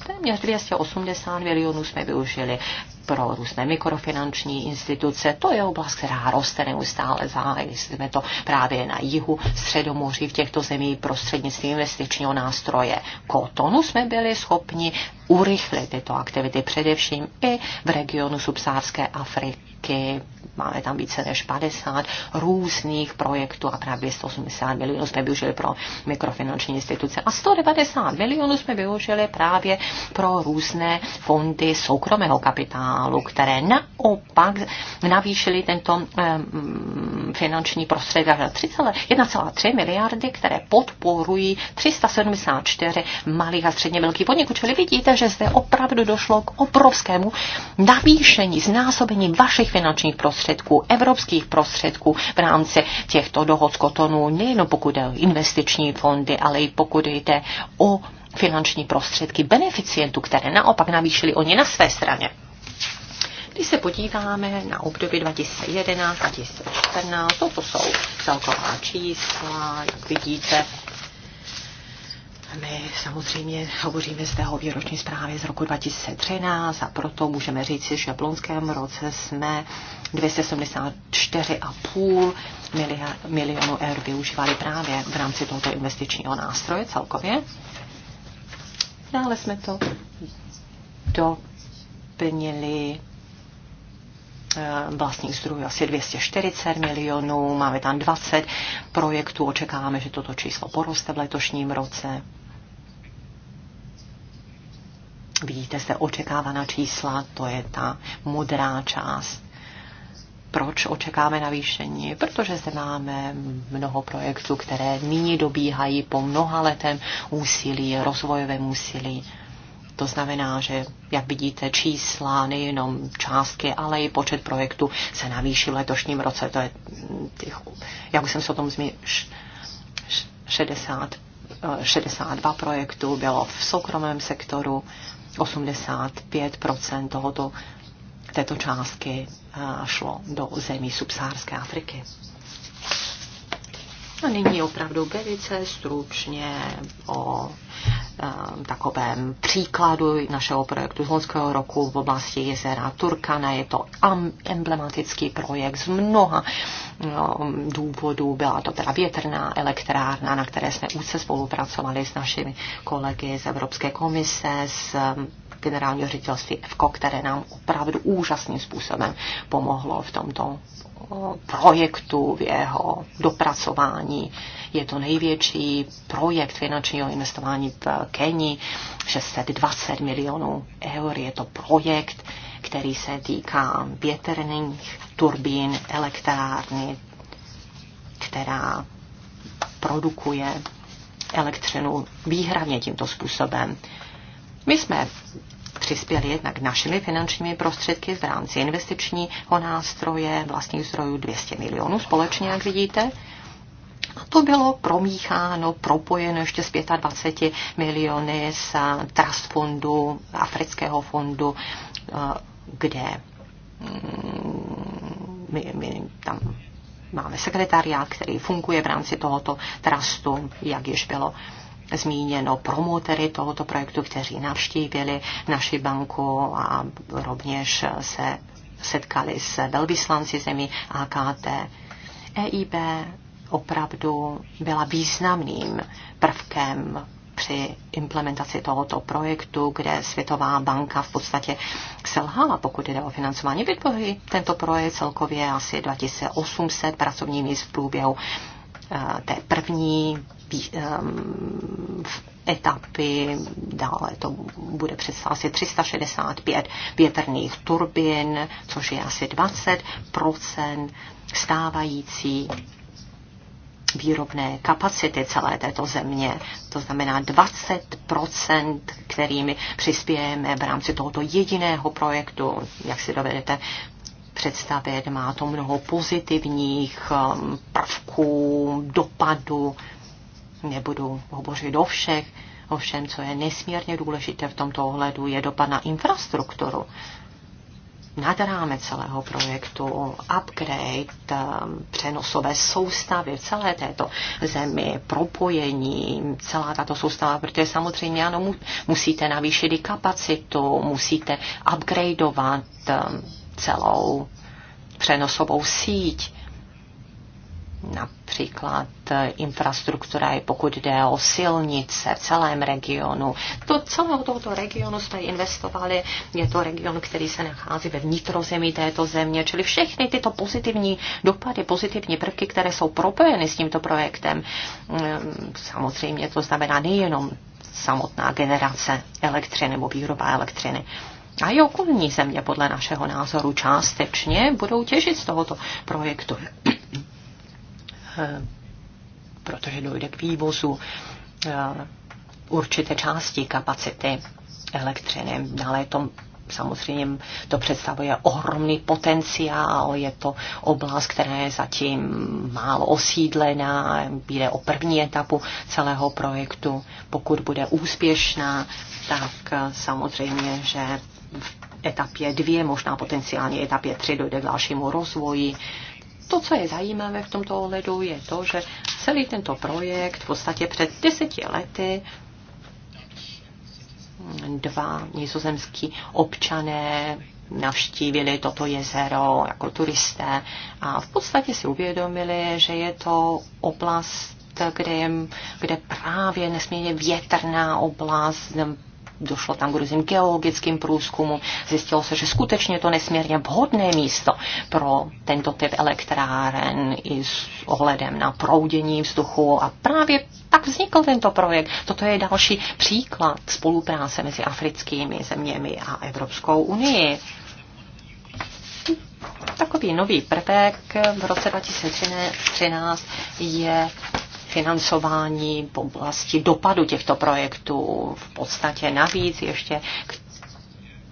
Téměř 280 milionů jsme využili pro různé mikrofinanční instituce. To je oblast, která roste neustále zájem. Jsme to právě na jihu Středomoří v těchto zemích prostřednictvím investičního nástroje Kotonu jsme byli schopni urychlit tyto aktivity, především i v regionu subsávské Afriky. Máme tam více než 50 různých projektů a právě 180 milionů jsme využili pro mikrofinanční instituce a 190 milionů jsme využili právě pro různé fondy soukromého kapitálu, které naopak navýšily tento um, finanční prostředek 1,3 miliardy, které podporují 374 malých a středně velkých podniků. Čili vidíte, že zde opravdu došlo k obrovskému navýšení, znásobení vašich finančních prostředků, evropských prostředků v rámci těchto dohod z kotonů, nejen pokud jde o investiční fondy, ale i pokud jde o finanční prostředky beneficientů, které naopak navýšili oni na své straně. Když se podíváme na období 2011-2014, toto jsou celková čísla, jak vidíte, my samozřejmě hovoříme zde o výroční zprávy z roku 2013 a proto můžeme říct, že v loňském roce jsme 274,5 milionů eur využívali právě v rámci tohoto investičního nástroje celkově. Dále jsme to doplnili eh, vlastních zdrojů asi 240 milionů, máme tam 20 projektů, očekáváme, že toto číslo poroste v letošním roce. Vidíte zde očekávaná čísla, to je ta modrá část. Proč očekáme navýšení? Protože zde máme mnoho projektů, které nyní dobíhají po mnoha letem úsilí, rozvojovém úsilí. To znamená, že jak vidíte, čísla, nejenom částky, ale i počet projektů se v letošním roce. To je těch, jak už jsem se o tom zmínil, 60, 62 projektů bylo v soukromém sektoru, 85 tohoto, této částky eh, šlo do zemí subsárské Afriky. A nyní opravdu velice stručně o Ehm, takovém příkladu našeho projektu z loňského roku v oblasti jezera Turkana. Je to emblematický projekt z mnoha ehm, důvodů. Byla to teda větrná elektrárna, na které jsme úzce spolupracovali s našimi kolegy z Evropské komise, s ehm, generálního ředitelství EFKO, které nám opravdu úžasným způsobem pomohlo v tomto projektu, v jeho dopracování. Je to největší projekt finančního investování v Keni, 620 milionů eur. Je to projekt, který se týká větrných turbín, elektrárny, která produkuje elektřinu výhradně tímto způsobem. My jsme přispěli jednak našimi finančními prostředky v rámci investičního nástroje vlastních zdrojů 200 milionů společně, jak vidíte. A to bylo promícháno, propojeno ještě z 25 miliony z eh, Trust fondu, Afrického fondu, eh, kde mm, my, my tam máme sekretariát, který funguje v rámci tohoto trustu, jak již bylo zmíněno promotery tohoto projektu, kteří navštívili naši banku a rovněž se setkali s velvyslanci zemí AKT. EIB opravdu byla významným prvkem při implementaci tohoto projektu, kde Světová banka v podstatě selhala, pokud jde o financování. Vytvoří tento projekt celkově asi 2800 pracovních míst v průběhu Eh, té první ehm, etapy, dále to bude přes asi 365 větrných turbin, což je asi 20 stávající výrobné kapacity celé této země. To znamená 20 kterými přispějeme v rámci tohoto jediného projektu. Jak si dovedete představit. Má to mnoho pozitivních um, prvků, dopadů. Nebudu hovořit o všech. Ovšem, co je nesmírně důležité v tomto ohledu, je dopad na infrastrukturu. Nad rámec celého projektu, upgrade, um, přenosové soustavy v celé této zemi, propojení, celá tato soustava, protože samozřejmě ano, musíte navýšit i kapacitu, musíte upgradeovat um, celou přenosovou síť. Například eh, infrastruktura, pokud jde o silnice v celém regionu. to celého tohoto regionu jsme investovali. Je to region, který se nachází ve vnitrozemí této země, čili všechny tyto pozitivní dopady, pozitivní prvky, které jsou propojeny s tímto projektem. Eh, samozřejmě to znamená nejenom samotná generace elektřiny nebo výroba elektřiny a i okolní země podle našeho názoru částečně budou těžit z tohoto projektu, eh, protože dojde k vývozu eh, určité části kapacity elektřiny. Dále je to samozřejmě to představuje ohromný potenciál, je to oblast, která je zatím málo osídlená, Bude o první etapu celého projektu. Pokud bude úspěšná, tak eh, samozřejmě, že etapě dvě, možná potenciálně etapě tři dojde k dalšímu rozvoji. To, co je zajímavé v tomto ohledu, je to, že celý tento projekt v podstatě před deseti lety dva nizozemský občané navštívili toto jezero jako turisté a v podstatě si uvědomili, že je to oblast, kde, je, kde právě nesmírně větrná oblast, došlo tam k různým geologickým průzkumům, zjistilo se, že skutečně to nesmírně vhodné místo pro tento typ elektráren i s ohledem na proudění vzduchu a právě tak vznikl tento projekt. Toto je další příklad spolupráce mezi africkými zeměmi a Evropskou unii takový nový prvek v roce 2013 je financování v oblasti dopadu těchto projektů. V podstatě navíc ještě k,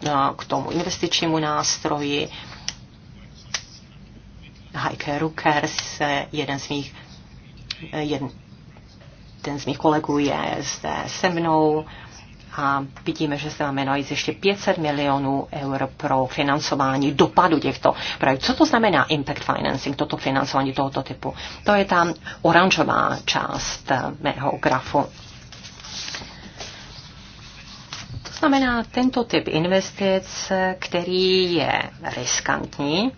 no, k tomu investičnímu nástroji. Heike Ruckers, jeden z mých, eh, jeden, ten z mých kolegů je zde se mnou a vidíme, že se máme najít ještě 500 milionů eur pro financování dopadu těchto projektů. Co to znamená impact financing, toto financování tohoto typu? To je ta oranžová část mého grafu. To znamená tento typ investic, který je riskantní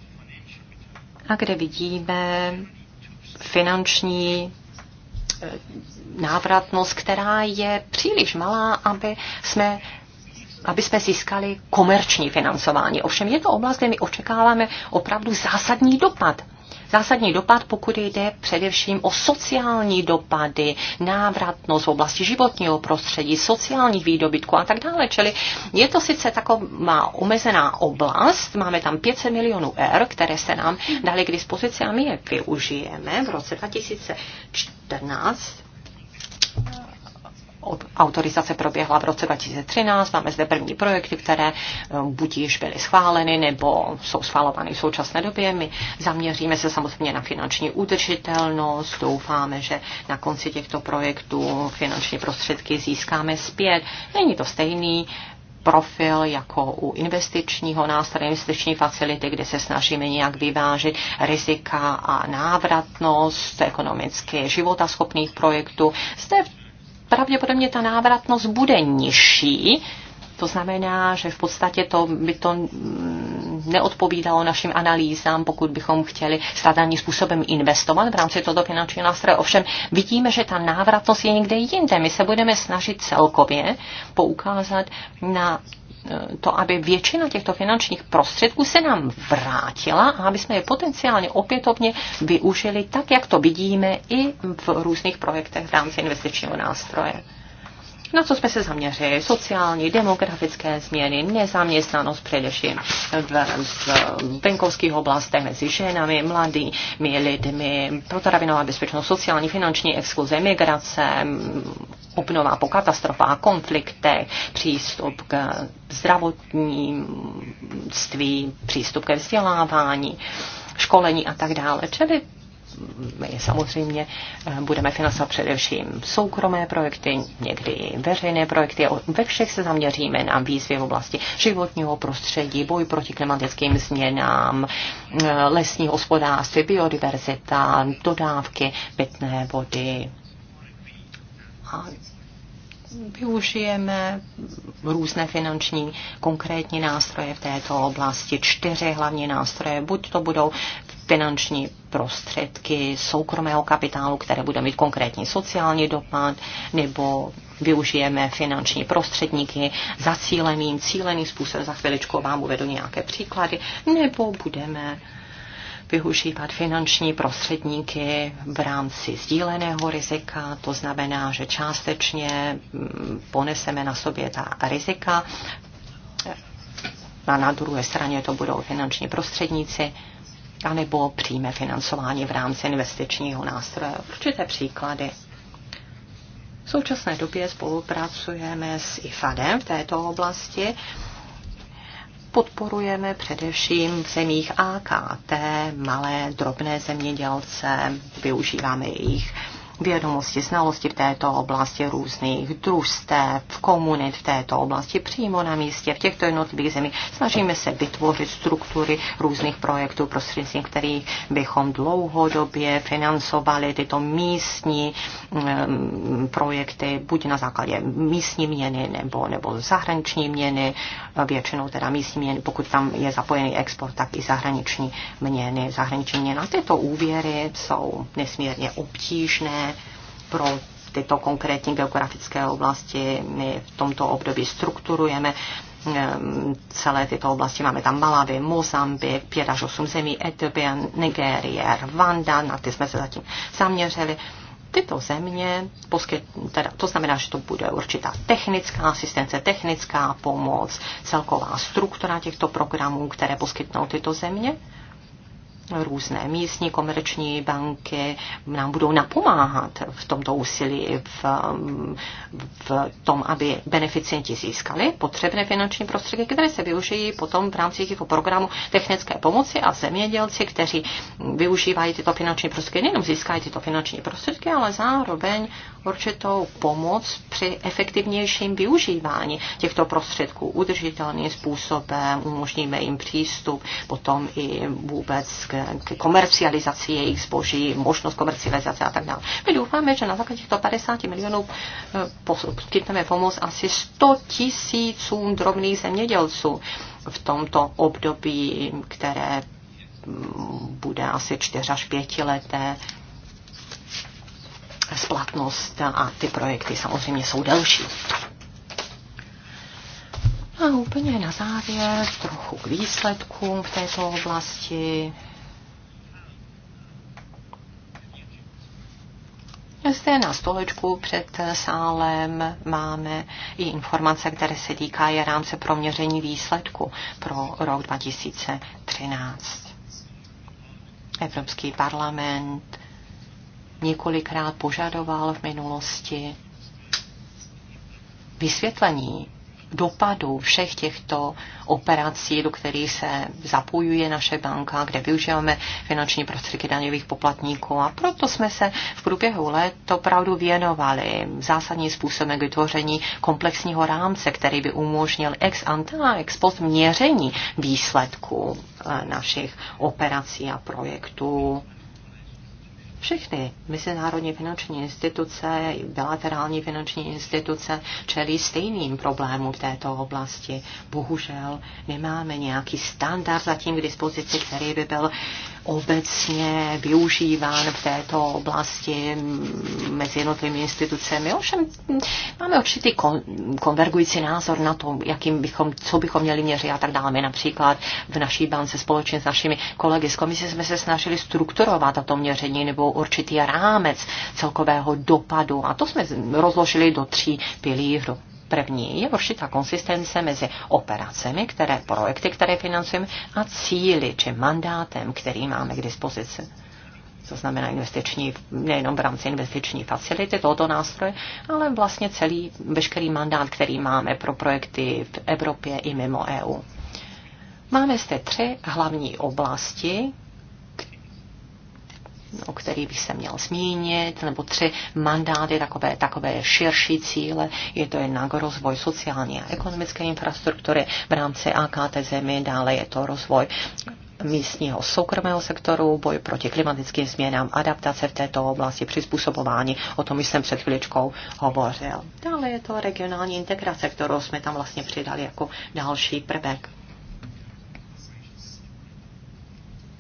a kde vidíme finanční návratnost, která je příliš malá, aby jsme aby jsme získali komerční financování. Ovšem je to oblast, kde my očekáváme opravdu zásadní dopad. Zásadní dopad, pokud jde především o sociální dopady, návratnost v oblasti životního prostředí, sociálních výdobytků a tak dále. Čili je to sice taková omezená oblast, máme tam 500 milionů R, které se nám dali k dispozici a my je využijeme v roce 2014 autorizace proběhla v roce 2013, máme zde první projekty, které eh, buď již byly schváleny, nebo jsou schválovány v současné době. My zaměříme se samozřejmě na finanční udržitelnost, doufáme, že na konci těchto projektů finanční prostředky získáme zpět. Není to stejný profil jako u investičního nástroje, investiční facility, kde se snažíme nějak vyvážit rizika a návratnost ekonomicky životaschopných projektů. Zde pravděpodobně ta návratnost bude nižší, to znamená, že v podstatě to by to mm, neodpovídalo našim analýzám, pokud bychom chtěli stadaným způsobem investovat v rámci tohoto finančního nástroje. Ovšem vidíme, že ta návratnost je někde jinde. My se budeme snažit celkově poukázat na e, to, aby většina těchto finančních prostředků se nám vrátila a aby jsme je potenciálně opětovně využili tak, jak to vidíme i v různých projektech v rámci investičního nástroje. Na co jsme se zaměřili? Sociální, demografické změny, nezaměstnanost především v, v venkovských oblastech mezi ženami, mladými lidmi, protaravinová bezpečnost, sociální, finanční exkluze, migrace, obnova po katastrofách, konfliktech, přístup k zdravotnictví, přístup ke vzdělávání školení a tak dále. Čili my samozřejmě eh, budeme financovat především soukromé projekty, někdy veřejné projekty. Ve všech se zaměříme na výzvy v oblasti životního prostředí, boj proti klimatickým změnám, eh, lesní hospodářství, biodiverzita, dodávky pitné vody a využijeme různé finanční konkrétní nástroje v této oblasti. Čtyři hlavní nástroje, buď to budou finanční prostředky soukromého kapitálu, které bude mít konkrétní sociální dopad, nebo využijeme finanční prostředníky zacíleným, cíleným způsobem, za chviličku vám uvedu nějaké příklady, nebo budeme využívat finanční prostředníky v rámci sdíleného rizika, to znamená, že částečně mm, poneseme na sobě ta rizika, a na druhé straně to budou finanční prostředníci, anebo přijme financování v rámci investičního nástroje. Určité příklady. V současné době spolupracujeme s IFADem v této oblasti podporujeme především v zemích AKT malé, drobné zemědělce, využíváme jejich vědomosti, znalosti v této oblasti různých družstev, komunit v této oblasti přímo na místě, v těchto jednotlivých zemích. Snažíme se vytvořit struktury různých projektů, prostřednictvím kterých bychom dlouhodobě financovali tyto místní um, projekty, buď na základě místní měny nebo, nebo zahraniční měny, většinou teda místní měny, pokud tam je zapojený export, tak i zahraniční měny, zahraniční měny. A tyto úvěry jsou nesmírně obtížné, pro tyto konkrétní geografické oblasti. My v tomto období strukturujeme ehm, celé tyto oblasti. Máme tam Malavy, Mozambik, 5 až 8 zemí, Etiopie, Nigérie, Rwanda, na ty jsme se zatím zaměřili. Tyto země, teda, to znamená, že to bude určitá technická asistence, technická pomoc, celková struktura těchto programů, které poskytnou tyto země různé místní komerční banky nám budou napomáhat v tomto úsilí, v, v tom, aby beneficienti získali potřebné finanční prostředky, které se využijí potom v rámci těchto programů technické pomoci a zemědělci, kteří využívají tyto finanční prostředky, nejenom získají tyto finanční prostředky, ale zároveň určitou pomoc při efektivnějším využívání těchto prostředků udržitelným způsobem, umožníme jim přístup potom i vůbec k k komercializaci jejich zboží, možnost komercializace a tak dále. My doufáme, že na základě těchto 50 milionů eh, poskytneme pomoc asi 100 tisícům drobných zemědělců v tomto období, které mm, bude asi 4 až 5 leté splatnost a ty projekty samozřejmě jsou delší. A úplně na závěr trochu k výsledkům v této oblasti. Zde na stolečku před sálem máme i informace, které se týkají rámce pro měření výsledku pro rok 2013. Evropský parlament několikrát požadoval v minulosti vysvětlení dopadů všech těchto operací, do kterých se zapojuje naše banka, kde využíváme finanční prostředky daňových poplatníků. A proto jsme se v průběhu let opravdu věnovali zásadním způsobem k vytvoření komplexního rámce, který by umožnil ex ante a ex post měření výsledků eh, našich operací a projektů všechny mezinárodní finanční instituce, bilaterální finanční instituce čelí stejným problémům v této oblasti. Bohužel nemáme nějaký standard zatím k dispozici, který by byl obecně využíván v této oblasti mezi jednotlivými institucemi. Ovšem máme určitý kon- konvergující názor na to, jakým bychom, co bychom měli měřit a tak dále. My například v naší bance společně s našimi kolegy z komise jsme se snažili strukturovat to měření nebo určitý rámec celkového dopadu a to jsme rozložili do tří pilířů. První je určitá konsistence mezi operacemi, které projekty, které financujeme, a cíly či mandátem, který máme k dispozici to znamená investiční, nejenom v rámci investiční facility tohoto nástroje, ale vlastně celý, veškerý mandát, který máme pro projekty v Evropě i mimo EU. Máme zde tři hlavní oblasti, o který bych se měl zmínit, nebo tři mandáty, takové, takové širší cíle. Je to jednak rozvoj sociální a ekonomické infrastruktury v rámci AKT zemi, dále je to rozvoj místního soukromého sektoru, boj proti klimatickým změnám, adaptace v této oblasti, přizpůsobování, o tom jsem před chvíličkou hovořil. Dále je to regionální integrace, kterou jsme tam vlastně přidali jako další prvek.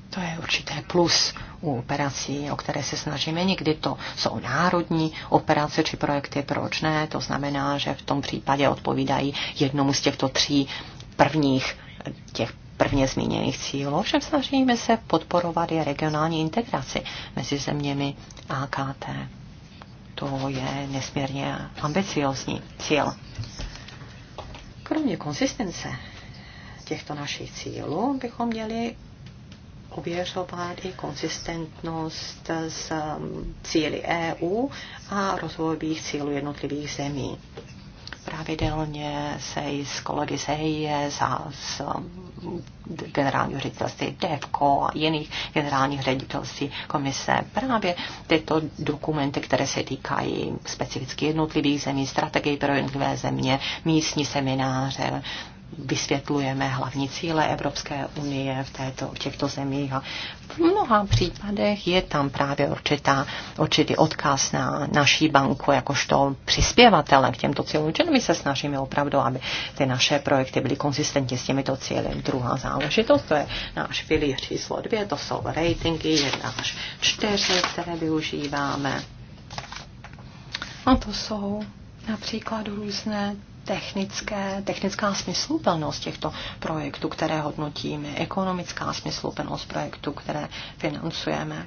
To je určité plus u operací, o které se snažíme. Někdy to jsou národní operace či projekty, proč ne? To znamená, že v tom případě odpovídají jednomu z těchto tří prvních těch prvně zmíněných cílů. Ovšem snažíme se podporovat i regionální integraci mezi zeměmi AKT. To je nesmírně ambiciozní cíl. Kromě konsistence těchto našich cílů bychom měli ověřovat i konsistentnost s cíly EU a rozvojových cílů jednotlivých zemí. Pravidelně se i s kolegy z EIS e, a z generálního ředitelství DEVCO a jiných generálních ředitelství komise právě tyto dokumenty, které se týkají specificky jednotlivých zemí, strategii pro jednotlivé země, místní semináře, vysvětlujeme hlavní cíle Evropské unie v, této, v těchto zemích a v mnoha případech je tam právě určitá, určitý odkaz na naší banku jakožto přispěvatele k těmto cílům. Čili my se snažíme opravdu, aby ty naše projekty byly konzistentní s těmito cíly. Druhá záležitost, to je náš pilíř číslo dvě, to jsou ratingy jedna až čtyři, které využíváme. A to jsou například různé technické, technická smysluplnost těchto projektů, které hodnotíme, ekonomická smysluplnost projektů, které financujeme.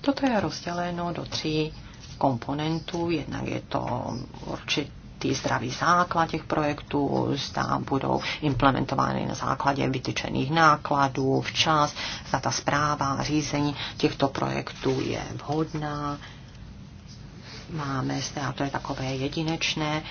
Toto je rozděleno do tří komponentů. Jednak je to určitě zdravý základ těch projektů, zda budou implementovány na základě vytyčených nákladů včas, zda ta zpráva a řízení těchto projektů je vhodná, máme zde, a to je takové jedinečné,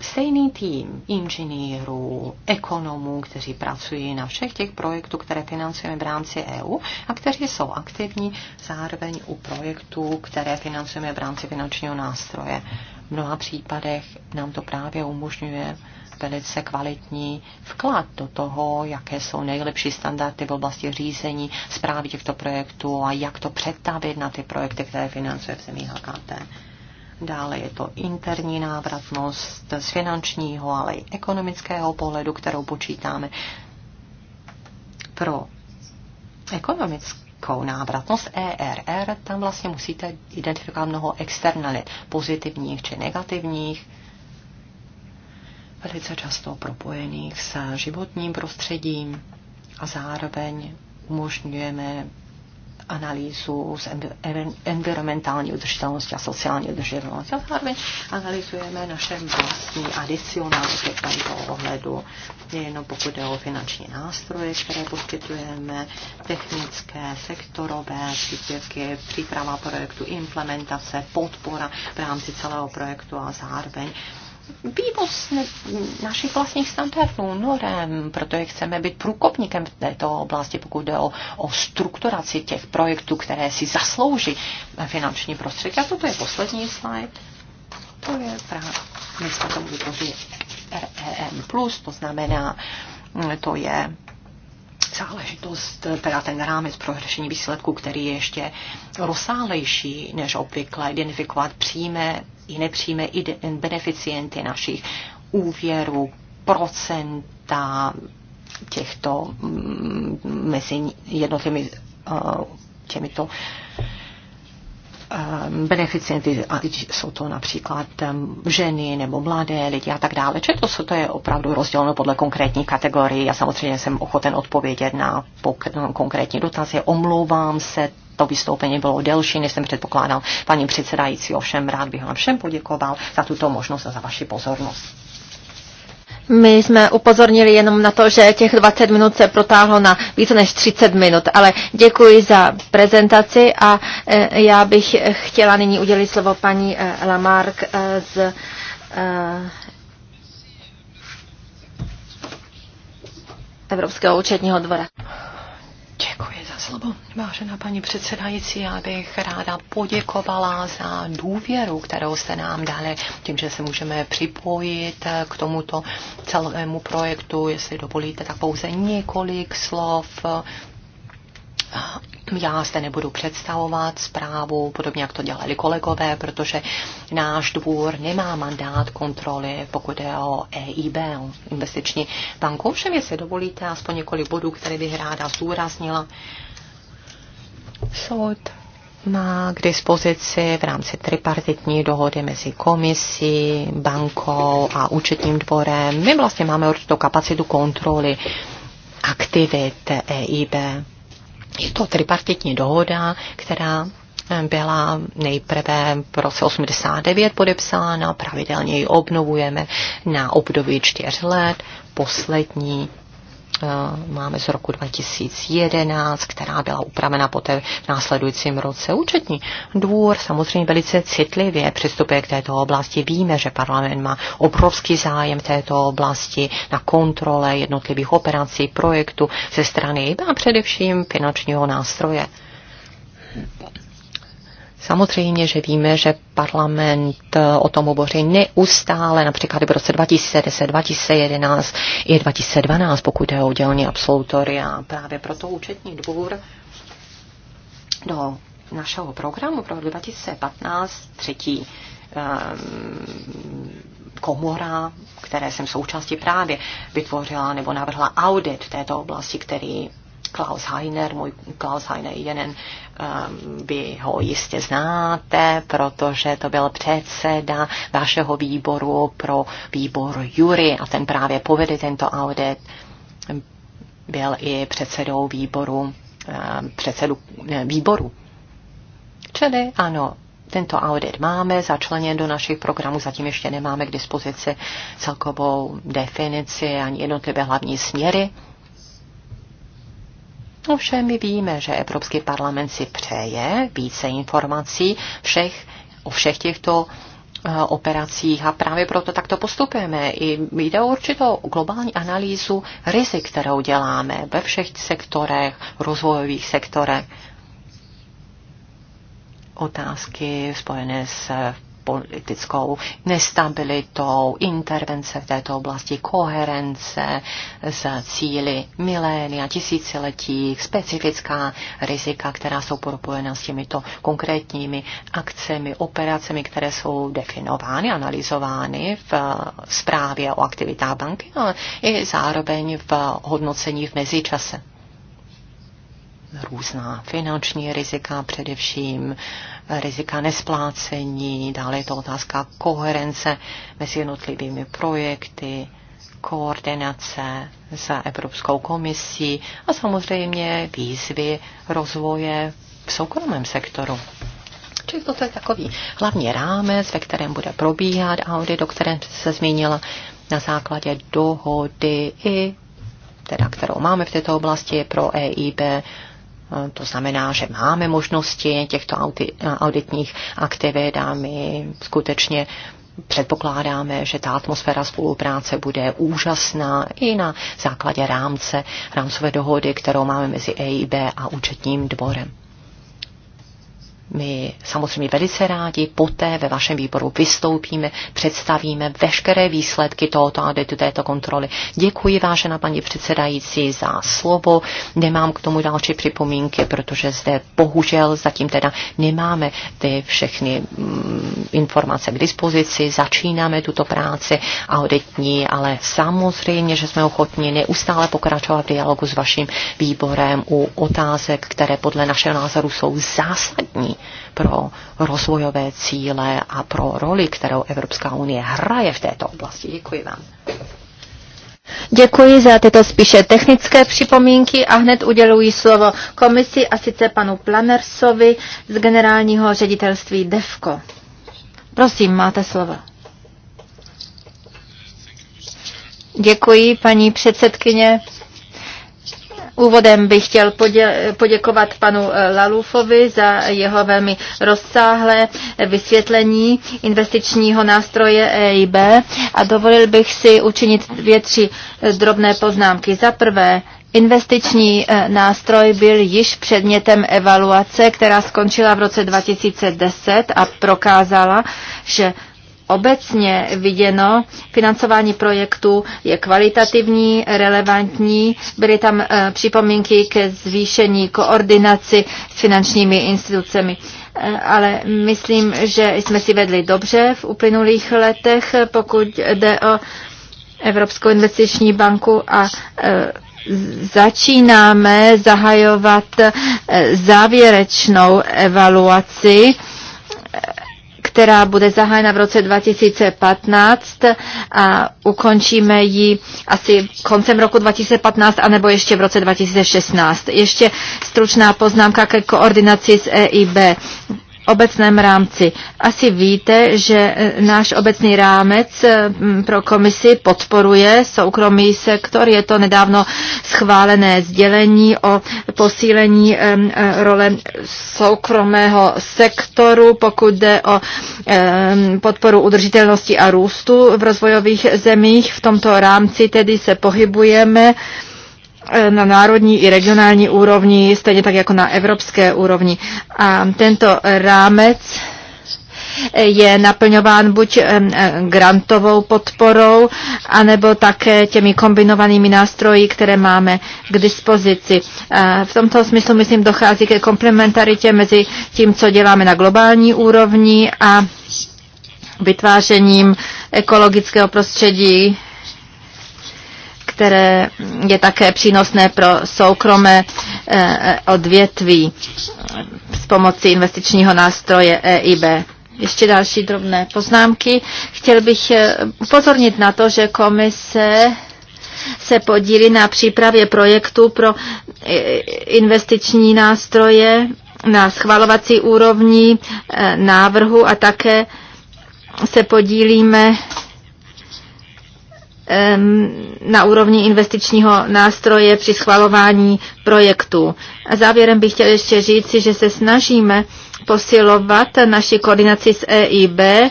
stejný tým inženýrů, ekonomů, kteří pracují na všech těch projektů, které financujeme v rámci EU a kteří jsou aktivní zároveň u projektů, které financujeme v rámci finančního nástroje. V mnoha případech nám to právě umožňuje velice kvalitní vklad do toho, jaké jsou nejlepší standardy v oblasti řízení, zprávy těchto projektů a jak to přetavit na ty projekty, které financuje v zemí HKT dále je to interní návratnost z finančního, ale i ekonomického pohledu, kterou počítáme. Pro ekonomickou návratnost ERR tam vlastně musíte identifikovat mnoho externalit, pozitivních či negativních, velice často propojených s životním prostředím a zároveň umožňujeme analýzu z environmentální udržitelnosti a sociální udržitelnosti a zároveň analyzujeme naše vlastní adicionálky v tomto ohledu, nejenom pokud jde o finanční nástroje, které poskytujeme, technické, sektorové příspěvky, příprava projektu, implementace, podpora v rámci celého projektu a zároveň vývoz našich vlastních standardů, norem, protože chceme být průkopníkem v této oblasti, pokud jde o, o strukturaci těch projektů, které si zaslouží finanční prostředky. A toto je poslední slide. To je právě, my jsme tomu vytvořili REM+, to znamená, to je záležitost, teda ten rámec pro řešení výsledků, který je ještě rozsálejší než obvykle, identifikovat přímé i nepřímé beneficienty našich úvěrů, procenta těchto mm, mezi jednotlivými eh, těmito eh, beneficienty, a jsou to například eh, ženy nebo mladé lidi a tak dále. Čili to, to je opravdu rozděleno podle konkrétní kategorii. Já samozřejmě jsem ochoten odpovědět na konkrétní dotazy. Omlouvám se, to vystoupení bylo delší, než jsem předpokládal. Paní předsedající, ovšem rád bych vám všem poděkoval za tuto možnost a za vaši pozornost. My jsme upozornili jenom na to, že těch 20 minut se protáhlo na více než 30 minut, ale děkuji za prezentaci a e, já bych chtěla nyní udělit slovo paní e, Lamarck e, z Evropského účetního dvora. Děkuji za slovo, vážená paní předsedající. Já bych ráda poděkovala za důvěru, kterou jste nám dali, tím, že se můžeme připojit k tomuto celému projektu. Jestli dovolíte, tak pouze několik slov já zde nebudu představovat zprávu, podobně jak to dělali kolegové, protože náš dvůr nemá mandát kontroly, pokud je o EIB, o investiční banku. Všem, jestli dovolíte, aspoň několik bodů, které bych ráda zúraznila. Soud má k dispozici v rámci tripartitní dohody mezi komisí, bankou a účetním dvorem. My vlastně máme určitou kapacitu kontroly aktivit EIB je to tripartitní dohoda, která eh, byla nejprve v roce 89 podepsána, pravidelně ji obnovujeme na období čtyř let. Poslední Eh, máme z roku 2011, která byla upravena poté v následujícím roce. Účetní dvůr samozřejmě velice citlivě přistupuje k této oblasti. Víme, že parlament má obrovský zájem této oblasti na kontrole jednotlivých operací, projektů ze strany a především finančního nástroje. Samozřejmě, že víme, že parlament eh, o tom hovoří neustále, například v roce 2010, 2011 i 2012, pokud je o dělní absolutoria. Právě proto účetní dvůr do našeho programu pro 2015 třetí ehm, komora, které jsem součástí právě vytvořila nebo navrhla audit v této oblasti, který Klaus Heiner, můj Klaus Heiner je jeden Ehm, vy ho jistě znáte, protože to byl předseda vašeho výboru pro výbor Jury a ten právě povede tento audit. Byl i předsedou výboru, ehm, předsedu výboru. Čili ano, tento audit máme začleněn do našich programů, zatím ještě nemáme k dispozici celkovou definici ani jednotlivé hlavní směry Ovšem my víme, že Evropský parlament si přeje více informací všech, o všech těchto eh, operacích a právě proto takto postupujeme. I jde o určitou globální analýzu rizik, kterou děláme ve všech sektorech, rozvojových sektorech. Otázky spojené s politickou nestabilitou, intervence v této oblasti, koherence s cíly milénia, tisíciletí, specifická rizika, která jsou propojena s těmito konkrétními akcemi, operacemi, které jsou definovány, analyzovány v eh, zprávě o aktivitách banky, ale i zároveň v hodnocení v mezičase různá finanční rizika, především rizika nesplácení, dále je to otázka koherence mezi jednotlivými projekty, koordinace za Evropskou komisí a samozřejmě výzvy rozvoje v soukromém sektoru. Čili toto je takový hlavní rámec, ve kterém bude probíhat audit, o kterém se zmínila na základě dohody i teda, kterou máme v této oblasti pro EIB to znamená, že máme možnosti těchto auditních aktivit a my skutečně předpokládáme, že ta atmosféra spolupráce bude úžasná i na základě rámce, rámcové dohody, kterou máme mezi EIB a účetním dvorem. My samozřejmě velice rádi poté ve vašem výboru vystoupíme, představíme veškeré výsledky tohoto auditu, této kontroly. Děkuji, vážená paní předsedající, za slovo. Nemám k tomu další připomínky, protože zde bohužel zatím teda nemáme ty všechny mm, informace k dispozici. Začínáme tuto práci auditní, ale samozřejmě, že jsme ochotni neustále pokračovat v dialogu s vaším výborem u otázek, které podle našeho názoru jsou zásadní pro rozvojové cíle a pro roli, kterou Evropská unie hraje v této oblasti. Děkuji vám. Děkuji za tyto spíše technické připomínky a hned uděluji slovo komisi a sice panu Planersovi z generálního ředitelství DEVKO. Prosím, máte slovo. Děkuji, paní předsedkyně. Úvodem bych chtěl poděkovat panu eh, Lalufovi za jeho velmi rozsáhlé vysvětlení investičního nástroje EIB a dovolil bych si učinit dvě, tři eh, drobné poznámky. Za prvé, Investiční eh, nástroj byl již předmětem evaluace, která skončila v roce 2010 a prokázala, že Obecně viděno, financování projektu je kvalitativní, relevantní. Byly tam eh, připomínky ke zvýšení koordinaci s finančními institucemi eh, ale myslím, že jsme si vedli dobře v uplynulých letech, pokud jde o Evropskou investiční banku a eh, začínáme zahajovat závěrečnou evaluaci která bude zahájena v roce 2015 a ukončíme ji asi koncem roku 2015 anebo ještě v roce 2016. Ještě stručná poznámka ke koordinaci s EIB obecném rámci. Asi víte, že eh, náš obecný rámec eh, pro komisi podporuje soukromý sektor. Je to nedávno schválené sdělení o posílení eh, role soukromého sektoru, pokud jde o podporu udržitelnosti a růstu v rozvojových zemích. V tomto rámci tedy se pohybujeme. E, na národní i regionální úrovni, stejně tak jako na evropské úrovni. A tento rámec e, je naplňován buď e, grantovou podporou, anebo také těmi kombinovanými nástroji, které máme k dispozici. V tomto smyslu, myslím, dochází ke komplementaritě mezi tím, co děláme na globální úrovni a vytvářením ekologického prostředí, které je také přínosné pro soukromé eh, eh, odvětví s pomocí investičního nástroje EIB. Ještě další drobné poznámky. Chtěl bych eh, upozornit na to, že komise se podílí na přípravě projektu pro investiční nástroje na schvalovací úrovni návrhu a také se podílíme na úrovni investičního nástroje při schvalování projektů. A závěrem bych chtěl ještě říci, že se snažíme posilovat naši koordinaci s EIB e,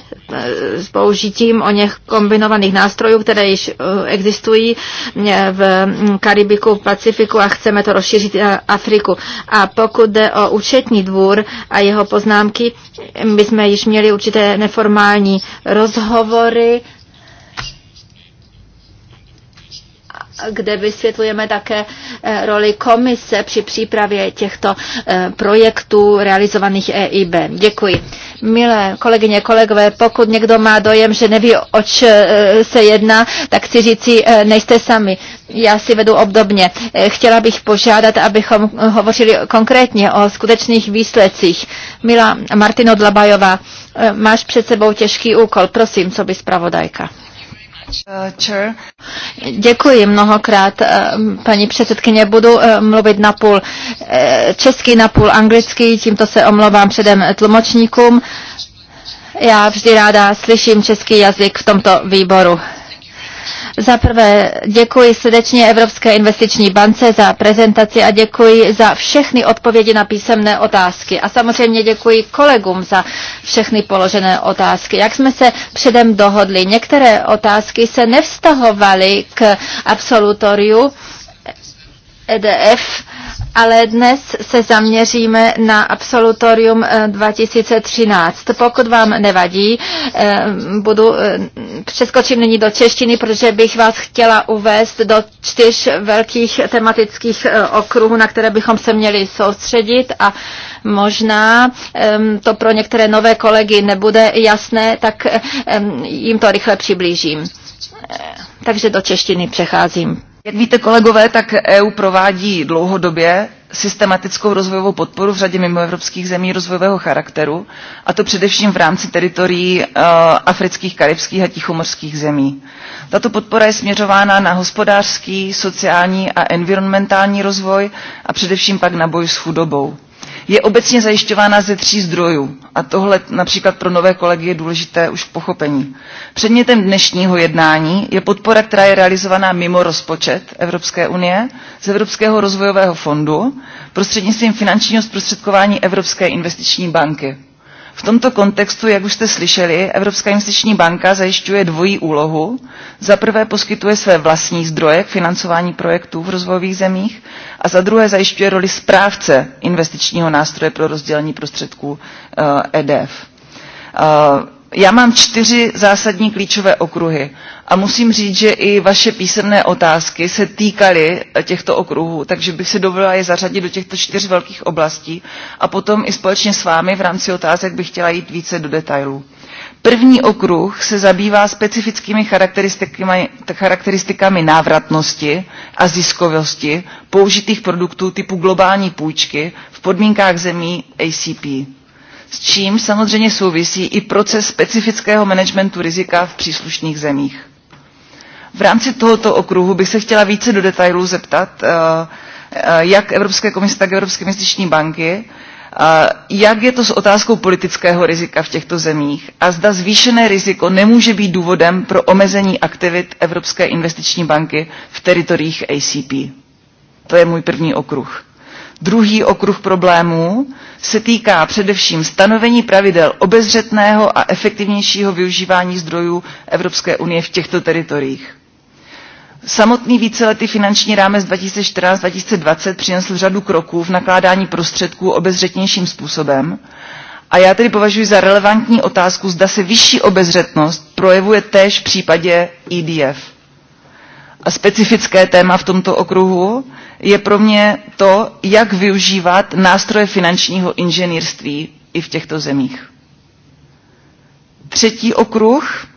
s použitím o něch kombinovaných nástrojů, které již e, existují e, v Karibiku, v Pacifiku a chceme to rozšířit na Afriku. A pokud jde o účetní dvůr a jeho poznámky, my jsme již měli určité neformální rozhovory kde vysvětlujeme také eh, roli komise při přípravě těchto eh, projektů realizovaných EIB. Děkuji. Milé kolegyně, kolegové, pokud někdo má dojem, že neví, oč eh, se jedná, tak si říci, nejste sami. Já si vedu obdobně. Chtěla bych požádat, abychom hovořili konkrétně o skutečných výsledcích. Milá Martino Dlabajová, máš před sebou těžký úkol. Prosím, co by zpravodajka. Děkuji mnohokrát, eh, paní předsedkyně. Budu eh, mluvit na půl eh, český, na půl anglický, tímto se omlouvám předem tlumočníkům. Já vždy ráda slyším český jazyk v tomto výboru. Za prvé děkuji srdečně Evropské investiční bance za prezentaci a děkuji za všechny odpovědi na písemné otázky. A samozřejmě děkuji kolegům za všechny položené otázky. Jak jsme se předem dohodli, některé otázky se nevztahovaly k absolutoriu EDF, ale dnes se zaměříme na absolutorium 2013. Eh, Pokud vám nevadí, eh, budu, eh, přeskočím nyní do češtiny, protože bych vás chtěla uvést do čtyř velkých tematických okruhů, na které bychom se měli soustředit a možná ehm, to pro některé nové kolegy nebude jasné, tak ehm, jim to rychle přiblížím. Takže do češtiny přecházím. Jak víte, kolegové, tak EU provádí dlouhodobě systematickou rozvojovou podporu v řadě mimoevropských zemí rozvojového charakteru, a to především v rámci teritorií uh, afrických, karibských a tichomorských zemí. Tato podpora je směřována na hospodářský, sociální a environmentální rozvoj a především pak na boj s chudobou je obecně zajišťována ze tří zdrojů. A tohle například pro nové kolegy je důležité už v pochopení. Předmětem dnešního jednání je podpora, která je realizovaná mimo rozpočet Evropské unie z Evropského rozvojového fondu prostřednictvím finančního zprostředkování Evropské investiční banky. V tomto kontextu, jak už jste slyšeli, Evropská investiční banka zajišťuje dvojí úlohu. Za prvé poskytuje své vlastní zdroje k financování projektů v rozvojových zemích a za druhé zajišťuje roli správce investičního nástroje pro rozdělení prostředků EDF. Eh, e eh, já mám čtyři zásadní klíčové okruhy a musím říct, že i vaše písemné otázky se týkaly těchto okruhů, takže bych si dovolila je zařadit do těchto čtyř velkých oblastí a potom i společně s vámi v rámci otázek bych chtěla jít více do detailů. První okruh se zabývá specifickými charakteristikami, charakteristikami návratnosti a ziskovosti použitých produktů typu globální půjčky v podmínkách zemí ACP s čím samozřejmě souvisí i proces specifického managementu rizika v příslušných zemích. V rámci tohoto okruhu bych se chtěla více do detailů zeptat, eh, eh, jak Evropské komise, tak Evropské investiční banky, eh, jak je to s otázkou politického rizika v těchto zemích a zda zvýšené riziko nemůže být důvodem pro omezení aktivit Evropské investiční banky v teritoriích ACP. To je můj první okruh. Druhý okruh problémů se týká především stanovení pravidel obezřetného a efektivnějšího využívání zdrojů Evropské unie v těchto teritoriích. Samotný víceletý finanční rámec 2014-2020 přinesl řadu kroků v nakládání prostředků obezřetnějším způsobem a já tedy považuji za relevantní otázku, zda se vyšší obezřetnost projevuje též v případě EDF. A specifické téma v tomto okruhu je pro mě to, jak využívat nástroje finančního inženýrství i v těchto zemích. Třetí okruh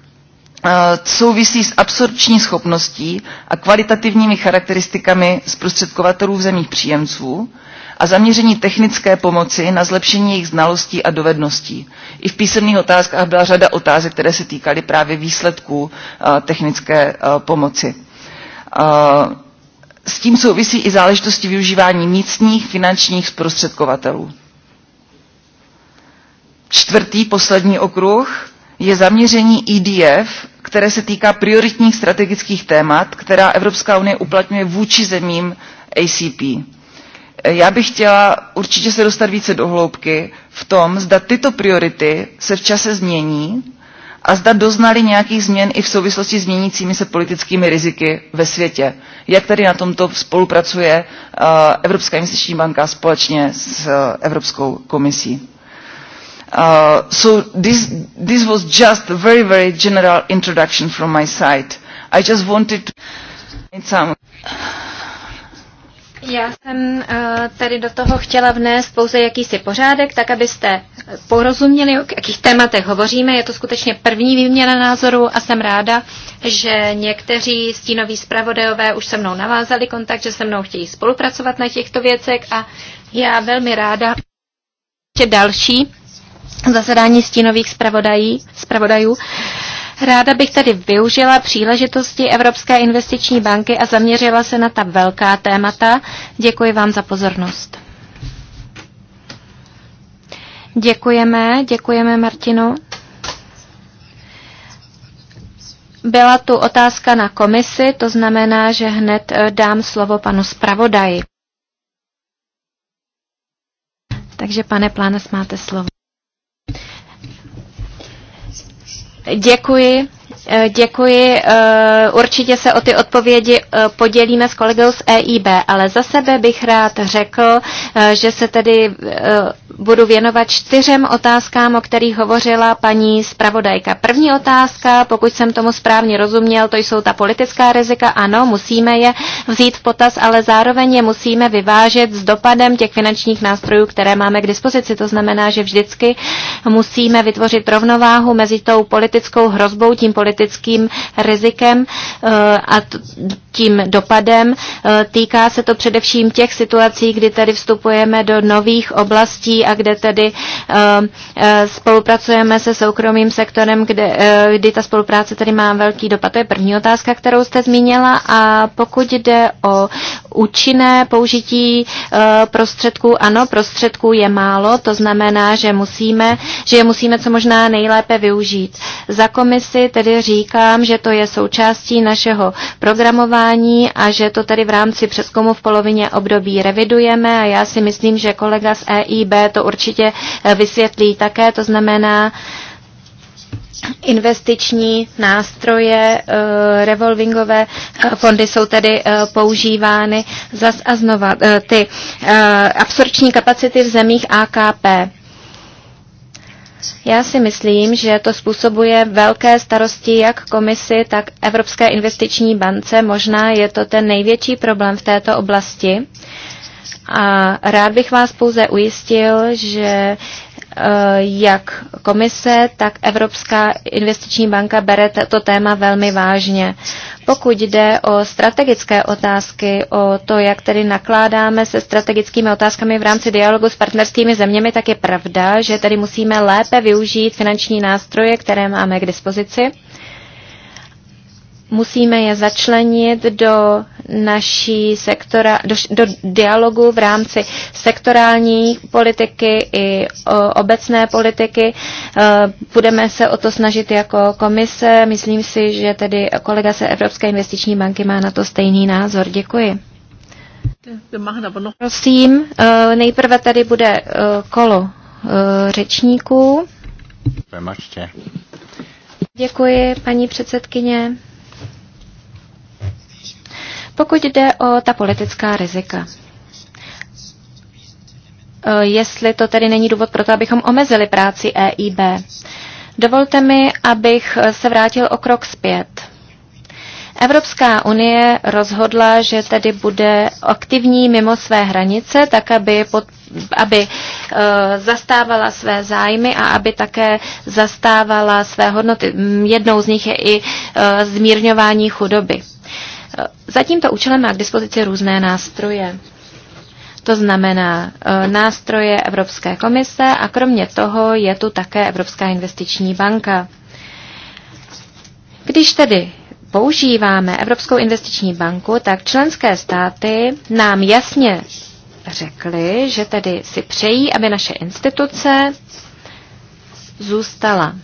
Eh, souvisí s absorpční schopností a kvalitativními charakteristikami zprostředkovatelů v zemích příjemců a zaměření technické pomoci na zlepšení jejich znalostí a dovedností. I v písemných otázkách byla řada otázek, které se týkaly právě výsledků eh, technické eh, pomoci. S tím souvisí i záležitosti využívání místních finančních zprostředkovatelů. Čtvrtý, poslední okruh je zaměření EDF které se týká prioritních strategických témat, která Evropská unie uplatňuje vůči zemím ACP. Já bych chtěla určitě se dostat více do hloubky v tom, zda tyto priority se v čase změní a zda doznali nějakých změn i v souvislosti s měnícími se politickými riziky ve světě. Jak tady na tomto spolupracuje eh, Evropská investiční banka společně s eh, Evropskou komisí? Uh, so this, this was just a very, very general introduction from my side. I just wanted to... Some... Já jsem eh, tady do toho chtěla vnést pouze jakýsi pořádek, tak abyste porozuměli, o jakých tématech hovoříme. Je to skutečně první výměna názoru a jsem ráda, že někteří stínoví zpravodajové už se mnou navázali kontakt, že se mnou chtějí spolupracovat na těchto věcech a já velmi ráda ještě další zasedání stínových zpravodajů. Ráda bych tady využila příležitosti Evropské investiční banky a zaměřila se na ta velká témata. Děkuji vám za pozornost. Děkujeme, děkujeme Martinu. Byla tu otázka na komisi, to znamená, že hned eh, dám slovo panu zpravodaji. Takže pane Plánes, máte slovo. Děkuji. Eh, děkuji. Eh, určitě se o ty odpovědi eh, podělíme s kolegou z EIB, ale za sebe bych rád řekl, že se tedy budu věnovat čtyřem otázkám, o kterých hovořila paní zpravodajka. První otázka, pokud jsem tomu správně rozuměl, to jsou ta politická rizika. Ano, musíme je vzít v potaz, ale zároveň je musíme vyvážet s dopadem těch finančních nástrojů, které máme k dispozici. To znamená, že vždycky musíme vytvořit rovnováhu mezi tou politickou hrozbou, tím politickým politickým rizikem eh, a tím dopadem. Eh, týká se to především těch situací, kdy tady vstupujeme do nových oblastí a kde tedy eh, spolupracujeme se soukromým sektorem, kde, kdy ta spolupráce tedy má velký dopad. To je první otázka, kterou jste zmínila. A pokud jde o účinné použití prostředků, ano, prostředků je málo, to znamená, že musíme, že je musíme co možná nejlépe využít. Za komisi tedy říkám, že to je součástí našeho programování a že to tady v rámci přeskumu v polovině období revidujeme a já si myslím, že kolega z EIB to určitě eh, vysvětlí také, to znamená, investiční nástroje, eh, revolvingové eh, fondy jsou tedy používány zas a znova. Ty absorpční kapacity v zemích AKP. Já si myslím, že to způsobuje velké starosti jak komisi, tak Evropské investiční bance. Možná je to ten největší problém v této oblasti. A rád bych vás pouze ujistil, že Eh, jak komise, tak Evropská investiční banka bere to téma velmi vážně. Pokud jde o strategické otázky, o to, jak tedy nakládáme se strategickými otázkami v rámci dialogu s partnerskými zeměmi, tak je pravda, že tedy musíme lépe využít finanční nástroje, které máme k dispozici musíme je začlenit do naší sektora, do, do dialogu v rámci sektorální politiky i o, obecné politiky. E, budeme se o to snažit jako komise. Myslím si, že tedy kolega se Evropské investiční banky má na to stejný názor. Děkuji. Prosím, e, nejprve tady bude e, kolo řečníků. Děkuji, paní předsedkyně. Pokud jde o ta politická rizika, e, jestli to tedy není důvod pro to, abychom omezili práci EIB, dovolte mi, abych se vrátil o krok zpět. Evropská unie rozhodla, že tedy bude aktivní mimo své hranice, tak aby, pod, aby uh, zastávala své zájmy a aby také zastávala své hodnoty. Jednou z nich je i uh, zmírňování chudoby. Eh, za tímto účelem má k dispozici různé nástroje. To znamená eh, nástroje Evropské komise a kromě toho je tu také Evropská investiční banka. Když tedy používáme Evropskou investiční banku, tak členské státy nám jasně řekly, že tedy si přejí, aby naše instituce zůstala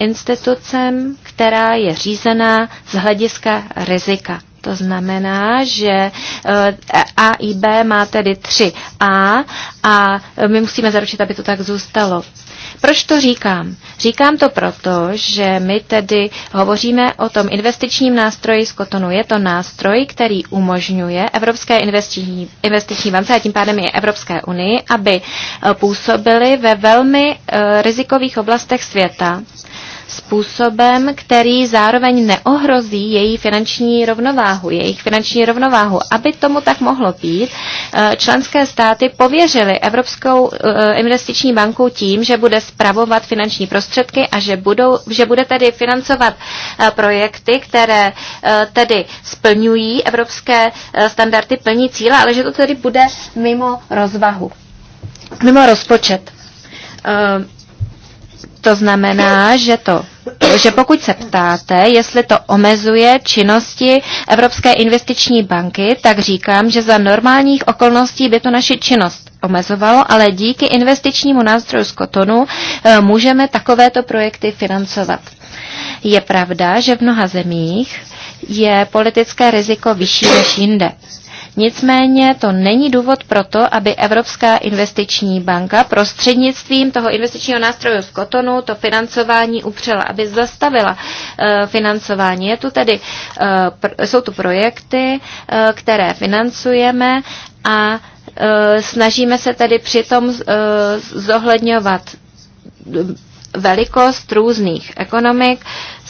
institucem, která je řízená z hlediska rizika. To znamená, že eh, A i B má tedy 3 A a my musíme zaručit, aby to tak zůstalo. Proč to říkám? Říkám to proto, že my tedy hovoříme o tom investičním nástroji z Kotonu. Je to nástroj, který umožňuje Evropské investiční, investiční bance a tím pádem i Evropské unii, aby eh, působili ve velmi eh, rizikových oblastech světa způsobem, který zároveň neohrozí její finanční rovnováhu, jejich finanční rovnováhu. Aby tomu tak mohlo být, eh, členské státy pověřily Evropskou eh, investiční banku tím, že bude spravovat finanční prostředky a že, budou, že bude tedy financovat eh, projekty, které tedy splňují evropské standardy, plní cíle, ale že to tedy bude mimo rozvahu, mimo rozpočet. To znamená, že, to, že pokud se ptáte, jestli to omezuje činnosti Evropské investiční banky, tak říkám, že za normálních okolností by to naši činnost omezovalo, ale díky investičnímu nástroju z Kotonu eh, můžeme takovéto projekty financovat. Je pravda, že v mnoha zemích je politické riziko vyšší než jinde. Nicméně to není důvod pro to, aby Evropská investiční banka prostřednictvím toho investičního nástroje z Kotonu to financování upřela, aby zastavila eh, financování. Je tu tedy, eh, jsou tu projekty, eh, které financujeme a snažíme se tedy přitom zohledňovat velikost různých ekonomik,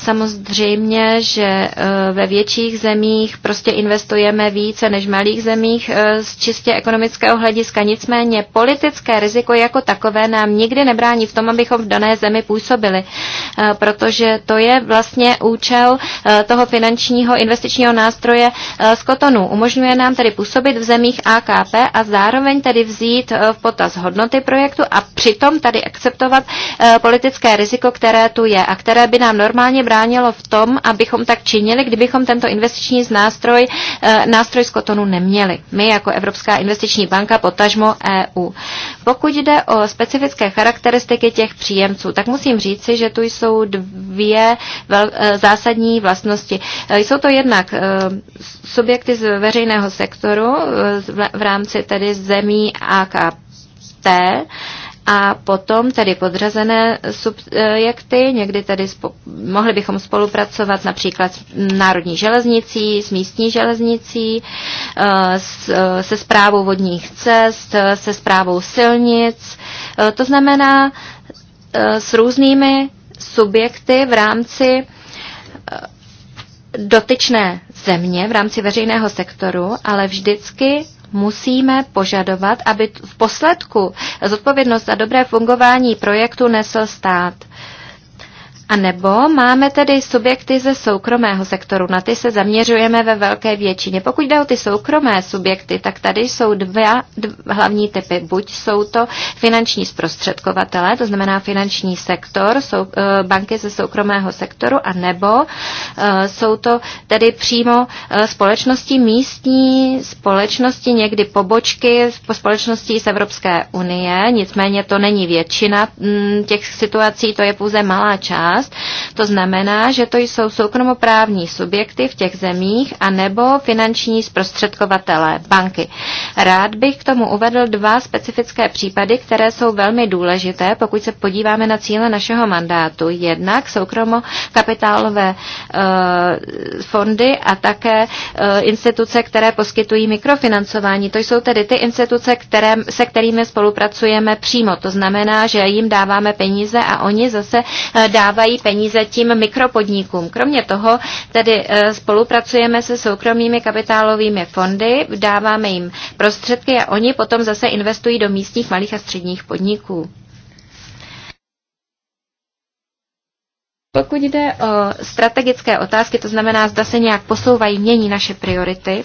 Samozřejmě, že eh, ve větších zemích prostě investujeme více než v malých zemích eh, z čistě ekonomického hlediska. Nicméně politické riziko jako takové nám nikdy nebrání v tom, abychom v dané zemi působili, eh, protože to je vlastně účel toho finančního investičního nástroje z Kotonu. Umožňuje nám tedy působit v zemích AKP a zároveň tedy vzít v potaz hodnoty projektu a přitom tady akceptovat politické riziko, které tu je a které by nám normálně bránilo v tom, abychom tak činili, kdybychom tento investiční nástroj, eh, nástroj z kotonu neměli. My jako Evropská investiční banka, potažmo EU. Pokud jde o specifické charakteristiky těch příjemců, tak musím říci, že tu jsou dvě eh, zásadní vlastnosti. Eh, jsou to jednak subjekty z veřejného sektoru v rámci tedy zemí AKP, a potom tedy podřazené subjekty, někdy tedy mohli bychom spolupracovat například s Národní železnicí, s místní železnicí, eh, s, eh, se zprávou vodních cest, eh, se zprávou silnic, to znamená s různými subjekty v rámci dotyčné země, v rámci veřejného sektoru, ale vždycky musíme požadovat, aby v posledku zodpovědnost za dobré fungování projektu nesl stát. A nebo máme tedy subjekty ze soukromého sektoru, na ty se zaměřujeme ve velké většině. Pokud jde o ty soukromé subjekty, tak tady jsou dva, hlavní typy. Buď jsou to finanční zprostředkovatele, to znamená finanční sektor, jsou, e, eh, banky ze soukromého sektoru, a nebo e, jsou to tedy přímo e, společnosti místní, společnosti někdy pobočky, společnosti z Evropské unie, nicméně to není většina m, mm, těch situací, to je pouze malá část část. To znamená, že to jsou soukromoprávní subjekty v těch zemích a nebo finanční zprostředkovatelé, banky. Rád bych k tomu uvedl dva specifické případy, které jsou velmi důležité, pokud se podíváme na cíle našeho mandátu. Jednak soukromokapitálové e, fondy a také e, instituce, které poskytují mikrofinancování. To jsou tedy ty instituce, které, se kterými spolupracujeme přímo. To znamená, že jim dáváme peníze a oni zase eh, dávají posílají peníze tím mikropodnikům. Kromě toho tedy eh, spolupracujeme se soukromými kapitálovými fondy, dáváme jim prostředky a oni potom zase investují do místních malých a středních podniků. Pokud jde o strategické otázky, to znamená, zda se nějak posouvají, mění naše priority,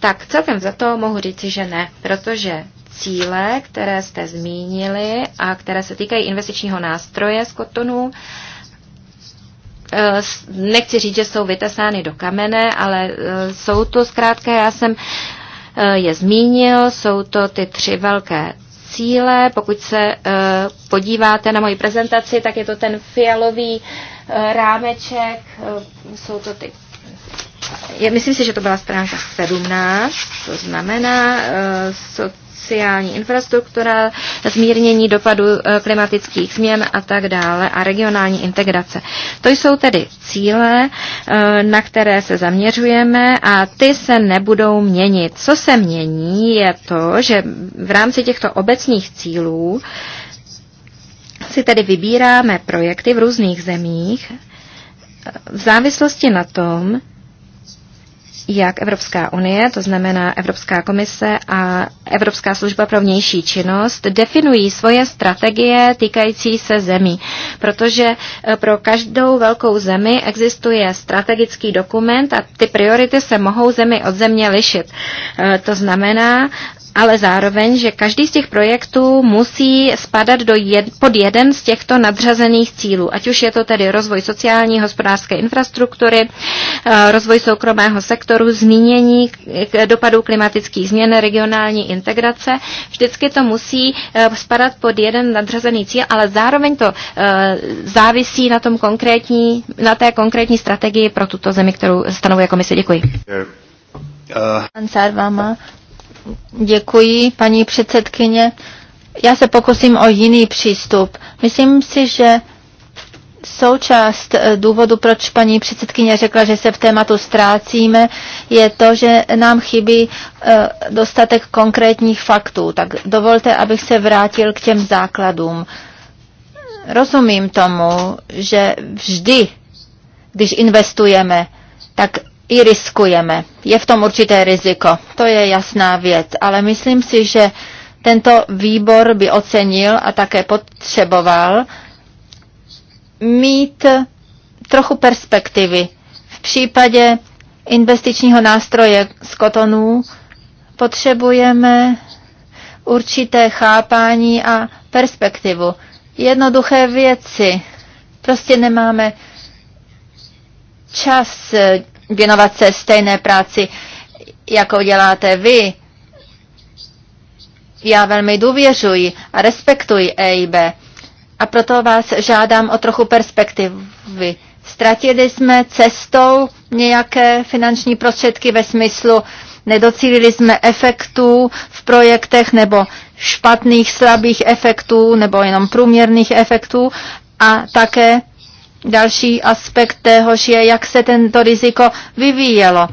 tak celkem za to mohu říci, že ne, protože cíle, které jste zmínili a které se týkají investičního nástroje z kotonu, Eh, nechci říct, že jsou vytesány do kamene, ale eh, jsou to zkrátka, já jsem eh, je zmínil, jsou to ty tři velké cíle. Pokud se podíváte na moji prezentaci, tak je to ten fialový rámeček, jsou to ty myslím si, že to byla stránka 17, to znamená eh, sociální infrastruktura, zmírnění dopadu eh, klimatických změn a tak dále a regionální integrace. To jsou tedy cíle, eh, na které se zaměřujeme a ty se nebudou měnit. Co se mění je to, že v rámci těchto obecných cílů si tedy vybíráme projekty v různých zemích v závislosti na tom, jak Evropská unie, to znamená Evropská komise a Evropská služba pro vnější činnost, definují svoje strategie týkající se zemí, protože e, pro každou velkou zemi existuje strategický dokument a ty priority se mohou zemi od země lišit. E, to znamená, ale zároveň, že každý z těch projektů musí spadat do jed, pod jeden z těchto nadřazených cílů, ať už je to tedy rozvoj sociální, hospodářské infrastruktury, eh, rozvoj soukromého sektoru, zmínění dopadů klimatických změn, regionální integrace. Vždycky to musí eh, spadat pod jeden nadřazený cíl, ale zároveň to eh, závisí na, tom konkrétní, na té konkrétní strategii pro tuto zemi, kterou stanovuje komise. Děkuji. Uh, Děkuji, paní předsedkyně. Já se pokusím o jiný přístup. Myslím si, že součást eh, důvodu, proč paní předsedkyně řekla, že se v tématu ztrácíme, je to, že nám chybí eh, dostatek konkrétních faktů. Tak dovolte, abych se vrátil k těm základům. Rozumím tomu, že vždy, když investujeme, tak i riskujeme. Je v tom určité riziko, to je jasná věc, ale myslím si, že tento výbor by ocenil a také potřeboval mít trochu perspektivy. V případě investičního nástroje z kotonů potřebujeme určité chápání a perspektivu. Jednoduché věci. Prostě nemáme čas věnovat se stejné práci, jako děláte vy. Já velmi důvěřuji a respektuji EIB a proto vás žádám o trochu perspektivy. Ztratili jsme cestou nějaké finanční prostředky ve smyslu, nedocílili jsme efektů v projektech nebo špatných, slabých efektů nebo jenom průměrných efektů a také Další aspekt téhož je, jak se tento riziko vyvíjelo.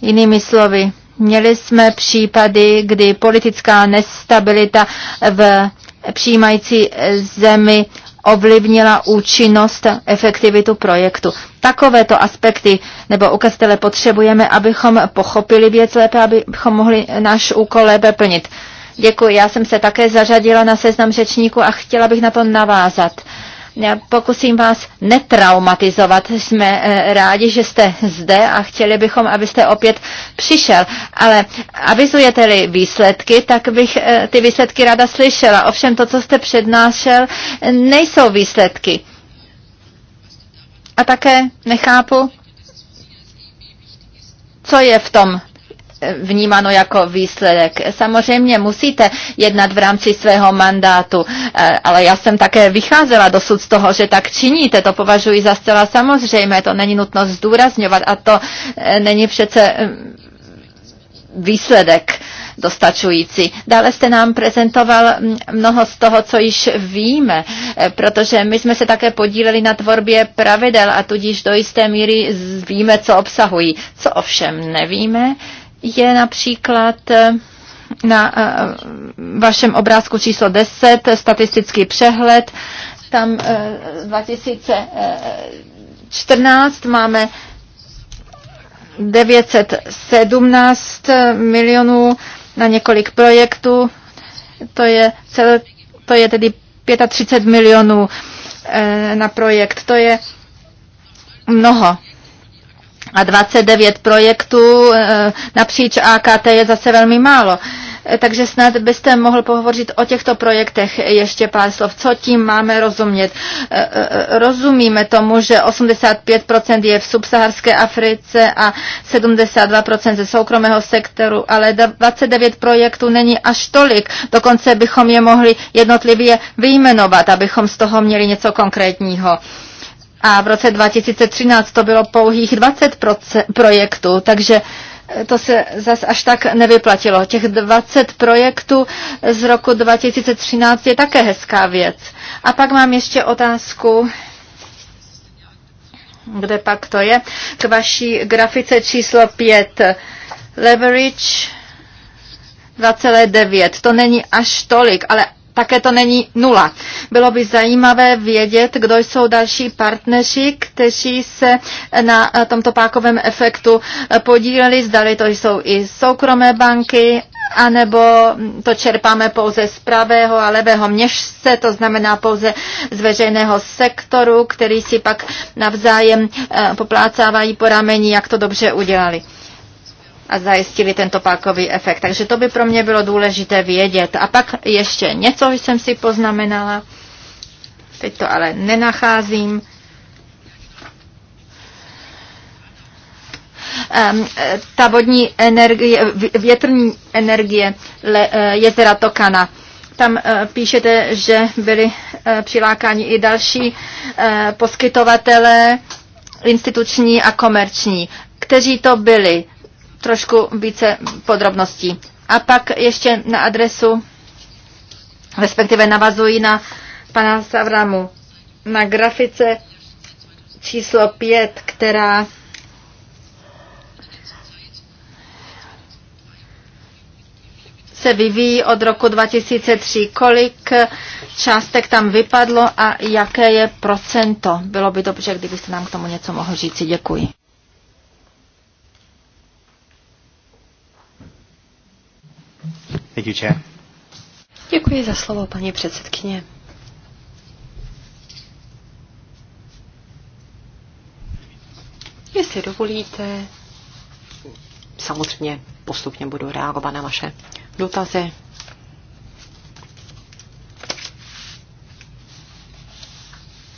Jinými slovy, měli jsme případy, kdy politická nestabilita v přijímající zemi ovlivnila účinnost, efektivitu projektu. Takovéto aspekty nebo ukazatele potřebujeme, abychom pochopili věc lépe, abychom mohli náš úkol lépe plnit. Děkuji, já jsem se také zařadila na seznam řečníků a chtěla bych na to navázat. Pokusím vás netraumatizovat. Jsme eh, rádi, že jste zde a chtěli bychom, abyste opět přišel. Ale avizujete-li výsledky, tak bych eh, ty výsledky ráda slyšela. Ovšem to, co jste přednášel, nejsou výsledky. A také nechápu, co je v tom vnímáno jako výsledek. Samozřejmě musíte jednat v rámci svého mandátu, eh, ale já jsem také vycházela dosud z toho, že tak činíte, to považuji za zcela samozřejmé, to není nutno zdůrazňovat a to eh, není přece mm, výsledek dostačující. Dále jste nám prezentoval mm, mnoho z toho, co již víme, eh, protože my jsme se také podíleli na tvorbě pravidel a tudíž do jisté míry víme, co obsahují. Co ovšem nevíme, je například eh, na eh, eh, vašem obrázku číslo 10 statistický přehled. Tam 2014 máme 917 milionů na několik projektů. To je, cel, to je tedy 35 milionů na projekt. To je mnoho a 29 projektů eh, napříč AKT je zase velmi málo. Eh, takže snad byste mohl pohovořit o těchto projektech ještě pár slov. Co tím máme rozumět? Eh, rozumíme tomu, že 85% je v subsaharské Africe a 72% ze soukromého sektoru, ale 29 projektů není až tolik. Dokonce bychom je mohli jednotlivě vyjmenovat, abychom z toho měli něco konkrétního a v roce 2013 to bylo pouhých 20 projektů, takže eh, to se zas až tak nevyplatilo. Těch 20 projektů z roku 2013 je také hezká věc. A pak mám ještě otázku, kde pak to je, k vaší grafice číslo 5. Leverage 2,9. To není až tolik, ale také to není nula. Bylo by zajímavé vědět, kdo jsou další partneři, kteří se na eh, tomto pákovém efektu eh, podíleli. Zdali to jsou i soukromé banky, anebo hm, to čerpáme pouze z pravého a levého měšce, to znamená pouze z veřejného sektoru, který si pak navzájem eh, poplácávají po rameni, jak to dobře udělali a zajistili tento pákový efekt. Takže to by pro mě bylo důležité vědět. A pak ještě něco jsem si poznamenala, teď to ale nenacházím. Ehm, e, ta vodní energie, větrní energie e, jezera Tokana. Tam e, píšete, že uh, přilákáni i další poskytovatelé instituční a komerční. Kteří to byli? trošku více podrobností. A pak ještě na adresu, respektive navazuji na pana Savramu, na grafice číslo 5, která se vyvíjí od roku 2003. Kolik částek tam vypadlo a jaké je procento? Bylo by dobře, kdybyste nám k tomu něco mohl říci. Děkuji. Thank you, Chair. Děkuji za slovo, paní předsedkyně. Jestli dovolíte, samozřejmě postupně budu reagovat na vaše dotazy.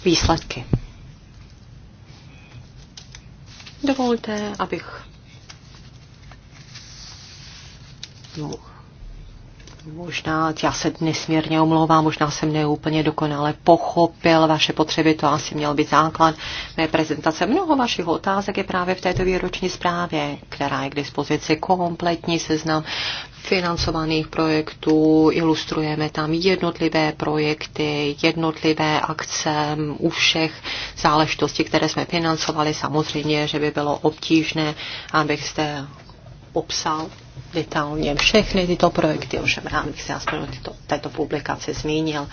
Výsledky. Dovolte, abych mohl možná, já se nesmírně omlouvám, možná jsem neúplně dokonale pochopil vaše potřeby, to asi měl být základ mé prezentace. Mnoho vašich otázek je právě v této výroční zprávě, která je k dispozici kompletní seznam financovaných projektů, ilustrujeme tam jednotlivé projekty, jednotlivé akce u všech záležitostí, které jsme financovali. Samozřejmě, že by bylo obtížné, abych zde popsal detailně všechny tyto projekty, ovšem rád bych se aspoň tyto, této publikaci zmínil.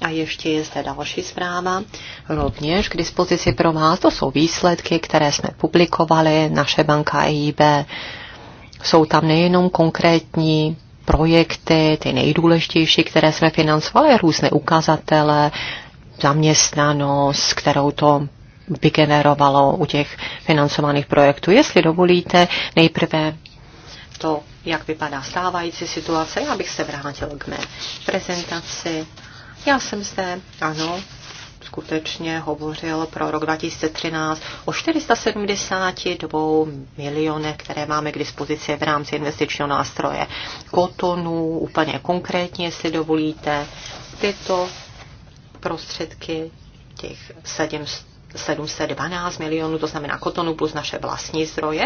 A ještě je zde další zpráva, rovněž k dispozici pro vás. To jsou výsledky, které jsme publikovali, naše banka EIB. Jsou tam nejenom konkrétní projekty, ty nejdůležitější, které jsme financovali, různé ukazatele, zaměstnanost, kterou to vygenerovalo u těch financovaných projektů. Jestli dovolíte, nejprve to jak vypadá stávající situace. Já bych se vrátil k mé prezentaci. Já jsem zde, ano, skutečně hovořil pro rok 2013 o 472 milionech, které máme k dispozici v rámci investičního nástroje Kotonu, Úplně konkrétně, jestli dovolíte, tyto prostředky, těch 700 712 milionů, to znamená kotonu plus naše vlastní zdroje,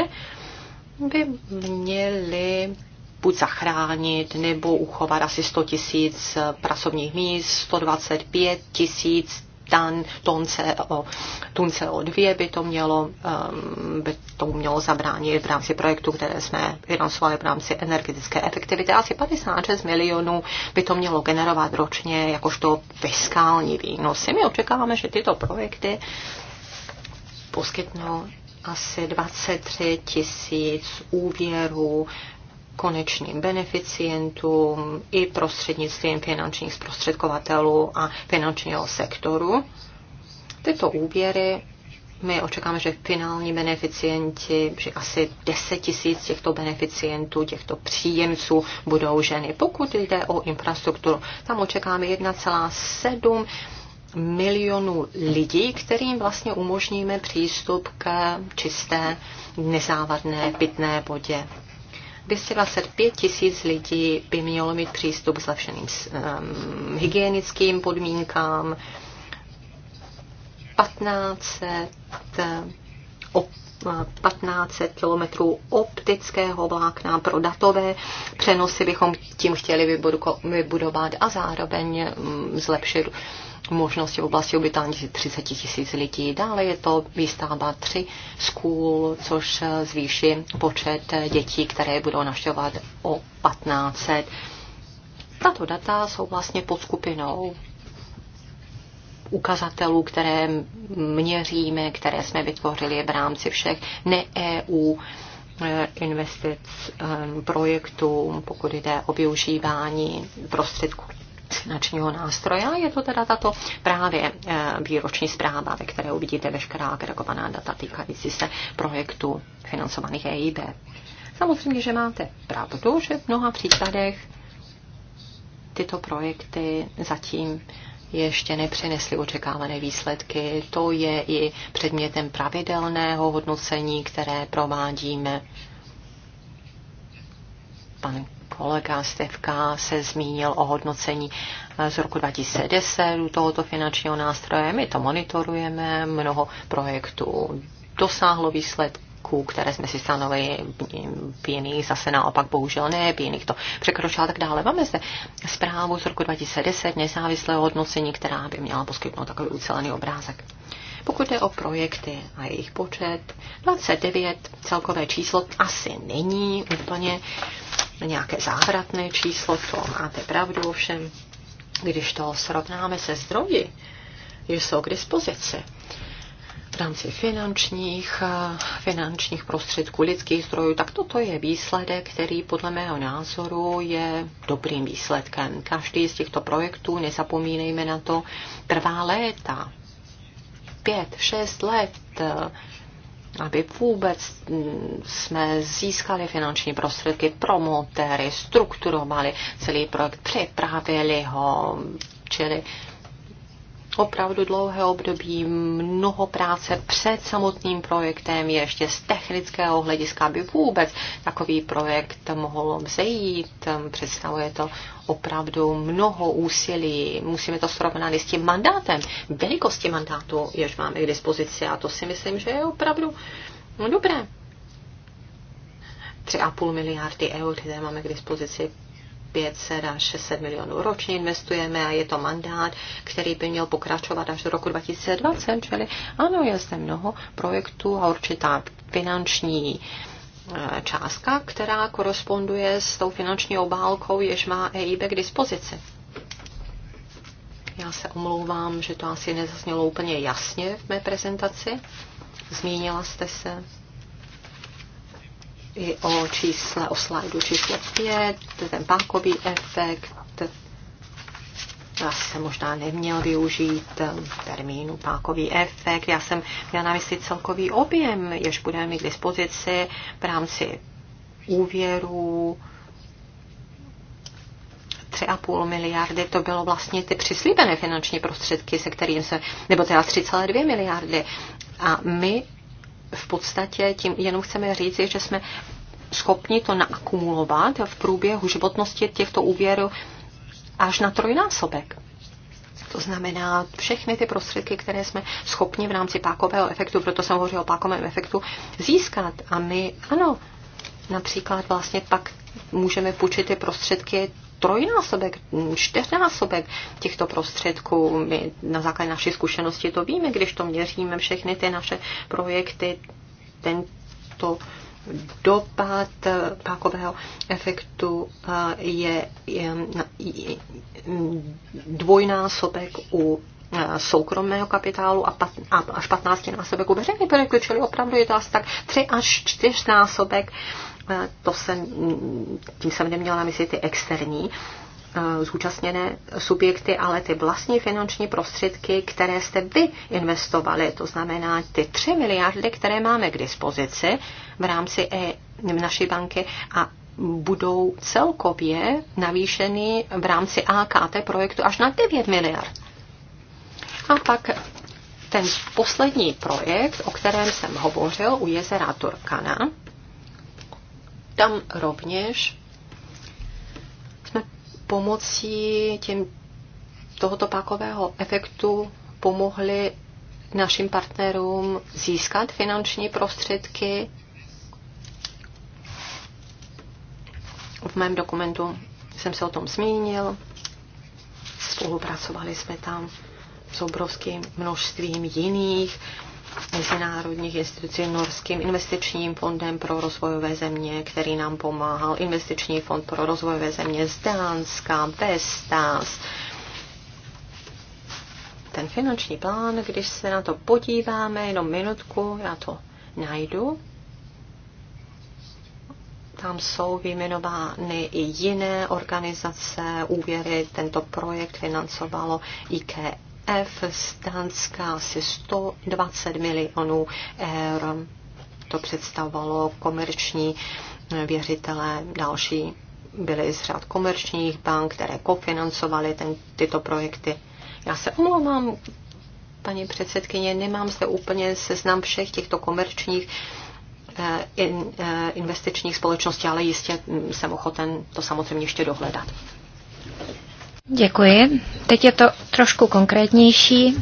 by měli buď zachránit nebo uchovat asi 100 tisíc pracovních míst, 125 tisíc tan, tun, CO, tun CO2 by to mělo, ehm, by to mělo zabránit v rámci projektu, které jsme financovali v rámci energetické efektivity. Asi 56 milionů by to mělo generovat ročně jakožto fiskální výnosy. My očekáváme, že tyto projekty poskytnou asi 23 tisíc úvěrů konečným beneficientům i prostřednictvím finančních zprostředkovatelů a finančního sektoru. Tyto úvěry my očekáváme, že finální beneficienti, že asi 10 tisíc těchto beneficientů, těchto příjemců budou ženy. Pokud jde o infrastrukturu, tam očekáváme 1,7 milionů lidí, kterým vlastně umožníme přístup k čisté, nezávadné pitné vodě. 225 tisíc lidí by mělo mít přístup k zlepšeným um, hygienickým podmínkám, 1500 op, 1500 kilometrů optického vlákna pro datové přenosy bychom tím chtěli vybudovat a zároveň mm, zlepšit možnosti v oblasti ubytování 30 tisíc lidí. Dále je to výstavba tři, school, což zvýší počet dětí, které budou navštěvovat o 1500. Tato data jsou vlastně pod skupinou ukazatelů, které měříme, které jsme vytvořili v rámci všech ne-EU eh, investic eh, projektů, pokud jde o využívání prostředků koordinačního nástroje. je to teda tato právě eh, výroční zpráva, ve které uvidíte veškerá agregovaná data týkající se projektu financovaných EIB. Samozřejmě, že máte pravdu, že v mnoha příkladech tyto projekty zatím ještě nepřinesly očekávané výsledky. To je i předmětem pravidelného hodnocení, které provádíme. Pan kolega Stevka se zmínil o hodnocení eh, z roku 2010 u tohoto finančního nástroje. My to monitorujeme, mnoho projektů dosáhlo výsledků, které jsme si stanovili v jiných, zase naopak bohužel ne, v jiných to překročila tak dále. Máme zde zprávu z roku 2010, nezávislého hodnocení, která by měla poskytnout takový ucelený obrázek. Pokud jde o projekty a jejich počet, 29 celkové číslo asi není úplně nějaké závratné číslo, to máte pravdu ovšem. Když to srovnáme se zdroji, jsou k dispozici, v rámci finančních, eh, finančních prostředků, lidských zdrojů, tak toto je výsledek, který podle mého názoru je dobrým výsledkem. Každý z těchto projektů, nezapomínejme na to, trvá léta pět, šest let, eh, aby vůbec mm, jsme získali finanční prostředky, promotéry, strukturovali celý projekt, připravili ho, čili opravdu dlouhé období, mnoho práce před samotným projektem, ještě z technického hlediska, by vůbec takový projekt mohl vzejít. Představuje to opravdu mnoho úsilí. Musíme to srovnat s tím mandátem, velikosti mandátu, jež máme k dispozici a to si myslím, že je opravdu no, dobré. 3,5 miliardy eur, které máme k dispozici 500 až 600 milionů ročně investujeme a je to mandát, který by měl pokračovat až do roku 2020, čili ano, je zde mnoho projektů a určitá finanční eh, částka, která koresponduje s tou finanční obálkou, jež má EIB k dispozici. Já se omlouvám, že to asi nezaznělo úplně jasně v mé prezentaci. Zmínila jste se i o čísle, o slajdu číslo 5, ten pákový efekt. Já jsem možná neměl využít um, termínu pákový efekt. Já jsem měl na mysli celkový objem, jež budeme mít k dispozici v rámci úvěru 3,5 miliardy, to bylo vlastně ty přislíbené finanční prostředky, se kterým se, nebo teda 3,2 miliardy. A my v podstatě tím jenom chceme říci, že jsme schopni to naakumulovat v průběhu životnosti těchto úvěrů až na trojnásobek. To znamená, všechny ty prostředky, které jsme schopni v rámci pákového efektu, proto jsem hovořil o pákovém efektu, získat. A my, ano, například vlastně pak můžeme půjčit ty prostředky trojnásobek, mm, čtyřnásobek těchto prostředků. My na základě naší zkušenosti to víme, když to měříme všechny ty naše projekty, tento dopad eh, pákového efektu eh, je, je, je mm, dvojnásobek u soukromého kapitálu a, pat, a až 15 násobek u veřejných projektů, čili opravdu je to asi tak 3 až 4 násobek. Eh, to jsem, mm, tím jsem neměla na mysli ty externí eh, zúčastněné subjekty, ale ty vlastní finanční prostředky, které jste vy investovali, to znamená ty 3 miliardy, které máme k dispozici v rámci e, naší banky a budou celkově navýšeny v rámci AKT projektu až na 9 miliard. A pak ten poslední projekt, o kterém jsem hovořil u jezera Turkana, tam rovněž jsme pomocí těm, tohoto pákového efektu pomohli našim partnerům získat finanční prostředky. V mém dokumentu jsem se o tom zmínil. Spolupracovali jsme tam s obrovským množstvím jiných mezinárodních institucí, Norským investičním fondem pro rozvojové země, který nám pomáhal, investiční fond pro rozvojové země z Dánska, Vestas. Ten finanční plán, když se na to podíváme, jenom minutku, já to najdu, tam jsou vyjmenovány i jiné organizace, úvěry, tento projekt financovalo IKE F z Dánska asi 120 milionů eur. To představovalo komerční eh, věřitelé, další byly z řad komerčních bank, které kofinancovaly tyto projekty. Já se omlouvám, paní předsedkyně, nemám zde úplně seznam všech těchto komerčních eh, in, eh, investičních společností, ale jistě hm, jsem ochoten to samozřejmě ještě dohledat. Děkuji. Teď je to trošku konkrétnější.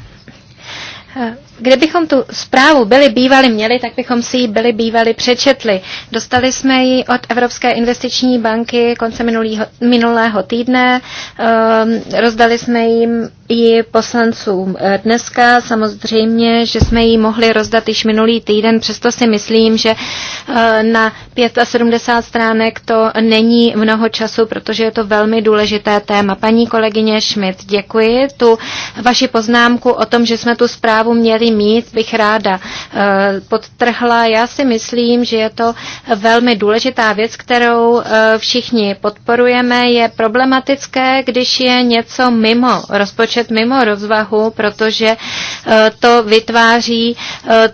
Kdybychom tu zprávu byli bývali měli, tak bychom si ji byli bývali přečetli. Dostali jsme ji od Evropské investiční banky konce minulýho, minulého týdne. Ehm, rozdali jsme jim ji poslancům eh, dneska. Samozřejmě, že jsme ji mohli rozdat již minulý týden, přesto si myslím, že eh, na 75 stránek to není mnoho času, protože je to velmi důležité téma. Paní kolegyně Schmidt, děkuji tu vaši poznámku o tom, že jsme tu zprávu představu měli mít, bych ráda eh, podtrhla. Já si myslím, že je to velmi důležitá věc, kterou eh, všichni podporujeme. Je problematické, když je něco mimo rozpočet, mimo rozvahu, protože eh, to vytváří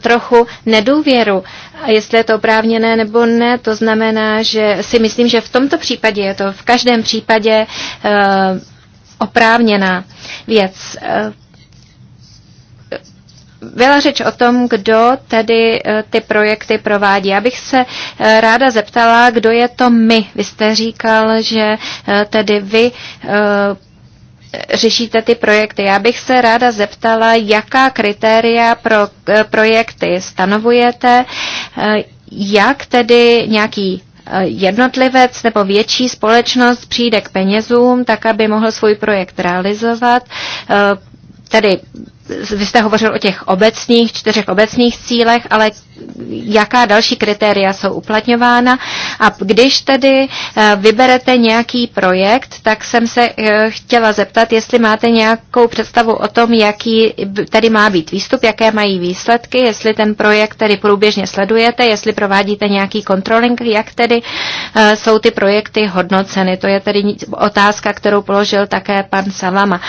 trochu nedůvěru. A jestli je to oprávněné nebo ne, to znamená, že si myslím, že v tomto případě je to v každém případě oprávněná věc byla řeč o tom, kdo tedy eh, ty projekty provádí. Já bych se eh, ráda zeptala, kdo je to my. Vy jste říkal, že eh, tedy vy řešíte ty projekty. Já bych se ráda zeptala, jaká kritéria pro projekty stanovujete, jak tedy nějaký jednotlivec nebo větší společnost přijde k penězům, tak aby mohl svůj projekt realizovat, tedy vy jste hovořil o těch obecných, čtyřech obecných cílech, ale jaká další kritéria jsou uplatňována. A když tedy eh, vyberete nějaký projekt, tak jsem se eh, chtěla zeptat, jestli máte nějakou představu o tom, jaký tady má být výstup, jaké mají výsledky, jestli ten projekt tedy průběžně sledujete, jestli provádíte nějaký kontroling, jak tedy eh, jsou ty projekty hodnoceny. To je tedy otázka, kterou položil také pan Salama.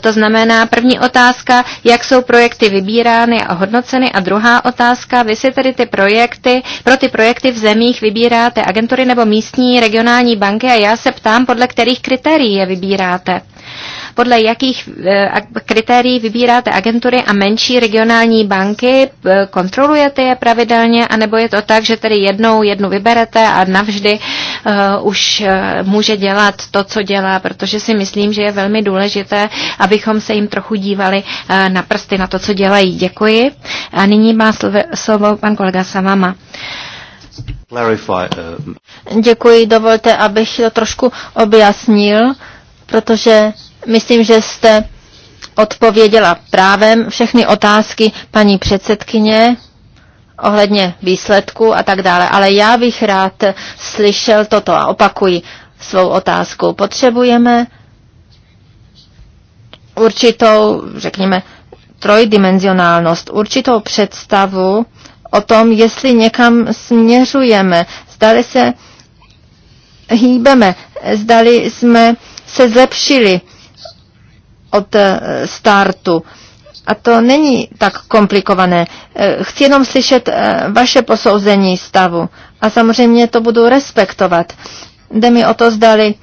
To znamená, první otázka, jak jsou projekty vybírány a hodnoceny. A druhá otázka, vy si tedy ty projekty, pro ty projekty v zemích vybíráte agentury nebo místní regionální banky a já se ptám, podle kterých kritérií je vybíráte podle jakých eh, kritérií vybíráte agentury a menší regionální banky, eh, kontrolujete je pravidelně, anebo je to tak, že tedy jednou jednu vyberete a navždy eh, už může dělat to, co dělá, protože si myslím, že je velmi důležité, abychom se jim trochu dívali na prsty, na to, co dělají. Děkuji. A nyní má slovo pan kolega Savama. Děkuji, dovolte, abych to trošku objasnil, protože Myslím, že jste odpověděla právem všechny otázky paní předsedkyně ohledně výsledku a tak dále. Ale já bych rád slyšel toto a opakuji svou otázku. Potřebujeme určitou, řekněme, trojdimenzionálnost, určitou představu o tom, jestli někam směřujeme, zdali se hýbeme, zdali jsme se zlepšili od eh, startu. A to není tak komplikované. Eh, chci jenom slyšet eh, vaše posouzení stavu. A samozřejmě to budu respektovat. Jde mi o to, zdali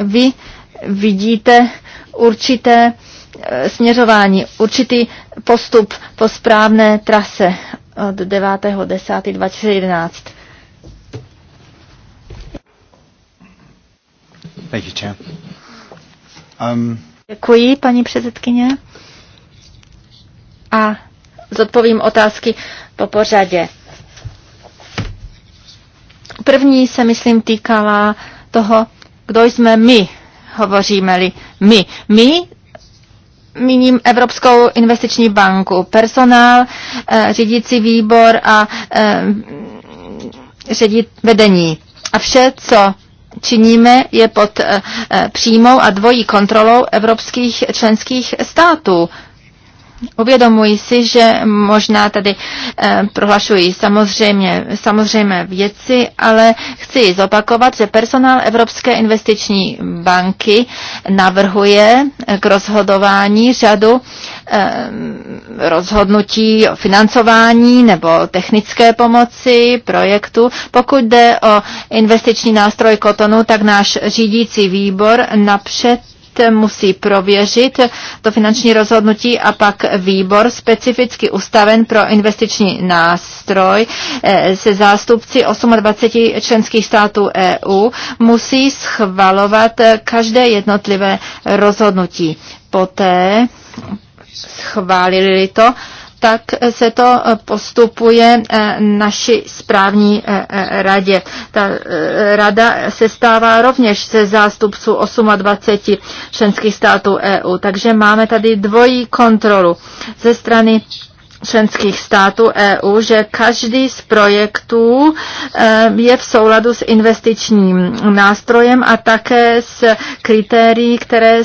vy vidíte určité směřování, určitý postup po správné trase od 9.10.2011. Thank you, Chair. Um... Děkuji, paní předsedkyně. A zodpovím otázky po pořadě. První se, myslím, týkala toho, kdo jsme my, hovoříme-li my. My míním Evropskou investiční banku, personál, eh, řídící výbor a eh, ředit vedení. A vše, co činíme, je pod eh, eh, přímou a dvojí kontrolou evropských členských států. Uvědomuji si, že možná tady e, prohlašuji samozřejmě, samozřejmě věci, ale chci zopakovat, že personál Evropské investiční banky navrhuje k rozhodování řadu e, rozhodnutí o financování nebo technické pomoci projektu. Pokud jde o investiční nástroj Kotonu, tak náš řídící výbor napřed musí prověřit to finanční rozhodnutí a pak výbor specificky ustaven pro investiční nástroj eh, se zástupci 28 členských států EU musí schvalovat eh, každé jednotlivé rozhodnutí. Poté schválili to, tak se to eh, postupuje eh, naší správní eh, radě. Ta rada se stává rovněž ze zástupců 28 členských států EU, takže máme tady dvojí kontrolu ze strany členských států EU, že každý z projektů je v souladu s investičním nástrojem a také s kritérií, které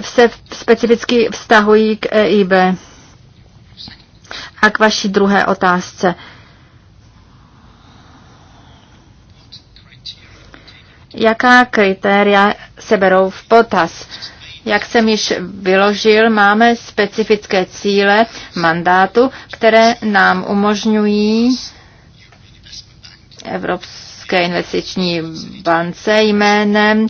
se specificky vztahují k EIB. A k vaší druhé otázce. Jaká kritéria se berou v potaz? Jak jsem již vyložil, máme specifické cíle mandátu, které nám umožňují Evropské investiční bance jménem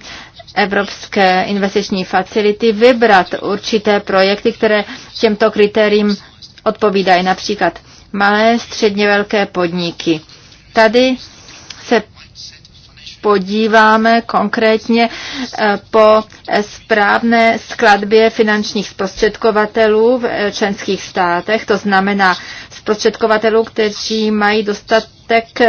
Evropské investiční facility vybrat určité projekty, které těmto kritériím odpovídají například malé, středně velké podniky. Tady se podíváme konkrétně eh, po správné skladbě finančních zprostředkovatelů v eh, členských státech, to znamená zprostředkovatelů, kteří mají dostatek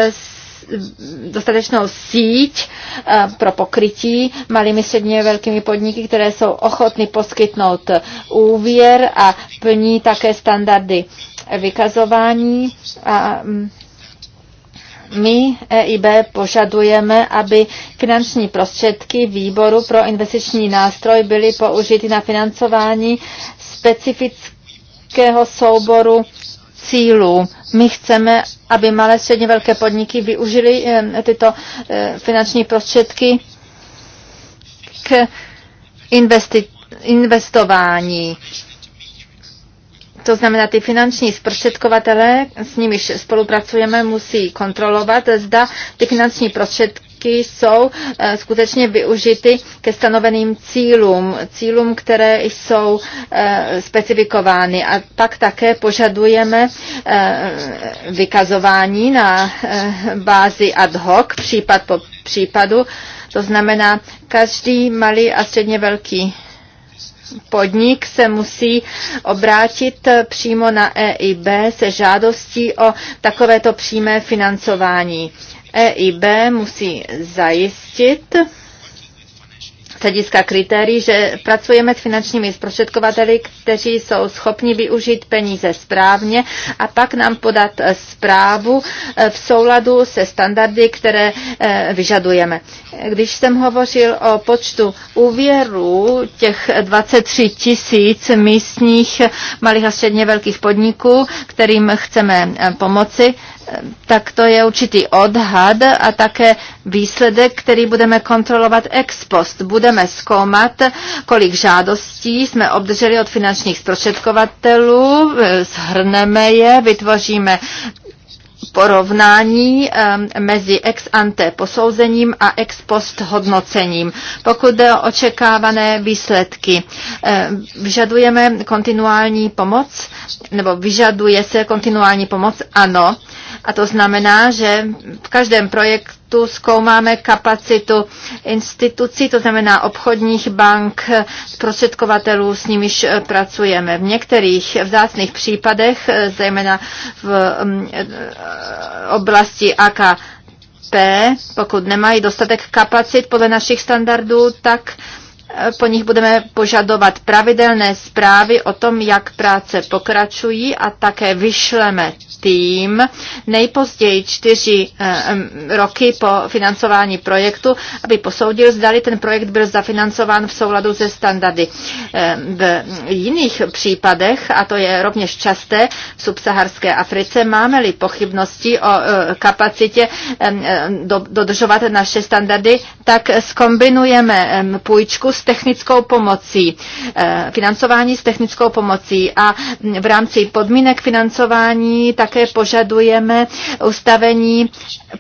dostatečnou síť eh, pro pokrytí malými středně velkými podniky, které jsou ochotny poskytnout úvěr a plní také standardy vykazování. A mm, my EIB požadujeme, aby finanční prostředky výboru pro investiční nástroj byly použity na financování specifického souboru cílů. My chceme, aby malé středně velké podniky využili tyto eh, finanční prostředky k investi- investování. To znamená, ty finanční zprostředkovatele, s nimiž spolupracujeme, musí kontrolovat, zda ty finanční prostředky prostředky jsou eh, skutečně využity ke stanoveným cílům, cílům, které jsou eh, specifikovány. A pak také požadujeme eh, vykazování na bázi ad hoc, případ po případu. To znamená, každý malý a středně velký podnik se musí obrátit přímo na EIB se žádostí o takovéto přímé financování. EIB musí zajistit, hlediska kritérií, že pracujeme s finančními zprostředkovateli, kteří jsou schopni využít peníze správně a pak nám podat eh, zprávu eh, v souladu se standardy, které eh, vyžadujeme. Když jsem hovořil o počtu úvěrů těch 23 tisíc místních malých a středně velkých podniků, kterým chceme pomoci, tak to je určitý odhad a také výsledek, který budeme kontrolovat ex post. Budeme budeme zkoumat, kolik žádostí jsme obdrželi od finančních zprostředkovatelů, eh, shrneme je, vytvoříme porovnání eh, mezi ex ante posouzením a ex post hodnocením. Pokud jde o očekávané výsledky, eh, vyžadujeme kontinuální pomoc, nebo vyžaduje se kontinuální pomoc, ano, a to znamená, že v každém projektu zkoumáme kapacitu institucí, to znamená obchodních bank, prostředkovatelů, s nimiž eh, pracujeme. V některých vzácných případech, eh, zejména v mm, eh, oblasti AK, pokud nemají dostatek kapacit podle našich standardů, tak po nich budeme požadovat pravidelné zprávy o tom, jak práce pokračují a také vyšleme tým nejpozději čtyři eh, roky po financování projektu, aby posoudil, zdali ten projekt byl zafinancován v souladu se standardy. V jiných případech, a to je rovněž časté v subsaharské Africe, máme-li pochybnosti o eh, kapacitě eh, dodržovat naše standardy, tak skombinujeme půjčku s technickou pomocí. Eh, financování s technickou pomocí a v rámci podmínek financování také požadujeme ustavení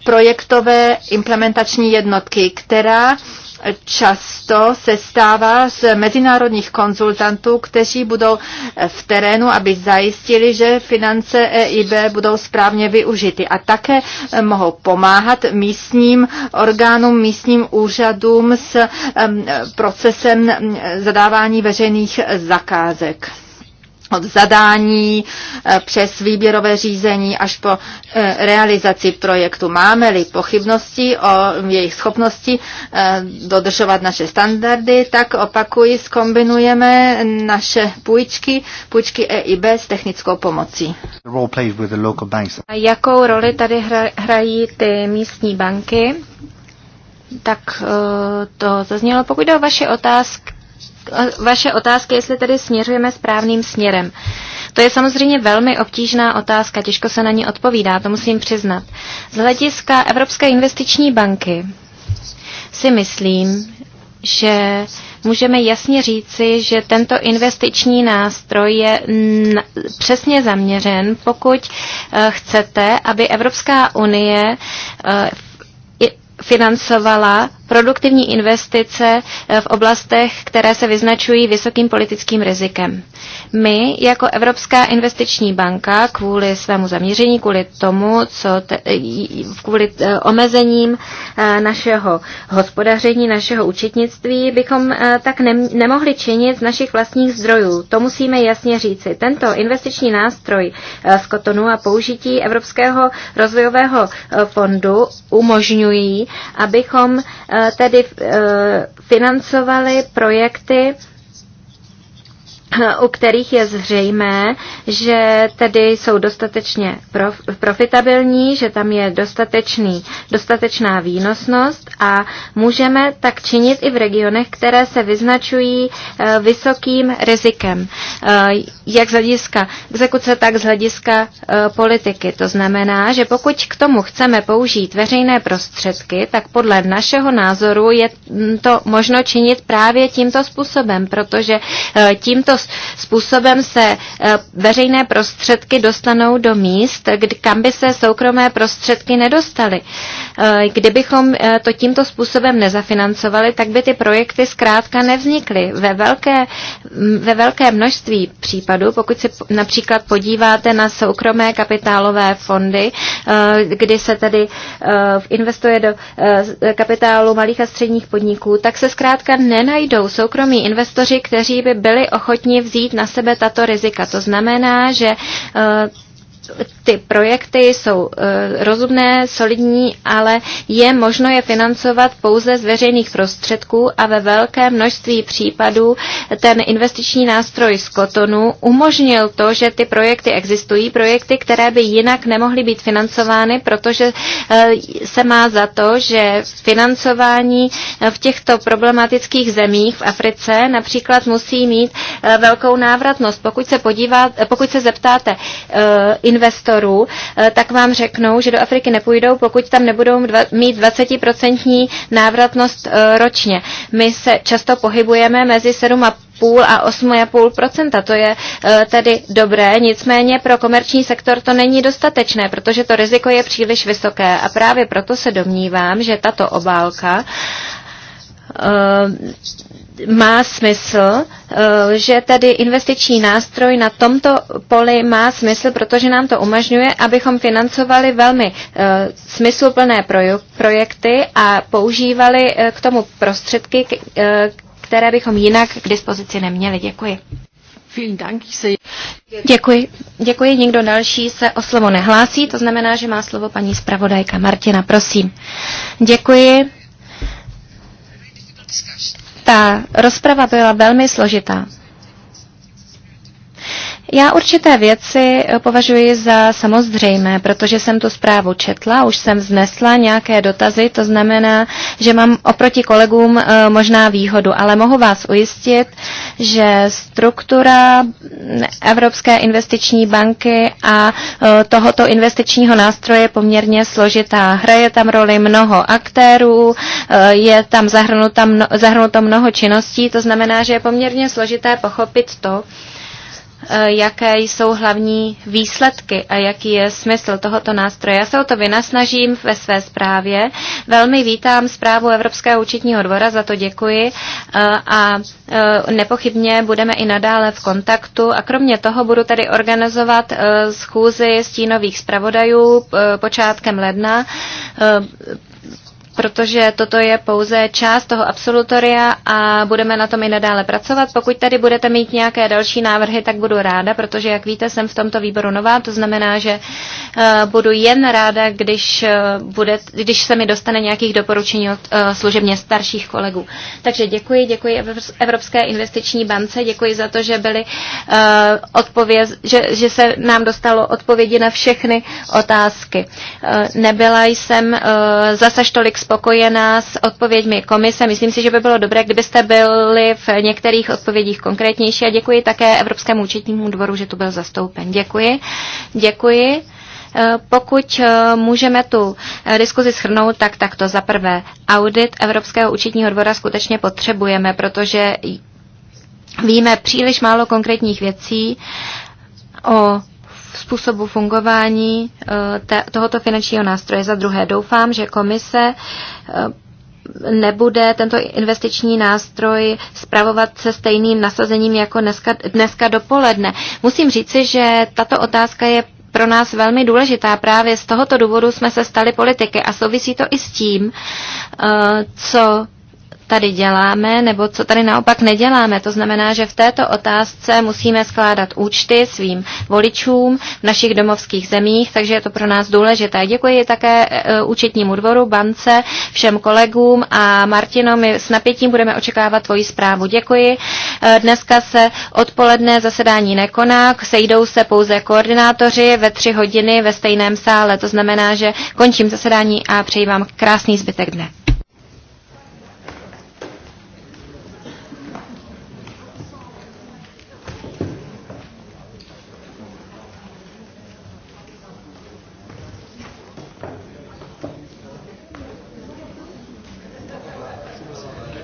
projektové implementační jednotky, která často se stává z mezinárodních konzultantů, kteří budou v terénu, aby zajistili, že finance EIB budou správně využity a také eh, mohou pomáhat místním orgánům, místním úřadům s procesem mm, zadávání veřejných zakázek od zadání eh, přes výběrové řízení až po eh, realizaci projektu. Máme-li pochybnosti o jejich schopnosti eh, dodržovat naše standardy, tak opakuji, skombinujeme naše půjčky, půjčky EIB s technickou pomocí. A jakou roli tady hrají ty místní banky? Tak to zaznělo. Pokud jde o vaše otázky, vaše otázka, jestli tedy směřujeme správným směrem. To je samozřejmě velmi obtížná otázka, těžko se na ní odpovídá, to musím přiznat. Z hlediska Evropské investiční banky si myslím, že můžeme jasně říci, že tento investiční nástroj je přesně zaměřen, pokud eh, chcete, aby Evropská unie eh, financovala produktivní investice eh, v oblastech, které se vyznačují vysokým politickým rizikem. My jako Evropská investiční banka kvůli svému zaměření, kvůli tomu, co te, eh, kvůli eh, omezením našeho hospodaření, našeho účetnictví, bychom tak ne, nemohli činit z našich vlastních zdrojů. To musíme jasně říci. Tento investiční nástroj z Kotonu a použití Evropského rozvojového fondu umožňují, abychom eh, tedy eh, financovali projekty, u kterých je zřejmé, že tedy jsou dostatečně profitabilní, že tam je dostatečný, dostatečná výnosnost a můžeme tak činit i v regionech, které se vyznačují eh, vysokým rizikem, eh, jak z hlediska exekuce, tak z hlediska eh, politiky. To znamená, že pokud k tomu chceme použít veřejné prostředky, tak podle našeho názoru je mm, to možno činit právě tímto způsobem, protože tímto způsobem se eh, veřejné prostředky dostanou do míst, kam by se soukromé prostředky nedostaly. Eh, kdybychom eh, to tímto způsobem nezafinancovali, tak by ty projekty zkrátka nevznikly. Ve velké, ve velké množství případů, pokud se například podíváte na soukromé kapitálové fondy, kdy se tedy investuje do kapitálu malých a středních podniků, tak se zkrátka nenajdou soukromí investoři, kteří by byli ochotní schopni vzít na sebe tato rizika. To znamená, že eh, ty projekty jsou eh, rozumné, solidní, ale je možno je financovat pouze z veřejných prostředků a ve velké množství případů ten investiční nástroj z Kotonu umožnil to, že ty projekty existují, projekty, které by jinak nemohly být financovány, protože eh, se má za to, že financování eh, v těchto problematických zemích v Africe například musí mít velkou návratnost. Pokud se, podíváte, pokud se zeptáte uh, investorů, eh, tak vám řeknou, že do Afriky nepůjdou, pokud tam nebudou mít 20% návratnost eh, ročně. My se často pohybujeme mezi 7 a 8,5 a 8,5 To je eh, tedy dobré, nicméně pro komerční sektor to není dostatečné, protože to riziko je příliš vysoké. A právě proto se domnívám, že tato obálka má smysl, eh, že tady investiční nástroj na tomto poli má smysl, protože nám to umožňuje, abychom financovali velmi eh, smysluplné projekty a používali eh, k tomu prostředky, které bychom jinak k dispozici neměli. Děkuji. Děkuji. Děkuji. Nikdo další se o slovo nehlásí, to znamená, že má slovo paní zpravodajka Martina, prosím. Děkuji. Ta rozprava byla velmi složitá. Já určité věci eh, považuji za samozřejmé, protože jsem tu zprávu četla, už jsem vznesla nějaké dotazy, to znamená, že mám oproti kolegům eh, možná výhodu, ale mohu vás ujistit, že struktura Evropské investiční banky a eh, tohoto investičního nástroje je poměrně složitá. Hraje tam roli mnoho aktérů, je tam zahrnuto mnoho činností, to znamená, že je poměrně složité pochopit to, Eh, jaké jsou hlavní výsledky a jaký je smysl tohoto nástroje. Já se o to vynasnažím ve své zprávě. Velmi vítám zprávu Evropského účetního dvora, za to děkuji eh, a eh, nepochybně budeme i nadále v kontaktu a kromě toho budu tady organizovat schůzy stínových zpravodajů počátkem ledna protože toto je pouze část toho absolutoria a budeme na tom i nadále pracovat. Pokud tady budete mít nějaké další návrhy, tak budu ráda, protože, jak víte, jsem v tomto výboru nová, to znamená, že eh, budu jen ráda, když, eh, bude, když se mi dostane nějakých doporučení od eh, služebně starších kolegů. Takže děkuji, děkuji Evropské investiční bance, děkuji za to, že byly odpověz, že, že se nám dostalo odpovědi na všechny otázky. Nebyla jsem zase tolik spokojená s odpověďmi komise. Myslím si, že by bylo dobré, kdybyste byli v některých odpovědích konkrétnější a děkuji také Evropskému účetnímu dvoru, že tu byl zastoupen. Děkuji. Děkuji. E, pokud e, můžeme tu e, diskuzi shrnout, tak takto. Za prvé, audit Evropského účetního dvora skutečně potřebujeme, protože víme příliš málo konkrétních věcí o způsobu fungování eh, tohoto finančního nástroje. Za druhé, doufám, že komise eh, nebude tento investiční nástroj spravovat se stejným nasazením jako dneska, dneska dopoledne. Musím říci, že tato otázka je pro nás velmi důležitá. Právě z tohoto důvodu jsme se stali politiky a souvisí to i s tím, eh, co tady děláme nebo co tady naopak neděláme. To znamená, že v této otázce musíme skládat účty svým voličům v našich domovských zemích, takže je to pro nás důležité. Děkuji také e, účetnímu dvoru, bance, všem kolegům a Martino, my s napětím budeme očekávat tvoji zprávu. Děkuji. E, dneska se odpoledne zasedání nekoná, sejdou se pouze koordinátoři ve tři hodiny ve stejném sále. To znamená, že končím zasedání a přeji vám krásný zbytek dne.